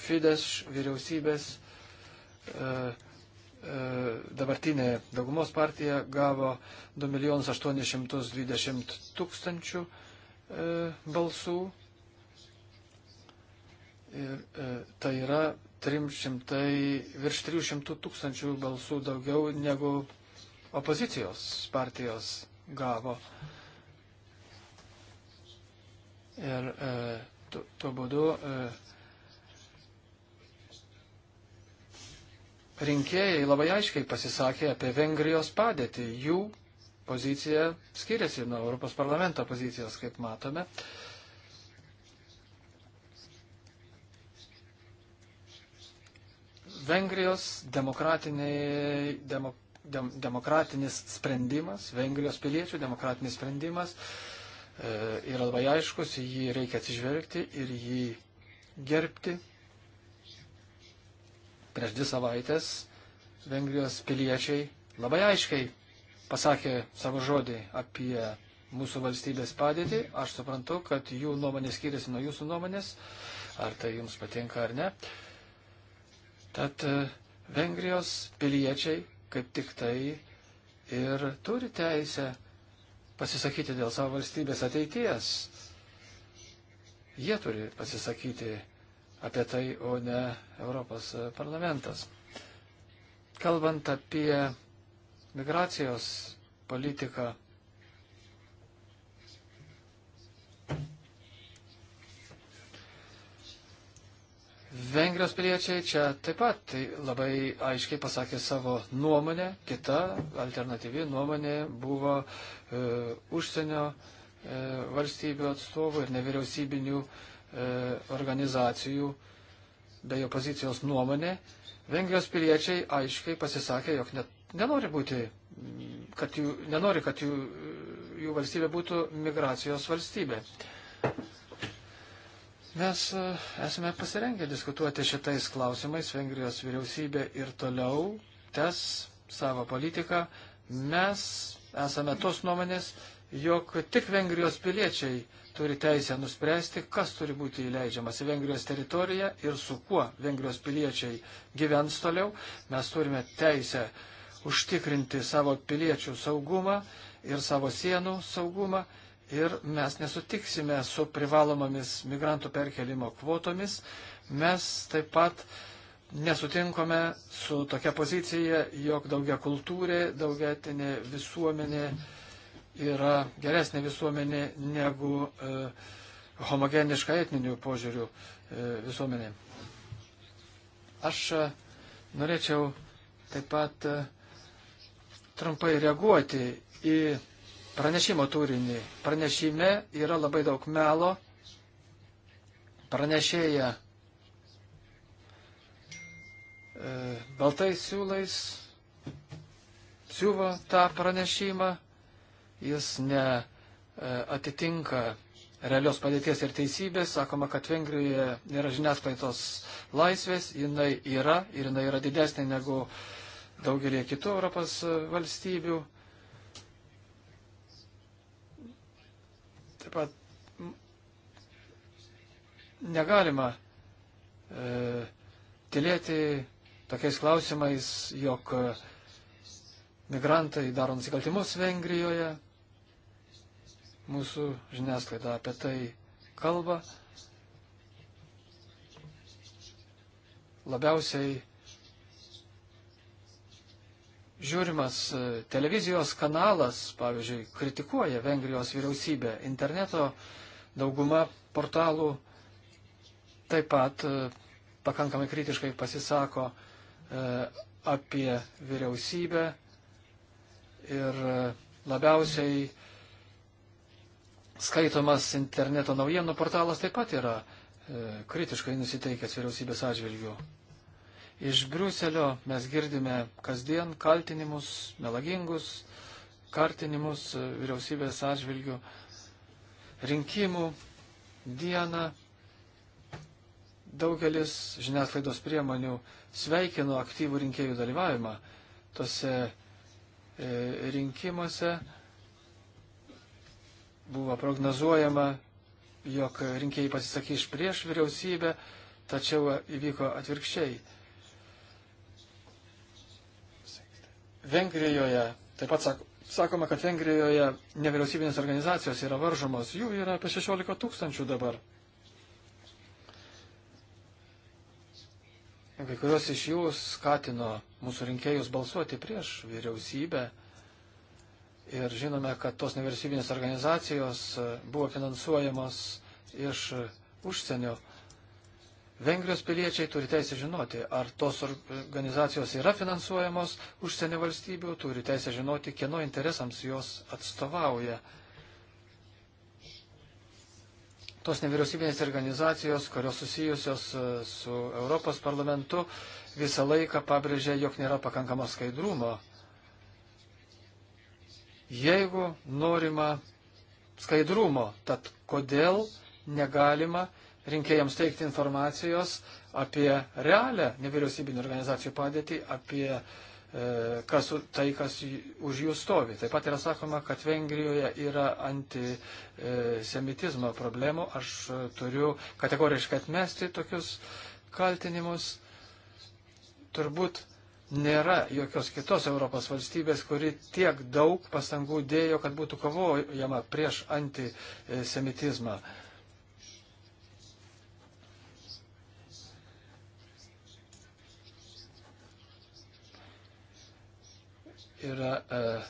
Fidesz vyriausybės e, e dabartinė daugumos partija gavo 2 milijonus 820 tūkstančių balsų. Ir e, tai yra 300, virš 300 tūkstančių balsų daugiau negu opozicijos partijos gavo. Ir e, tuo, tuo būdu e, rinkėjai labai aiškiai pasisakė apie Vengrijos padėtį. Jų pozicija skiriasi nuo Europos parlamento pozicijos, kaip matome. E, Vengrijos demok, dem, demokratinis sprendimas, Vengrijos piliečių demokratinis sprendimas e, yra labai aiškus, į jį reikia atsižvelgti ir jį gerbti. Prieš dvi savaitės Vengrijos piliečiai labai aiškiai pasakė savo žodį apie mūsų valstybės padėtį. Aš suprantu, kad jų nuomonė skiriasi nuo jūsų nuomonės, ar tai jums patinka ar ne. E, Tad e, Vengrijos piliečiai kaip tik tai ir turi teisę pasisakyti dėl savo valstybės ateities. Jie turi pasisakyti apie tai, o ne Europos parlamentas. Kalbant apie migracijos politiką, Vengrijos piliečiai čia taip pat tai labai aiškiai pasakė savo nuomonę. Kita alternatyvi nuomonė buvo e, užsienio e, valstybių atstovų ir nevyriausybinių e, organizacijų bei opozicijos nuomonė. Vengrijos piliečiai aiškiai pasisakė, jog net, nenori būti, kad jų, nenori, kad jų, jų valstybė būtų migracijos valstybė. Mes e, esame pasirengę diskutuoti šitais klausimais. Vengrijos vyriausybė ir toliau tes savo politiką. Mes esame tos nuomonės, jog tik Vengrijos piliečiai turi teisę nuspręsti, kas turi būti įleidžiamas į Vengrijos teritoriją ir su kuo Vengrijos piliečiai gyvens toliau. Mes turime teisę užtikrinti savo piliečių saugumą ir savo sienų saugumą ir mes nesutiksime su privalomomis migrantų perkelimo kvotomis. Mes taip pat nesutinkame su tokia pozicija, jog daugia kultūrė, daugia etinė visuomenė yra geresnė visuomenė negu e, homogeniška etninių požiūrių e, visuomenė. Aš e, norėčiau taip pat e, trumpai reaguoti į pranešimo turinį. Pranešime yra labai daug melo. Pranešėja e, baltais siūlais siūvo tą pranešimą, jis ne e, atitinka realios padėties ir teisybės, sakoma, kad Vengrijoje nėra žiniasklaidos laisvės, jinai yra ir jinai yra didesnė negu daugelį kitų Europos valstybių. negalima e, tylėti tokiais klausimais, jog e, migrantai daro nusikaltimus Vengrijoje. Mūsų žiniasklaida apie tai kalba. Labiausiai žiūrimas e, televizijos kanalas, pavyzdžiui, kritikuoja Vengrijos vyriausybę. Interneto dauguma portalų taip pat e, pakankamai kritiškai pasisako e, apie vyriausybę ir e, labiausiai skaitomas interneto naujienų portalas taip pat yra kritiškai nusiteikęs vyriausybės atžvilgių. Iš Briuselio mes girdime kasdien kaltinimus, melagingus kartinimus vyriausybės atžvilgių. Rinkimų dieną Daugelis žiniasklaidos priemonių sveikino aktyvų rinkėjų dalyvavimą tose e, rinkimuose. Buvo prognozuojama, jog rinkėjai pasisakys prieš vyriausybę, tačiau įvyko atvirkščiai. Vengrijoje, taip pat sako, sakoma, kad Vengrijoje nevyriausybinės organizacijos yra varžomos, jų yra apie 16 tūkstančių dabar. Kai kurios iš jų skatino mūsų rinkėjus balsuoti prieš vyriausybę. Ir žinome, kad tos nevyriausybinės organizacijos e, buvo finansuojamos iš užsienio. Vengrijos piliečiai turi teisę žinoti, ar tos organizacijos yra finansuojamos užsienio valstybių, turi teisę žinoti, kieno interesams jos atstovauja tos nevyriausybinės organizacijos, kurios susijusios e, su Europos parlamentu, visą laiką pabrėžė, jog nėra pakankamo skaidrumo. Jeigu norima skaidrumo, tad kodėl negalima rinkėjams teikti informacijos apie realią nevyriausybinio organizacijų padėtį, apie uh, E, kas, tai, kas už jų stovi. Taip pat yra sakoma, kad Vengrijoje yra antisemitizmo problemų. Aš e, turiu kategoriškai atmesti tokius kaltinimus. Turbūt nėra jokios kitos Europos valstybės, kuri tiek daug pastangų dėjo, kad būtų kovojama prieš antisemitizmą. E, yra, e,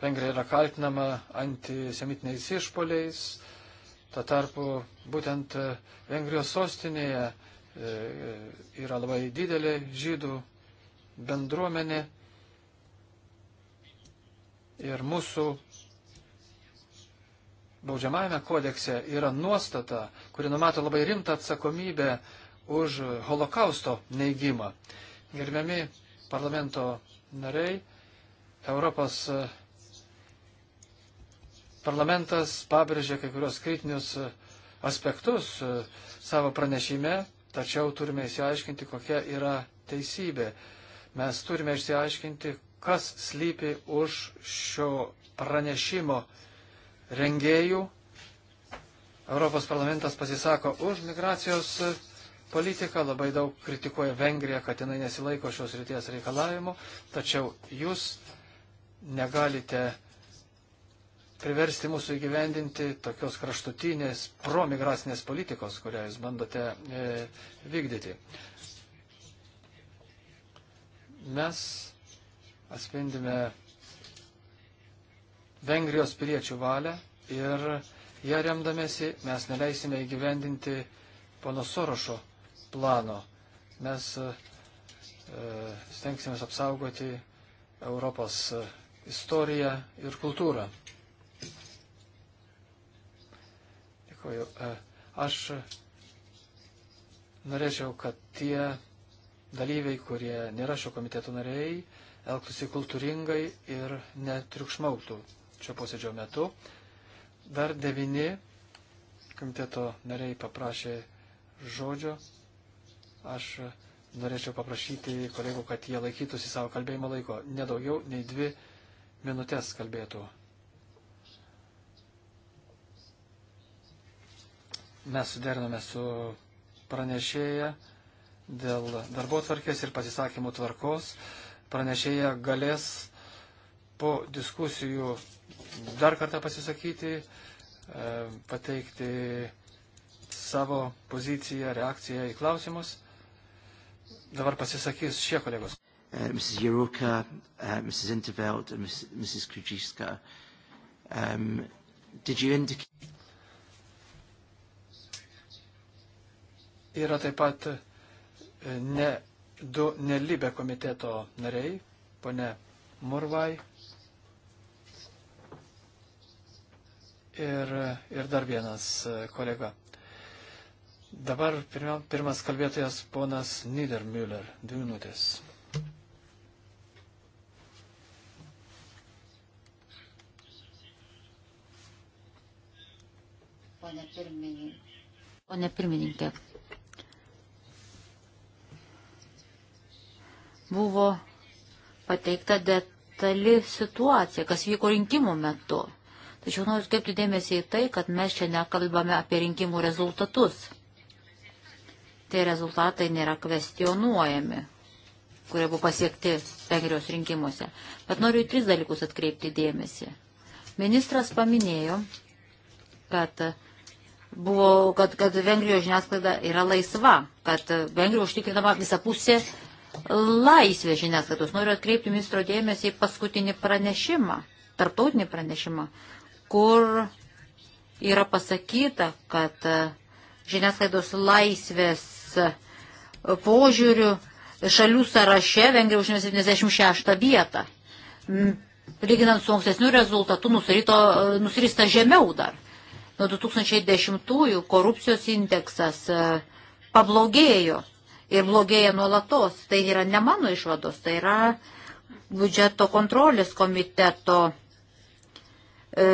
Vengrija yra kaltinama antisemitiniais išpoliais, ta tarpu būtent e, Vengrijos sostinėje e, yra labai didelė žydų bendruomenė ir mūsų baudžiamajame kodekse yra nuostata, kuri numato labai rimtą atsakomybę už holokausto neigimą. Gerbiami parlamento nariai, Europos e, parlamentas pabrėžė kai kurios kritinius e, aspektus e, savo pranešime, tačiau turime įsiaiškinti, kokia yra teisybė. Mes turime išsiaiškinti, kas slypi už šio pranešimo rengėjų. Europos parlamentas pasisako už migracijos politiką, labai daug kritikuoja Vengrija, kad jinai nesilaiko šios ryties reikalavimų, tačiau jūs negalite priversti mūsų įgyvendinti tokios kraštutinės promigracinės politikos, kurią jūs bandote e, vykdyti. Mes atspindime Vengrijos piliečių valią ir ją remdamėsi mes neleisime įgyvendinti pono Sorošo plano. Mes e, e, stengsimės apsaugoti Europos e, istoriją ir kultūrą. Dėkuoju. Aš norėčiau, kad tie dalyviai, kurie nėra šio komiteto nariai, elgtųsi kultūringai ir netriukšmautų šio posėdžio metu. Dar devini komiteto nariai paprašė žodžio. Aš norėčiau paprašyti kolegų, kad jie laikytųsi savo kalbėjimo laiko. Nedaugiau nei dvi minutės kalbėtų. Mes suderinome su pranešėja dėl darbo tvarkės ir pasisakymų tvarkos. Pranešėja galės po diskusijų dar kartą pasisakyti, e, pateikti savo poziciją, reakciją į klausimus. Dabar pasisakys šie kolegos. Uh, Mrs. Juroka, uh, Mrs. Interveld and Mrs. Mrs. Kujiska. Um, did you indicate... Yra taip pat uh, ne, du nelibė komiteto nariai, pone Murvai ir, ir dar vienas uh, kolega. Dabar pirmas kalbėtojas ponas Niedermüller, dvi minutės. Pone pirmininkė. Pone pirmininkė. Buvo pateikta detali situacija, kas vyko rinkimų metu. Tačiau noriu skirti dėmesį į tai, kad mes čia nekalbame apie rinkimų rezultatus tie rezultatai nėra kvestionuojami, kurie buvo pasiekti Vengrijos rinkimuose. Bet noriu į tris dalykus atkreipti dėmesį. Ministras paminėjo, kad, buvo, kad, kad Vengrijos žiniasklaida yra laisva, kad Vengrijoje užtikrinama visapusė laisvė žiniasklaidos. Noriu atkreipti ministro dėmesį į paskutinį pranešimą, tarptautinį pranešimą, kur yra pasakyta, kad žiniasklaidos laisvės požiūrių šalių sąraše Vengrija užėmė 76 vietą. Lyginant su ankstesniu rezultatu, nusirito, nusirista žemiau dar. Nuo 2010-ųjų korupcijos indeksas e, pablogėjo ir blogėja nuolatos. Tai yra ne mano išvados, tai yra biudžeto kontrolės komiteto e,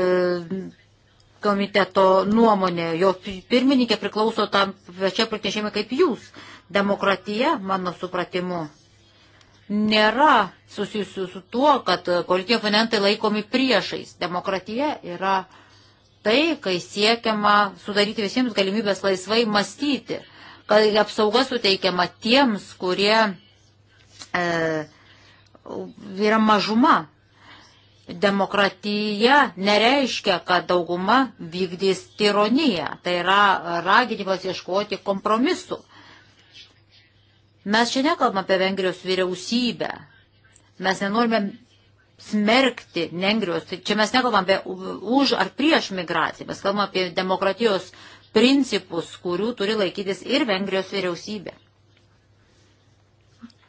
komiteto nuomonė, jo pirmininkė priklauso tam pačiai pranešimai kaip jūs. Demokratija, mano supratimu, nėra susijusi su tuo, kad politiniai oponentai laikomi priešais. Demokratija yra tai, kai siekiama sudaryti visiems galimybės laisvai mąstyti, kad apsauga suteikiama tiems, kurie e, yra mažuma demokratija nereiškia, kad dauguma vykdys tyroniją. Tai yra raginimas ieškoti kompromisų. Mes čia nekalbam apie Vengrijos vyriausybę. Mes nenorime smerkti Vengrijos. Tai čia mes nekalbam apie už ar prieš migraciją. Mes kalbam apie demokratijos principus, kurių turi laikytis ir Vengrijos vyriausybė.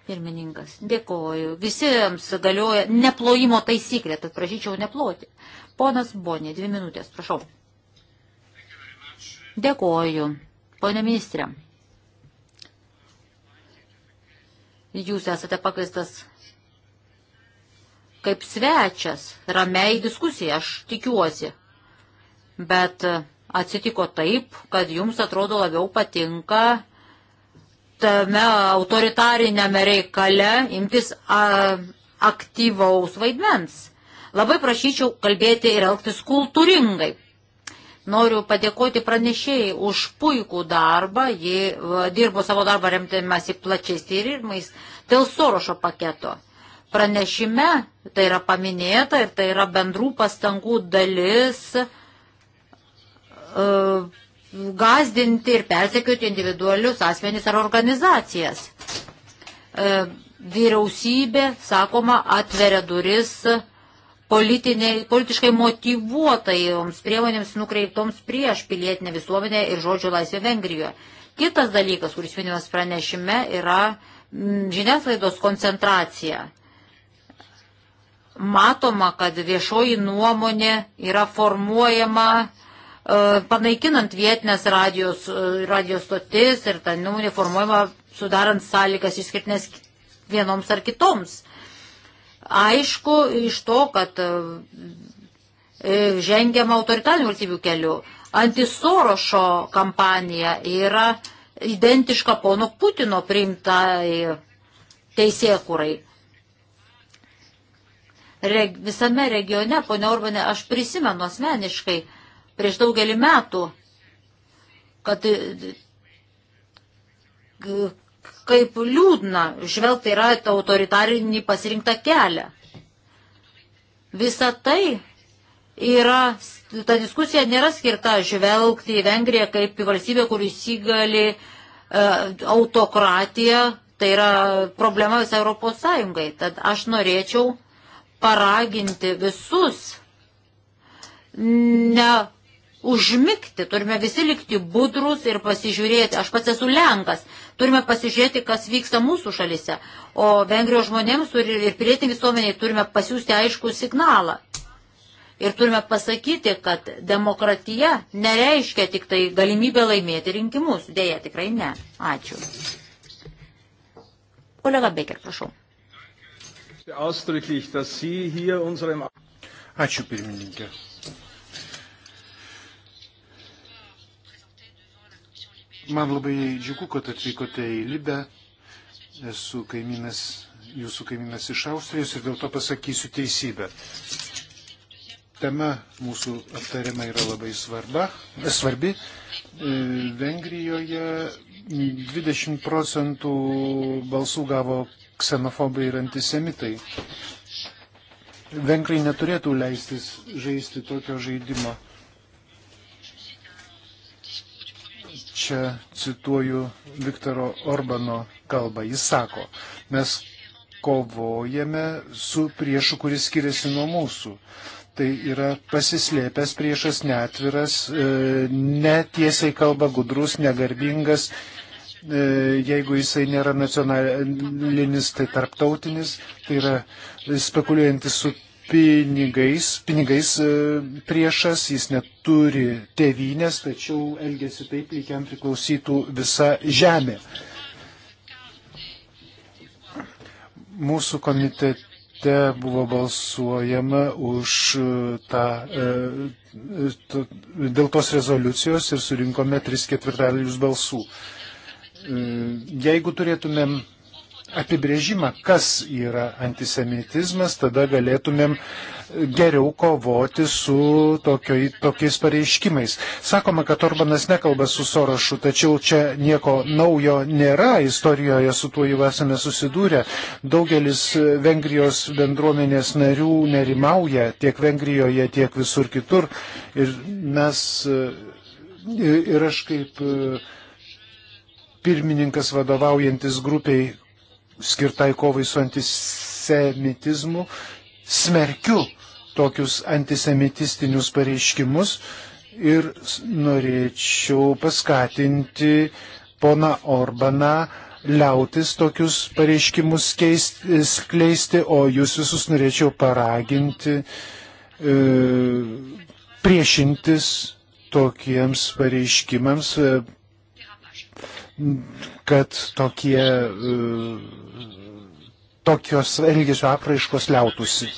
Pirmininkas, dėkoju. Visiems galioja neplojimo taisyklė, tad prašyčiau neploti. Ponas Bonė, dvi minutės, prašau. Dėkoju, ponė ministrė. Jūs esate pakvistas kaip svečias, ramiai diskusija, aš tikiuosi. Bet atsitiko taip, kad jums atrodo labiau patinka tame autoritarinėme reikale imtis a, aktyvaus vaidmens. Labai prašyčiau kalbėti ir elgtis kultūringai. Noriu padėkoti pranešėjai už puikų darbą, ji dirbo savo darbą remtėmėsi plačiais tyrimais dėl Sorošo paketo. Pranešime tai yra paminėta ir tai yra bendrų pastangų dalis uh, gazdinti ir persekioti individualius asmenys ar organizacijas. E, vyriausybė, sakoma, atveria duris politiškai motivuotajoms priemonėms nukreiptoms prieš pilietinę visuomenę ir žodžio laisvę Vengrijoje. Kitas dalykas, kuris minimas pranešime, yra mm, žiniasklaidos koncentracija. Matoma, kad viešoji nuomonė yra formuojama uh, E, panaikinant vietinės radijos, e, radijos stotis ir tą nu, uniformuojimą, sudarant sąlygas išskirtinės vienoms ar kitoms. Aišku, iš to, kad e, žengiama autoritarinių valstybių keliu. Antisorošo kampanija yra identiška pono Putino priimtai teisėkurai. Reg, visame regione, ponia Orbanė, aš prisimenu asmeniškai, prieš daugelį metų, kad kaip liūdna žvelgti yra tą autoritarinį pasirinktą kelią. Visa tai yra, ta diskusija nėra skirta žvelgti į Vengriją kaip į valstybę, kur įsigali e, autokratija, tai yra problema visai Europos Sąjungai. Tad aš norėčiau paraginti visus ne užmigti, turime visi likti budrus ir pasižiūrėti, aš pats esu Lenkas, turime pasižiūrėti, kas vyksta mūsų šalise, o Vengrijos žmonėms ir pilietiniai visuomeniai turime pasiūsti aiškų signalą. Ir turime pasakyti, kad demokratija nereiškia tik tai galimybę laimėti rinkimus. Dėja, tikrai ne. Ačiū. Kolega Becker, prašau. Ačiū pirmininkė. Man labai džiugu, kad atvykote į Libę. Esu kaiminas, jūsų kaiminas iš Austrijos ir dėl to pasakysiu teisybę. Tema mūsų aptariama yra labai svarba, svarbi. E, Vengrijoje 20 procentų balsų gavo ksenofobai ir antisemitai. Vengrai neturėtų leistis žaisti tokio žaidimo. čia cituoju Viktoro Orbano kalbą. Jis sako, mes kovojame su priešu, kuris skiriasi nuo mūsų. Tai yra pasislėpęs priešas, netviras, e, netiesiai kalba gudrus, negarbingas. E, jeigu jisai nėra nacionalinis, tai tarptautinis, tai yra spekuliuojantis su pinigais, pinigais e, priešas, jis neturi tėvynės, tačiau elgesi taip, lyg jam priklausytų visa žemė. Mūsų komitete buvo balsuojama už e, tą, e, dėl tos rezoliucijos ir surinkome tris ketvirtadalius balsų. Jeigu turėtumėm apibrėžimą, kas yra antisemitizmas, tada galėtumėm geriau kovoti su tokioj, tokiais pareiškimais. Sakoma, kad Orbanas nekalba su Sorošu, tačiau čia nieko naujo nėra, istorijoje su tuo jau esame susidūrę. Daugelis Vengrijos bendruomenės narių nerimauja tiek Vengrijoje, tiek visur kitur. Ir mes, ir aš kaip pirmininkas vadovaujantis grupiai skirtai kovai su antisemitizmu, smerkiu tokius antisemitistinius pareiškimus ir norėčiau paskatinti pona Orbaną liautis tokius pareiškimus keist, skleisti, o jūs visus norėčiau paraginti e, priešintis tokiems pareiškimams, e, kad tokie, e, tokios elgesio apraiškos liautųsi.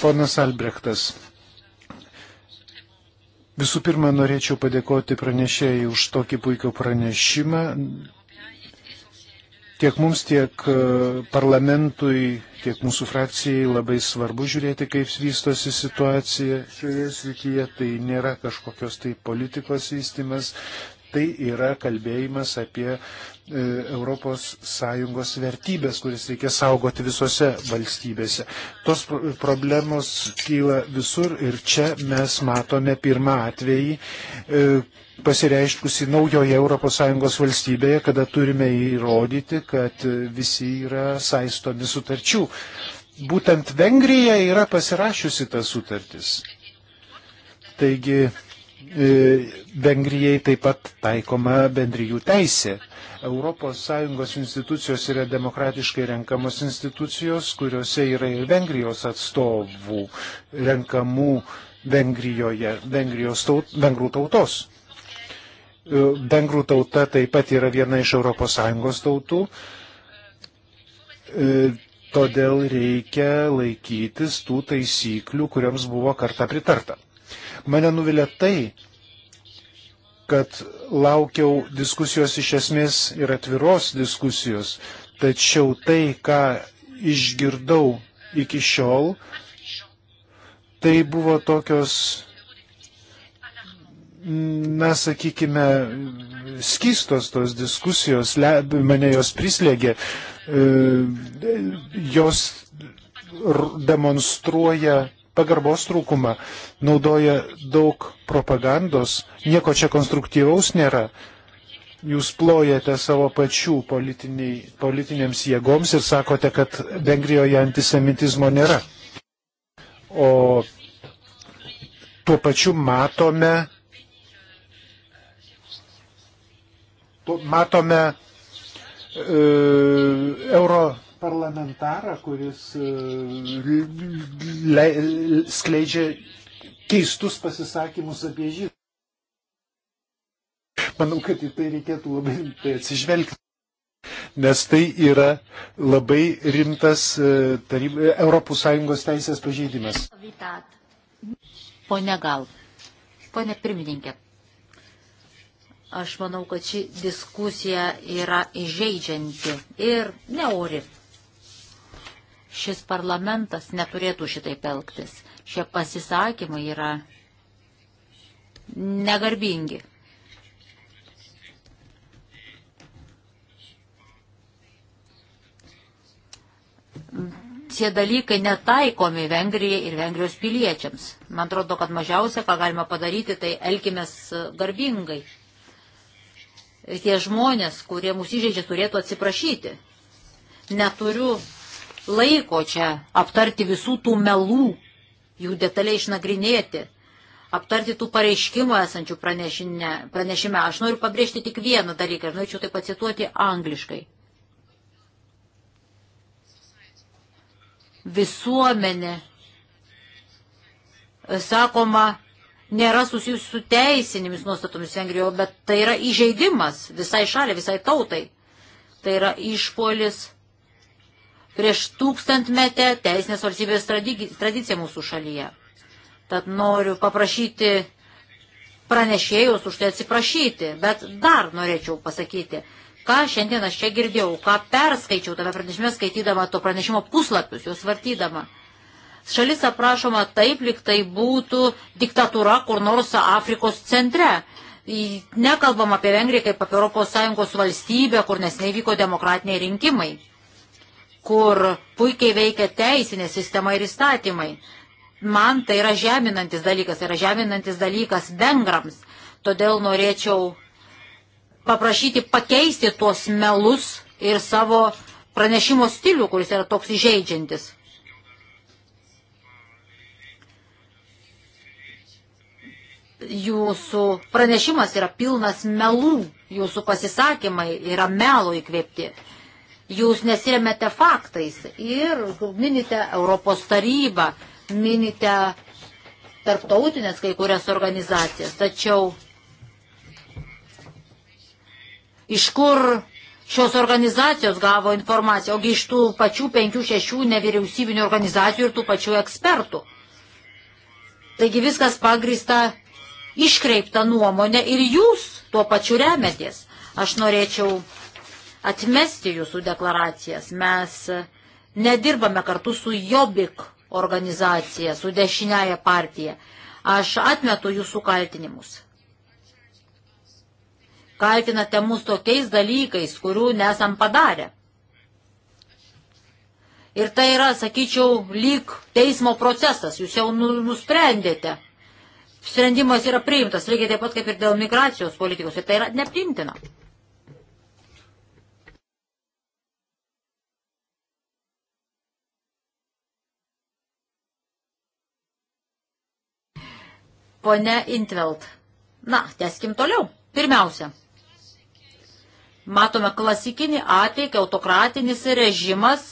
Ponas Albrechtas. Visų pirma, norėčiau padėkoti pranešėjai už tokį puikų pranešimą. Tiek mums, tiek e, parlamentui, tiek mūsų frakcijai labai svarbu žiūrėti, kaip vystosi situacija šioje srityje. Tai nėra kažkokios tai politikos vystimas, Tai yra kalbėjimas apie ES vertybės, kuris reikia saugoti visose valstybėse. Tos problemos kyla visur ir čia mes matome pirmą atvejį e, pasireiškusi naujoje ES valstybėje, kada turime įrodyti, kad visi yra saistomi sutarčių. Būtent Vengrija yra pasirašiusi tas sutartis. Taigi E, Vengrijai taip pat taikoma bendrijų teisė. ES institucijos yra demokratiškai renkamos institucijos, kuriuose yra ir Vengrijos atstovų renkamų Vengrijoje, Vengrijos taut, vengrų tautos. E, vengrų tauta taip pat yra viena iš ES tautų. E, todėl reikia laikytis tų taisyklių, kuriams buvo kartą pritarta. Mane nuvilia tai, kad laukiau diskusijos iš esmės ir atviros diskusijos, tačiau tai, ką išgirdau iki šiol, tai buvo tokios, na, sakykime, skystos tos diskusijos, le, mane jos prislėgė, e, jos demonstruoja pagarbos trūkumą, naudoja daug propagandos, nieko čia konstruktyvaus nėra. Jūs plojate savo pačių politinėms jėgoms ir sakote, kad Vengrijoje antisemitizmo nėra. O tuo pačiu matome, matome e, euro parlamentarą, kuris e, le, skleidžia keistus pasisakymus apie žydus. Manau, kad į tai reikėtų labai rimtai atsižvelgti, nes tai yra labai rimtas e, taryb, ES teisės pažeidimas. Pone Gal, pone pirmininkė, aš manau, kad ši diskusija yra įžeidžianti ir neori. Šis parlamentas neturėtų šitaip elgtis. Šie pasisakymai yra negarbingi. Tie dalykai netaikomi Vengrijai ir Vengrijos piliečiams. Man atrodo, kad mažiausia, ką galima padaryti, tai elkimės garbingai. Tie žmonės, kurie mūsų įžeidžia, turėtų atsiprašyti. Neturiu laiko čia aptarti visų tų melų, jų detaliai išnagrinėti, aptarti tų pareiškimų esančių pranešime. Aš noriu pabrėžti tik vieną dalyką, aš norėčiau tai pacituoti angliškai. Visuomenė, sakoma, nėra susijusi su teisinėmis nuostatomis Vengrijoje, bet tai yra įžeidimas visai šaliai, visai tautai. Tai yra išpolis prieš tūkstantmetę teisinės valstybės tradicija mūsų šalyje. Tad noriu paprašyti pranešėjus už tai atsiprašyti, bet dar norėčiau pasakyti, ką šiandien aš čia girdėjau, ką perskaičiau tame pranešime skaitydama to pranešimo puslapius, juos vartydama. Šalis aprašoma taip, lyg tai būtų diktatūra kur nors Afrikos centre. Nekalbam apie Vengriją kaip apie ES valstybę, kur nesnei vyko demokratiniai rinkimai kur puikiai veikia teisinė sistema ir įstatymai. Man tai yra žeminantis dalykas, tai yra žeminantis dalykas vengrams. Todėl norėčiau paprašyti pakeisti tuos melus ir savo pranešimo stilių, kuris yra toks įžeidžiantis. Jūsų pranešimas yra pilnas melų, jūsų pasisakymai yra melo įkvėpti. Jūs nesiremete faktais ir minite Europos tarybą, minite tarptautinės kai kurias organizacijas. Tačiau iš kur šios organizacijos gavo informaciją, ogi iš tų pačių penkių, šešių nevyriausybinių organizacijų ir tų pačių ekspertų. Taigi viskas pagrįsta iškreipta nuomonė ir jūs tuo pačiu remetės. Aš norėčiau atmesti jūsų deklaracijas. Mes nedirbame kartu su Jobik organizacija, su dešiniaja partija. Aš atmetu jūsų kaltinimus. Kaltinate mus tokiais dalykais, kurių nesam padarę. Ir tai yra, sakyčiau, lyg teismo procesas. Jūs jau nu- nusprendėte. Sprendimas yra priimtas, lygiai taip pat kaip ir dėl migracijos politikos. Ir tai yra neprimtina. Pone Intveld. Na, teskim toliau. Pirmiausia, matome klasikinį ateitį, autokratinis režimas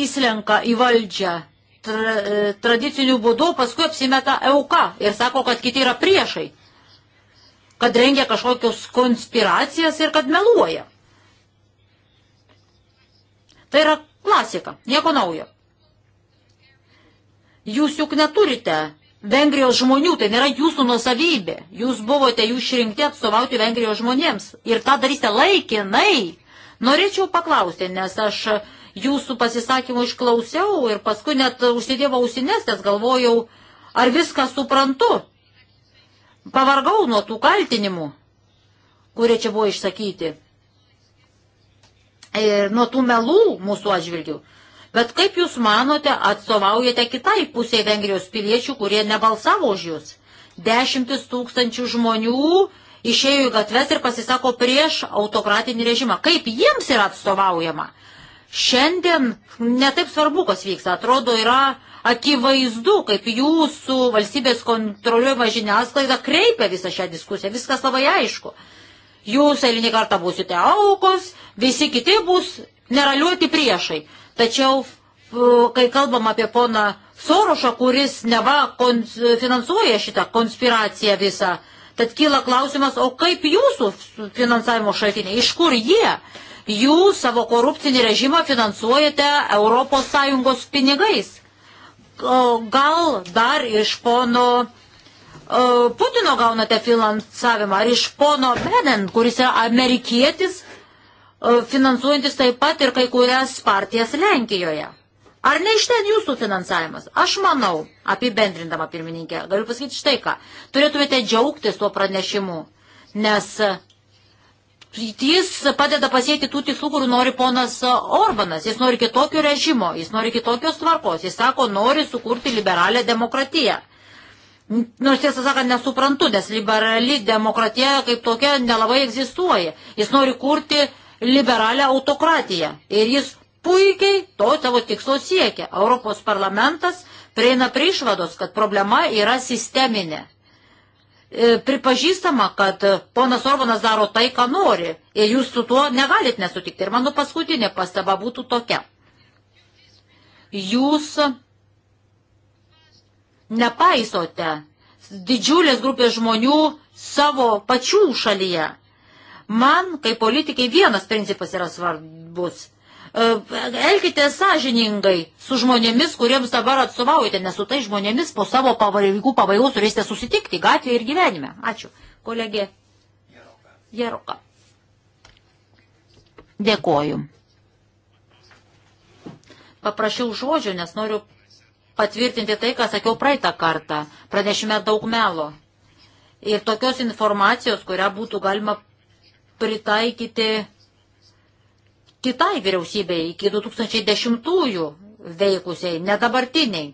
įslenka į valdžią tra, e, tradiciniu būdu, paskui apsimeta euka ir sako, kad kiti yra priešai, kad rengia kažkokius konspiracijas ir kad meluoja. Tai yra klasika, nieko naujo. Jūs juk neturite Vengrijos žmonių, tai nėra jūsų nusavybė. Jūs buvote jų išrinkti atstovauti Vengrijos žmonėms ir tą darysite laikinai. Norėčiau paklausti, nes aš jūsų pasisakymų išklausiau ir paskui net užsidėjau ausinės, nes galvojau, ar viską suprantu. Pavargau nuo tų kaltinimų, kurie čia buvo išsakyti. Ir e, nuo tų melų mūsų atžvilgių. Bet kaip jūs manote, atstovaujate kitai pusiai Vengrijos piliečių, kurie nebalsavo už jūs? Dešimtis tūkstančių žmonių išėjo į gatves ir pasisako prieš autokratinį režimą. Kaip jiems yra atstovaujama? Šiandien netaip svarbu, kas vyksta. Atrodo, yra akivaizdu, kaip jūsų valstybės kontroliuojama žiniasklaida kreipia visą šią diskusiją. Viskas labai aišku. Jūs eilinį kartą būsite aukos, visi kiti bus neraliuoti priešai. Tačiau, e, kai kalbam apie poną Sorošą, kuris neva kons, finansuoja šitą konspiraciją visą, tad kyla klausimas, o kaip jūsų finansavimo šaltiniai, iš kur jie? Jūs savo korupcinį režimą finansuojate ES pinigais. Gal dar iš pono e, Putino gaunate finansavimą, ar iš pono Benen, kuris yra amerikietis, E, finansuojantis taip pat ir kai kurias partijas Lenkijoje. Ar ne iš ten jūsų finansavimas? Aš manau, apibendrindama pirmininkė, galiu pasakyti štai ką. Turėtumėte džiaugtis tuo pranešimu, nes jis padeda pasiekti tų tikslų, kurių nori ponas Orbanas. Jis nori kitokio režimo, jis nori kitokios tvarkos, jis sako, nori sukurti liberalią demokratiją. Nors tiesą sakant, nesuprantu, nes liberali demokratija kaip tokia nelabai egzistuoja. Jis nori kurti uh, liberalią autokratiją. Ir jis puikiai to savo tikslo siekia. Europos parlamentas prieina prie išvados, kad problema yra sisteminė. E, pripažįstama, kad ponas Orbanas daro tai, ką nori ir jūs su tuo negalit nesutikti. Ir mano paskutinė pastaba būtų tokia. Jūs nepaisote didžiulės grupės žmonių savo pačių šalyje. Man, kaip politikai, vienas principas yra svarbus. E, elkite sąžiningai su žmonėmis, kuriems dabar atstovaujate, nes su tai žmonėmis po savo pareigų pabaigų turėsite susitikti gatvėje ir gyvenime. Ačiū. Kolegė Jeroka. Dėkoju. Paprašiau žodžio, nes noriu patvirtinti tai, ką sakiau praeitą kartą. Pranešime daug melo. Ir tokios informacijos, kurią būtų galima pritaikyti kitai vyriausybei iki 2010-ųjų veikusiai, ne dabartiniai.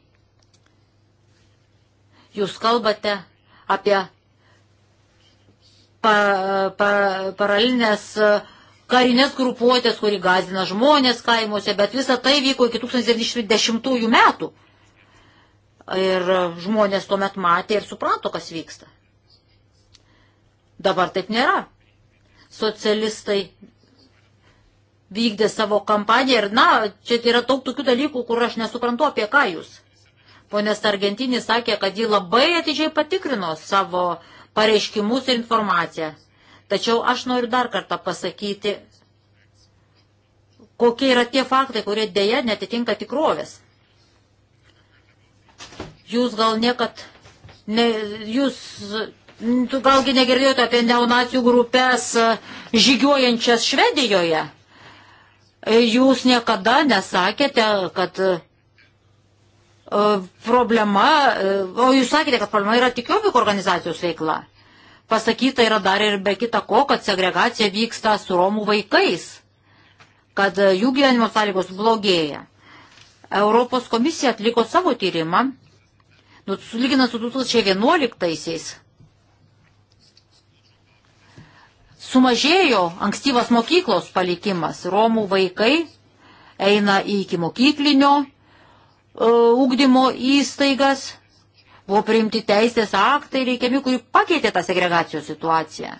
Jūs kalbate apie pa, pa, paralinės karinės grupuotės, kuri gazina žmonės kaimuose, bet visa tai vyko iki 1910 metų. Ir žmonės tuomet matė ir suprato, kas vyksta. Dabar taip nėra socialistai vykdė savo kampaniją ir, na, čia yra daug tokių dalykų, kur aš nesuprantu, apie ką jūs. Ponės Argentinis sakė, kad ji labai atidžiai patikrino savo pareiškimus ir informaciją. Tačiau aš noriu dar kartą pasakyti, kokie yra tie faktai, kurie dėja netitinka tikrovės. Jūs gal niekad, ne, jūs Tu galgi negirdėjote apie neonacijų grupės e, žygiuojančias Švedijoje? E, jūs niekada nesakėte, kad e, problema, o jūs sakėte, kad problema yra tik jovik organizacijos veikla. Pasakyta yra dar ir be kita ko, kad segregacija vyksta su romų vaikais, kad jų gyvenimo sąlygos blogėja. Europos komisija atliko savo tyrimą, nu, sulyginant su 2011-aisiais Sumažėjo ankstyvas mokyklos palikimas. Romų vaikai eina į iki mokyklinio ūkdymo e, įstaigas. Buvo priimti teisės aktai reikiami, kurių pakeitė tą segregacijos situaciją.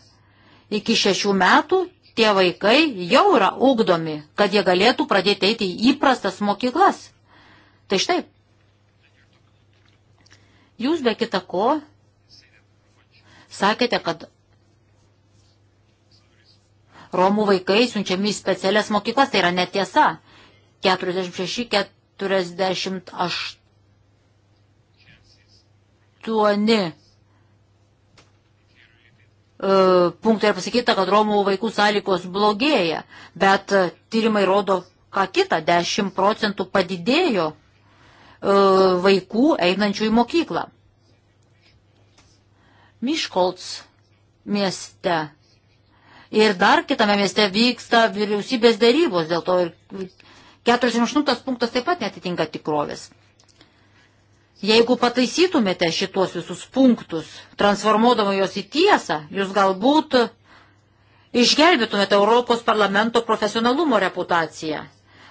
Iki šešių metų tie vaikai jau yra ugdomi, kad jie galėtų pradėti eiti į įprastas mokyklas. Tai štai. Jūs be kita ko sakėte, kad Romų vaikai siunčiami į specialias mokyklas, tai yra netiesa. 46-48 e, punktai yra pasakyta, kad Romų vaikų sąlygos blogėja, bet e, tyrimai rodo ką kitą, 10 procentų padidėjo e, vaikų einančių į mokyklą. Miškolts mieste Ir dar kitame mieste vyksta vyriausybės darybos, dėl to ir 48 punktas taip pat netitinka tikrovės. Jeigu pataisytumėte šitos visus punktus, transformuodama juos į tiesą, jūs galbūt išgelbėtumėte Europos parlamento profesionalumo reputaciją.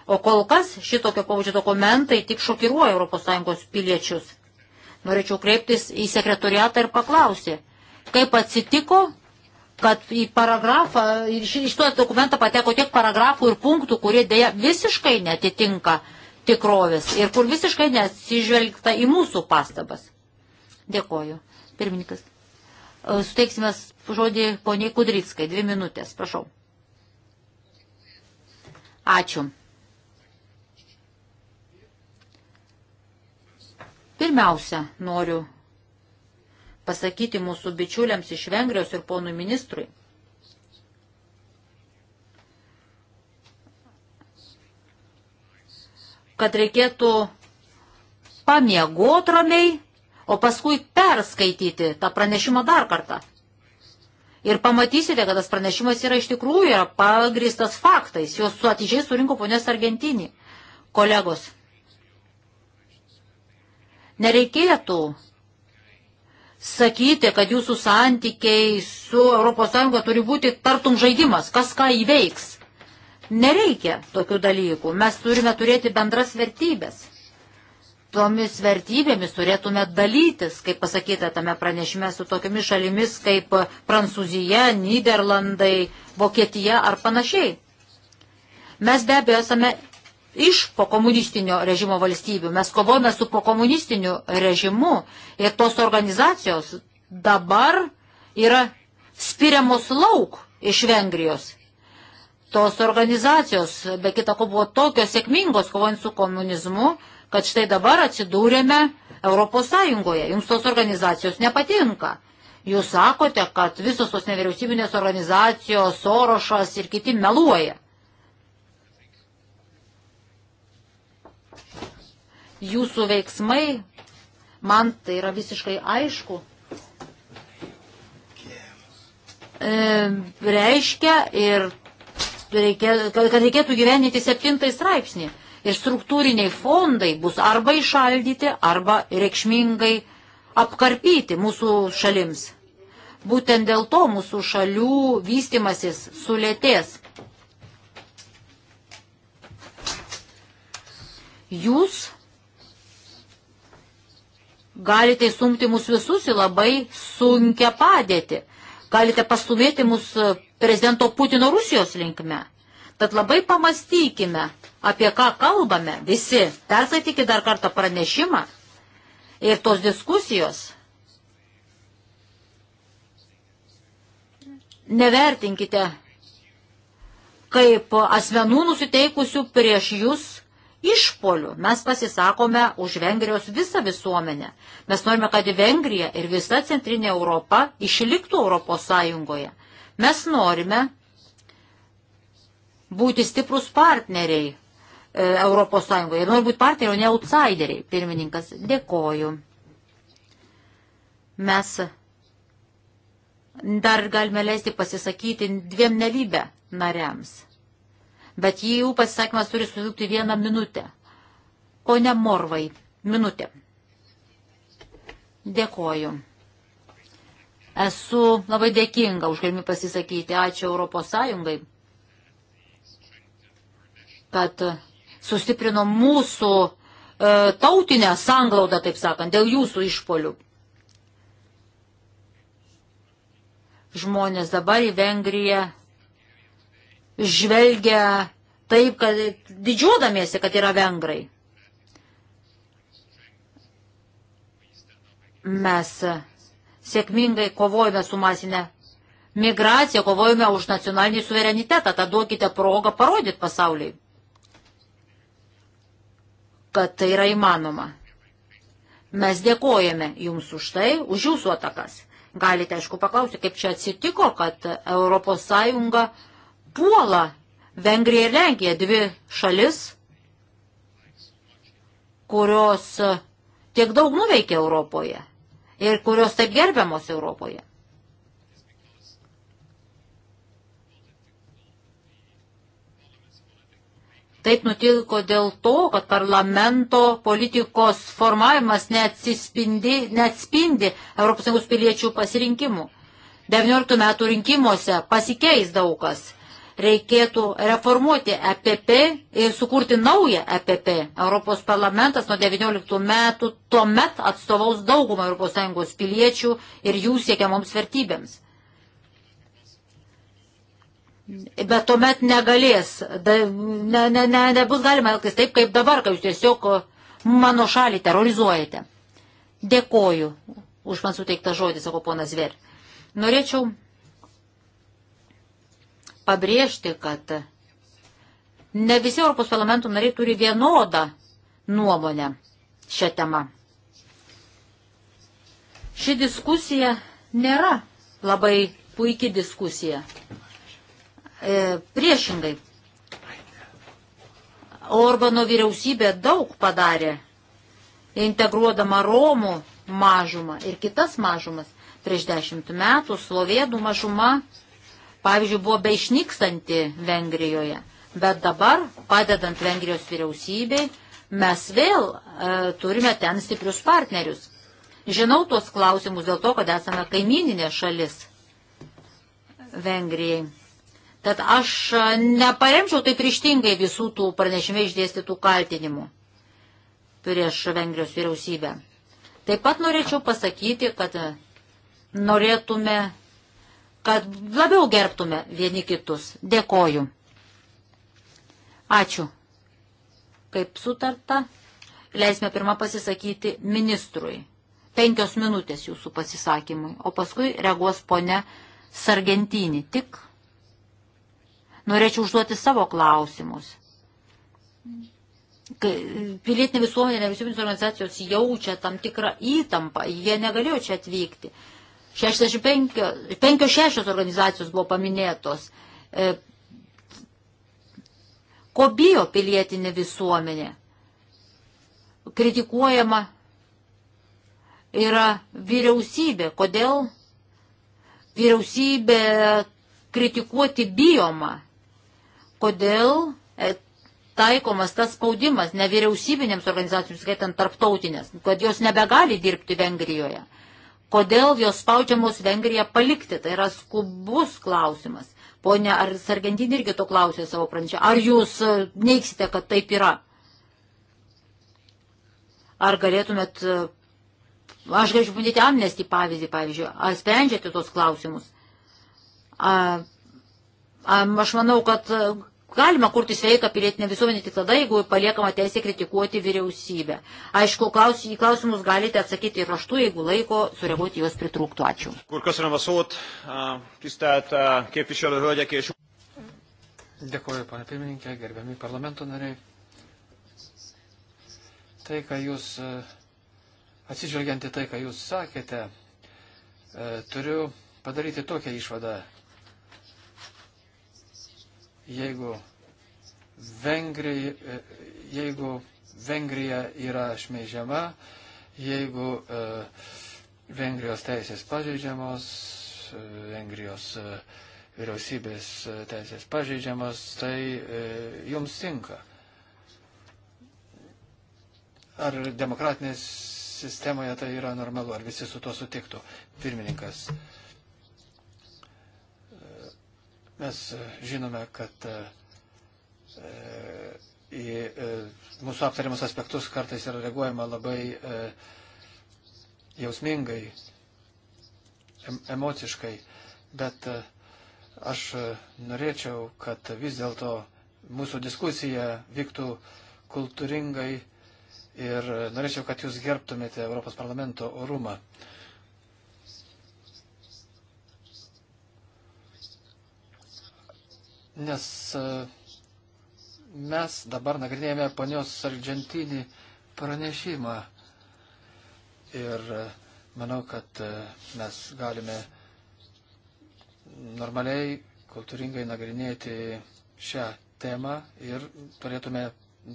O kol kas šitokio pobūdžio dokumentai tik šokiruoja ES piliečius. Norėčiau kreiptis į sekretoriatą ir paklausti, kaip atsitiko, kad į paragrafą, iš, iš to dokumento pateko tiek paragrafų ir punktų, kurie dėja visiškai netitinka tikrovės ir kur visiškai nesižvelgta į mūsų pastabas. Dėkoju. Pirmininkas. E, suteiksime žodį poniai Kudrickai. Dvi minutės, prašau. Ačiū. Pirmiausia, noriu pasakyti mūsų bičiuliams iš Vengrijos ir ponui ministrui. kad reikėtų pamiegot ramiai, o paskui perskaityti tą pranešimą dar kartą. Ir pamatysite, kad tas pranešimas yra iš tikrųjų yra pagristas faktais. Jos su atidžiai surinko ponės Argentinį. Kolegos, nereikėtų sakyti, kad jūsų santykiai su ES turi būti tartum žaidimas, kas ką įveiks. Nereikia tokių dalykų. Mes turime turėti bendras vertybės. Tomis vertybėmis turėtume dalytis, kaip pasakyta tame pranešime, su tokiamis šalimis kaip Prancūzija, Niderlandai, Vokietija ar panašiai. Mes be abejo esame iš pokomunistinio režimo valstybių. Mes kovojame su pokomunistiniu režimu ir tos organizacijos dabar yra spiriamos lauk iš Vengrijos. Tos organizacijos, be kita ko, buvo tokios sėkmingos kovojant su komunizmu, kad štai dabar atsidūrėme Europos Sąjungoje. Jums tos organizacijos nepatinka. Jūs sakote, kad visos tos nevyriausybinės organizacijos, Sorošas ir kiti meluoja. jūsų veiksmai, man tai yra visiškai aišku, e, reiškia ir reikia, kad, kad reikėtų gyveninti septintąjį straipsnį. Ir struktūriniai fondai bus arba išaldyti, arba reikšmingai apkarpyti mūsų šalims. Būtent dėl to mūsų šalių vystimasis sulėtės. Jūs galite įsumti mus visus į labai sunkę padėtį. Galite pastumėti mus e, prezidento Putino Rusijos linkme. Tad labai pamastykime, apie ką kalbame visi. Perskaitykite dar kartą pranešimą ir tos diskusijos. Nevertinkite kaip asmenų nusiteikusių prieš jūs išpolių. Mes pasisakome už Vengrijos visą visuomenę. Mes norime, kad Vengrija ir visa centrinė Europa išliktų Europos Sąjungoje. Mes norime būti stiprus partneriai e, Europos Sąjungoje. Noriu būti partneriai, o ne outsideriai. Pirmininkas, dėkoju. Mes dar galime leisti pasisakyti dviem nelybę nariams bet jų pasisakymas turi sutilpti vieną minutę. Pone Morvai, minutė. Dėkoju. Esu labai dėkinga už galimybę pasisakyti. Ačiū Europos Sąjungai, kad sustiprino mūsų e, tautinę sanglaudą, taip sakant, dėl jūsų išpolių. Žmonės dabar į Vengriją žvelgia taip, kad didžiuodamiesi, kad yra vengrai. Mes sėkmingai kovojame su masinė migracija, kovojame už nacionalinį suverenitetą, tą duokite progą parodyti pasauliai, kad tai yra įmanoma. Mes dėkojame jums už tai, už jūsų atakas. Galite, aišku, paklausti, kaip čia atsitiko, kad ES puola Vengrija ir Lenkija, dvi šalis, kurios e, tiek daug nuveikia Europoje ir kurios taip gerbiamos Europoje. Taip nutiko dėl to, kad parlamento politikos formavimas neatspindi ES piliečių pasirinkimų. 19 metų rinkimuose pasikeis daugas reikėtų reformuoti EPP ir sukurti naują EPP. Europos parlamentas nuo 19 metų tuomet atstovaus daugumą ES piliečių ir jų siekiamoms vertybėms. Bet tuomet negalės, ne, ne, ne, nebus galima elgtis taip, kaip dabar, kai jūs tiesiog mano šalį terrorizuojate. Dėkoju už man suteiktą žodį, sako ponas Ver. Norėčiau pabrėžti, kad ne visi Europos parlamento nariai turi vienodą nuomonę šią temą. Ši diskusija nėra labai puikia diskusija. E, priešingai, Orbano vyriausybė daug padarė, integruodama Romų mažumą ir kitas mažumas. Prieš dešimt metų slovėdų mažuma pavyzdžiui, buvo beišnykstanti Vengrijoje. Bet dabar, padedant Vengrijos vyriausybei, mes vėl e, turime ten stiprius partnerius. Žinau tuos klausimus dėl to, kad esame kaimininė šalis Vengrijai. Tad aš e, neparemčiau taip ryštingai visų tų pranešime išdėstytų kaltinimų prieš Vengrijos vyriausybę. Taip pat norėčiau pasakyti, kad norėtume kad labiau gerbtume vieni kitus. Dėkoju. Ačiū. Kaip sutarta, leisime pirmą pasisakyti ministrui. Penkios minutės jūsų pasisakymui, o paskui reaguos ponia Sargentinį. Tik norėčiau užduoti savo klausimus. Pilietinė visuomenė, nevyriausybinės organizacijos jaučia tam tikrą įtampą, jie negalėjo čia atvykti. 65 organizacijos buvo paminėtos. E, ko bijo pilietinė visuomenė? Kritikuojama yra vyriausybė. Kodėl vyriausybė kritikuoti bijoma? Kodėl e, taikomas tas spaudimas nevyriausybinėms organizacijoms, skaitant tarptautinės, kad jos nebegali dirbti Vengrijoje? kodėl jos spaudžiamos Vengrija palikti. Tai yra skubus klausimas. Pone, ar Sargentinė irgi to klausė savo pranešę? Ar jūs e, neiksite, kad taip yra? Ar galėtumėt, e, aš galėčiau pamatyti amnestį pavyzdį, pavyzdžiui, ar sprendžiate tos klausimus? A, a, aš manau, kad e, Galima kurti sveiką pilietinę visuomenę tik tada, jeigu paliekama teisė kritikuoti vyriausybę. Aišku, klaus, į klausimus galite atsakyti ir raštu, jeigu laiko sureaguoti juos pritrūktų. Ačiū. Kur kas yra vasot, tistēt, kaip iš jo hölgyek iš. Dėkuoju, pana pirmininkė, gerbiami parlamento nariai. Tai, ką jūs, atsižvelgiant į tai, ką jūs sakėte, turiu padaryti tokią išvadą jeigu Vengrija, e, jeigu Vengrija yra šmeižiama, jeigu e, Vengrijos teisės pažeidžiamos, e, Vengrijos e, vyriausybės e, teisės pažeidžiamas, tai e, jums tinka. Ar demokratinės sistemoje tai yra normalu, ar visi su to sutiktų? Pirmininkas. Mes e, žinome, kad e, e, į mūsų aptariamus aspektus kartais yra reaguojama labai jausmingai, emociškai, bet aš norėčiau, kad vis dėlto mūsų diskusija vyktų kultūringai ir norėčiau, kad jūs gerbtumėte Europos parlamento orumą. nes e, mes dabar nagrinėjame ponios Sargentinį pranešimą. Ir e, manau, kad e, mes galime normaliai, kultūringai nagrinėti šią temą ir turėtume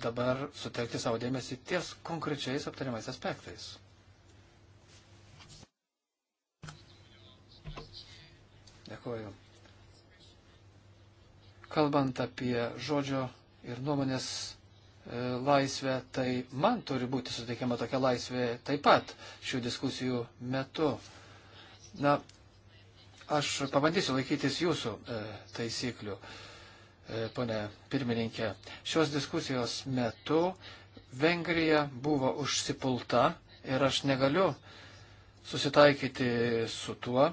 dabar sutelkti savo dėmesį ties konkrečiais aptariamais aspektais. Dėkuoju kalbant apie žodžio ir nuomonės e, laisvę, tai man turi būti suteikiama tokia laisvė taip pat šių diskusijų metu. Na, aš pabandysiu laikytis jūsų e, taisyklių, e, ponė pirmininkė. Šios diskusijos metu Vengrija buvo užsipulta ir aš negaliu susitaikyti su tuo,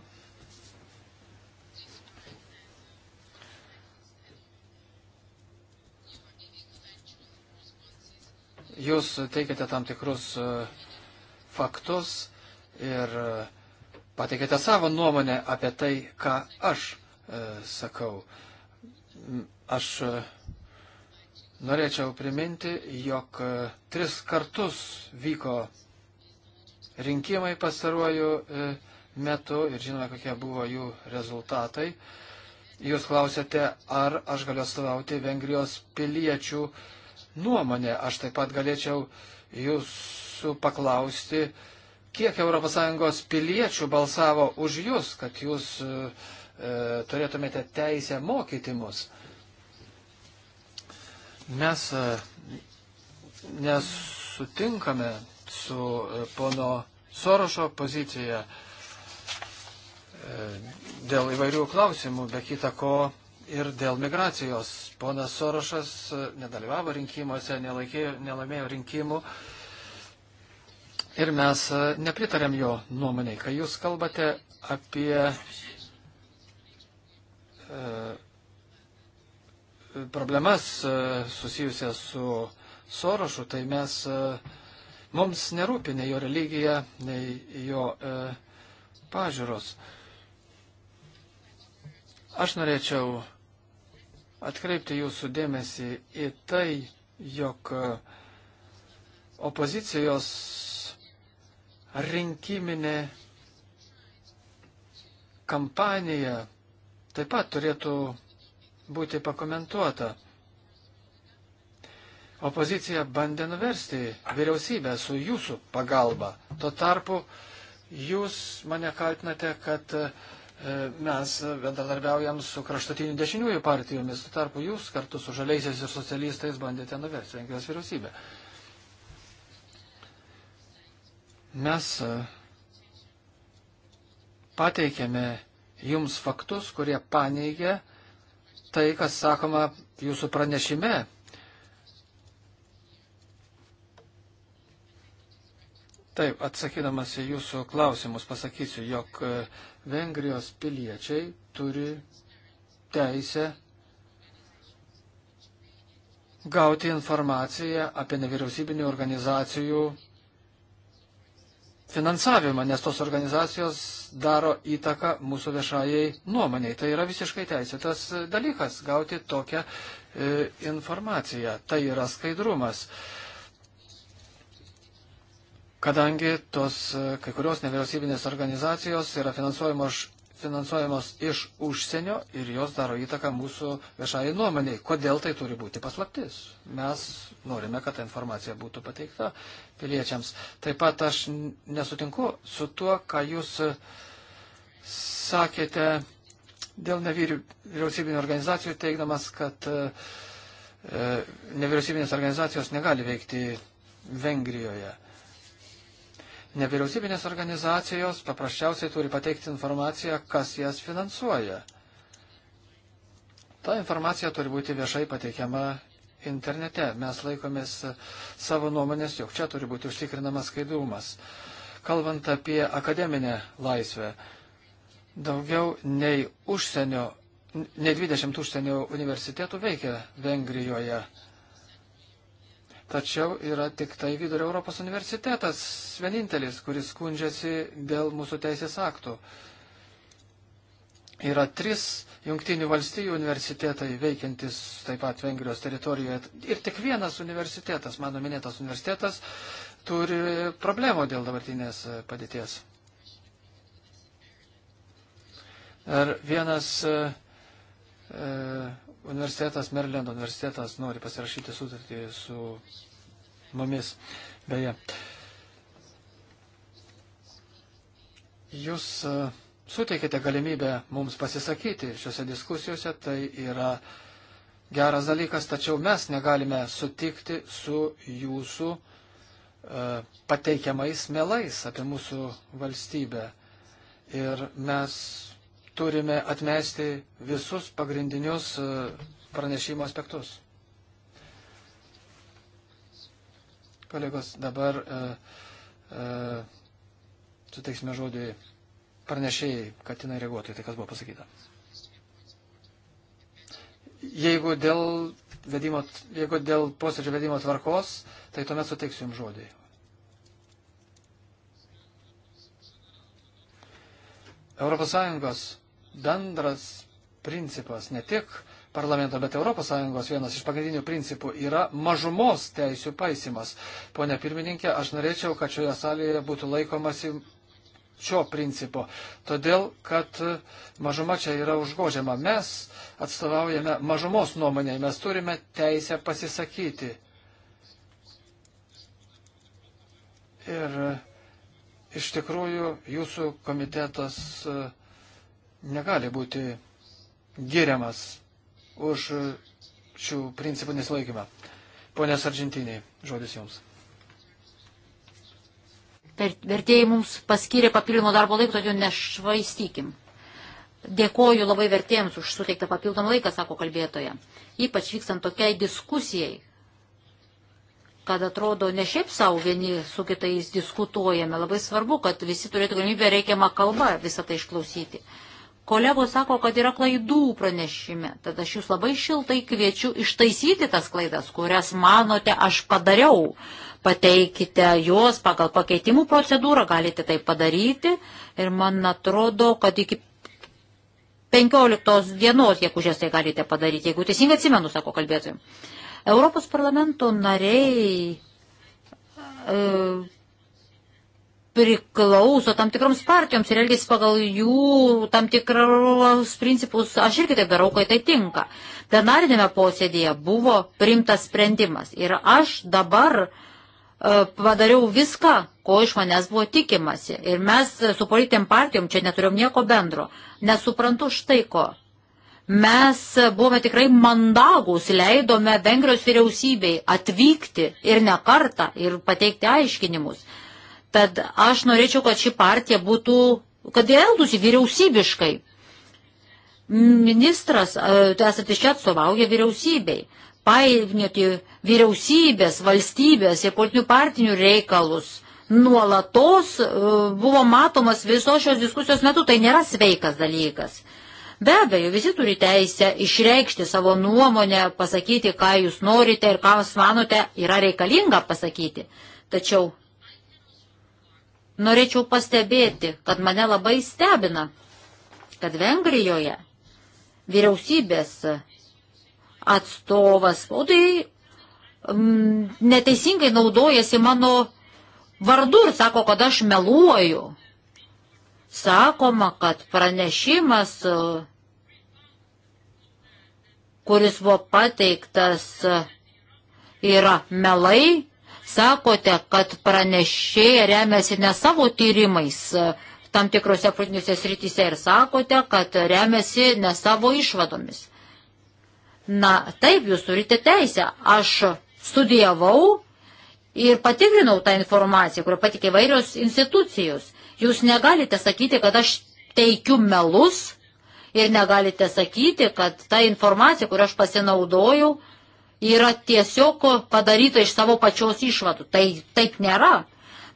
Jūs teikiate tam tikrus e, faktus ir e, pateikėte savo nuomonę apie tai, ką aš e, sakau. Aš norėčiau priminti, jog tris kartus vyko rinkimai pastaruoju metu ir žinome, kokie buvo jų rezultatai. Jūs klausėte, ar aš galiu atstovauti Vengrijos piliečių uh, nuomonė. Aš taip pat galėčiau jūsų paklausti, kiek ES piliečių balsavo už jūs, kad jūs e, e, turėtumėte teisę mokyti mus. Mes e, nesutinkame su e, pono Sorošo pozicija e, dėl įvairių klausimų, be kita ko ir dėl migracijos. Ponas Sorošas nedalyvavo rinkimuose, nelaikėjo, nelamėjo rinkimų ir mes e, nepritarėm jo nuomonėj. Kai jūs kalbate apie e, problemas e, susijusias su Sorošu, tai mes, mums nerūpi nei jo religija, nei jo pažiūros. Aš norėčiau atkreipti jūsų dėmesį į tai, jog e, opozicijos rinkiminė kampanija taip pat turėtų būti pakomentuota. Opozicija bandė nuversti vyriausybę su jūsų pagalba. Tuo tarpu jūs mane kaltinate, kad uh, E, mes bendradarbiaujam su kraštutinių dešiniųjų partijomis, tu tarpu jūs kartu su žaliaisiais ir socialistais bandėte nuversti Lenkijos vyriausybę. Mes e, pateikėme jums faktus, kurie paneigia tai, kas sakoma jūsų pranešime. Taip, atsakydamas į jūsų klausimus pasakysiu, jog Vengrijos piliečiai turi teisę gauti informaciją apie nevyriausybinių organizacijų finansavimą, nes tos organizacijos daro įtaką mūsų viešajai nuomoniai. Tai yra visiškai teisėtas dalykas gauti tokią e, informaciją. Tai yra skaidrumas. E, kadangi tos e, kai kurios nevyriausybinės organizacijos yra finansuojamos, finansuojamos iš užsienio ir jos daro įtaką mūsų viešai nuomoniai. Kodėl tai turi būti paslaptis? Mes norime, kad ta informacija būtų pateikta piliečiams. Taip pat aš nesutinku su tuo, ką jūs e, sakėte dėl nevyriausybinio organizacijų, teikdamas, kad e, e, nevyriausybinės organizacijos negali veikti Vengrijoje. E, Nevyriausybinės organizacijos paprasčiausiai turi pateikti informaciją, kas jas finansuoja. Ta informacija turi būti viešai pateikiama internete. Mes laikomės savo nuomonės, jog čia turi būti užtikrinamas skaidrumas. Kalbant apie akademinę laisvę, daugiau nei, užsienio, nei 20 užsienio universitetų veikia Vengrijoje. Tačiau yra tik tai Vidurio Europos universitetas vienintelis, kuris skundžiasi dėl mūsų teisės aktų. Yra tris jungtinių valstybių universitetai veikiantis taip pat Vengrijos teritorijoje. Ir tik vienas universitetas, mano minėtas universitetas, turi problemų dėl dabartinės padėties. Ir vienas e, e universitetas, Merlendo universitetas nori pasirašyti sutartį su mumis. Beje, jūs e, suteikite galimybę mums pasisakyti šiuose diskusijose, tai yra geras dalykas, tačiau mes negalime sutikti su jūsų e, pateikiamais melais apie mūsų valstybę. Ir mes turime atmesti visus pagrindinius e, pranešimo aspektus. Kolegos, dabar e, e, suteiksime žodį pranešėjai, kad jinai reaguotų į tai, kas buvo pasakyta. Jeigu dėl, vedimo, jeigu dėl posėdžio vedimo tvarkos, tai tuomet suteiksiu jums žodį. Europos Sąjungos bendras principas, ne tik parlamento, bet ES vienas iš pagrindinių principų yra mažumos teisių paisimas. Pone pirmininkė, aš norėčiau, kad šioje salėje būtų laikomasi šio principo, todėl kad mažuma čia yra užgožiama. Mes atstovaujame mažumos nuomonėje, mes turime teisę pasisakyti. Ir iš tikrųjų jūsų komitetas uh, negali būti giriamas už šių principų nesilaikymą. Ponės Argentiniai, žodis jums. Vertėjai mums paskyrė papildomą darbo laiką, todėl nešvaistykim. Dėkoju labai vertėjams už suteiktą papildomą laiką, sako kalbėtoja. Ypač vykstant tokiai diskusijai, kad atrodo ne šiaip savo vieni su kitais diskutuojame. Labai svarbu, kad visi turėtų galimybę reikiamą kalbą visą tai išklausyti. Uh, Kolegos sako, kad yra klaidų pranešime, tad aš jūs labai šiltai kviečiu ištaisyti tas klaidas, kurias manote aš padariau. Pateikite juos pagal pakeitimų procedūrą, galite tai padaryti ir man atrodo, kad iki 15 dienos, kiek už jas tai galite padaryti, jeigu teisingai atsimenu, sako kalbėtojai. Europos parlamento nariai e, priklauso tam tikroms partijoms ir elgesi pagal jų tam tikrus principus. Aš irgi taip darau, kai tai tinka. Plenarinėme posėdėje buvo priimtas sprendimas ir aš dabar e, padariau viską, ko iš manęs buvo tikimasi. Ir mes su politiniam partijom čia neturėjom nieko bendro. Nesuprantu štai ko. Mes buvome tikrai mandagus, leidome Vengrijos vyriausybei atvykti ir ne kartą ir pateikti aiškinimus. Tad aš norėčiau, kad ši partija būtų, kad jie elgtųsi vyriausybiškai. Ministras, e, esate čia atstovauja vyriausybei. Painioti vyriausybės, valstybės ir politinių partinių reikalus nuolatos e, buvo matomas visos šios diskusijos metu. Tai nėra sveikas dalykas. Be abejo, visi turi teisę išreikšti savo nuomonę, pasakyti, ką jūs norite ir ką jūs manote yra reikalinga pasakyti. Tačiau norėčiau pastebėti, kad mane labai stebina, kad Vengrijoje vyriausybės atstovas spaudai mm, neteisingai naudojasi mano vardu ir sako, kad aš meluoju. Sakoma, kad pranešimas, kuris buvo pateiktas, yra melai, sakote, kad pranešėja remiasi ne savo tyrimais e, tam tikrose politinėse srityse ir sakote, kad remiasi ne savo išvadomis. Na, taip, jūs turite teisę. Aš studijavau ir patikrinau tą informaciją, kurią patikė vairios institucijos. Jūs negalite sakyti, kad aš teikiu melus ir negalite sakyti, kad ta informacija, kurią aš pasinaudojau, yra tiesiog padaryta iš savo pačios išvadų. Tai taip nėra.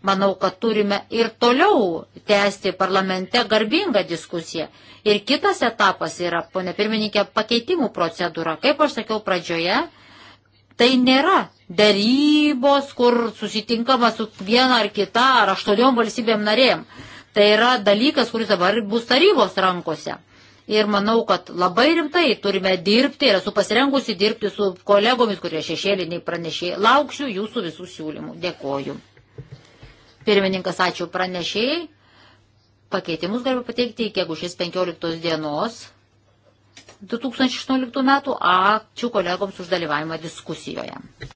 Manau, kad turime ir toliau tęsti parlamente garbingą diskusiją. Ir kitas etapas yra, ponė pirmininkė, pakeitimų procedūra. Kaip aš sakiau pradžioje, tai nėra darybos, kur susitinkama su viena ar kita ar aštuoniom valstybėm narėm. Tai yra dalykas, kuris dabar bus tarybos rankose ir manau, kad labai rimtai turime dirbti ir esu pasirengusi dirbti su kolegomis, kurie šešėliniai pranešėjai. Lauksiu jūsų visų siūlymų. Dėkoju. Pirmininkas, ačiū pranešėjai. Pakeitimus galima pateikti iki gegužės 15 dienos 2018 metų. Ačiū kolegoms už dalyvavimą diskusijoje.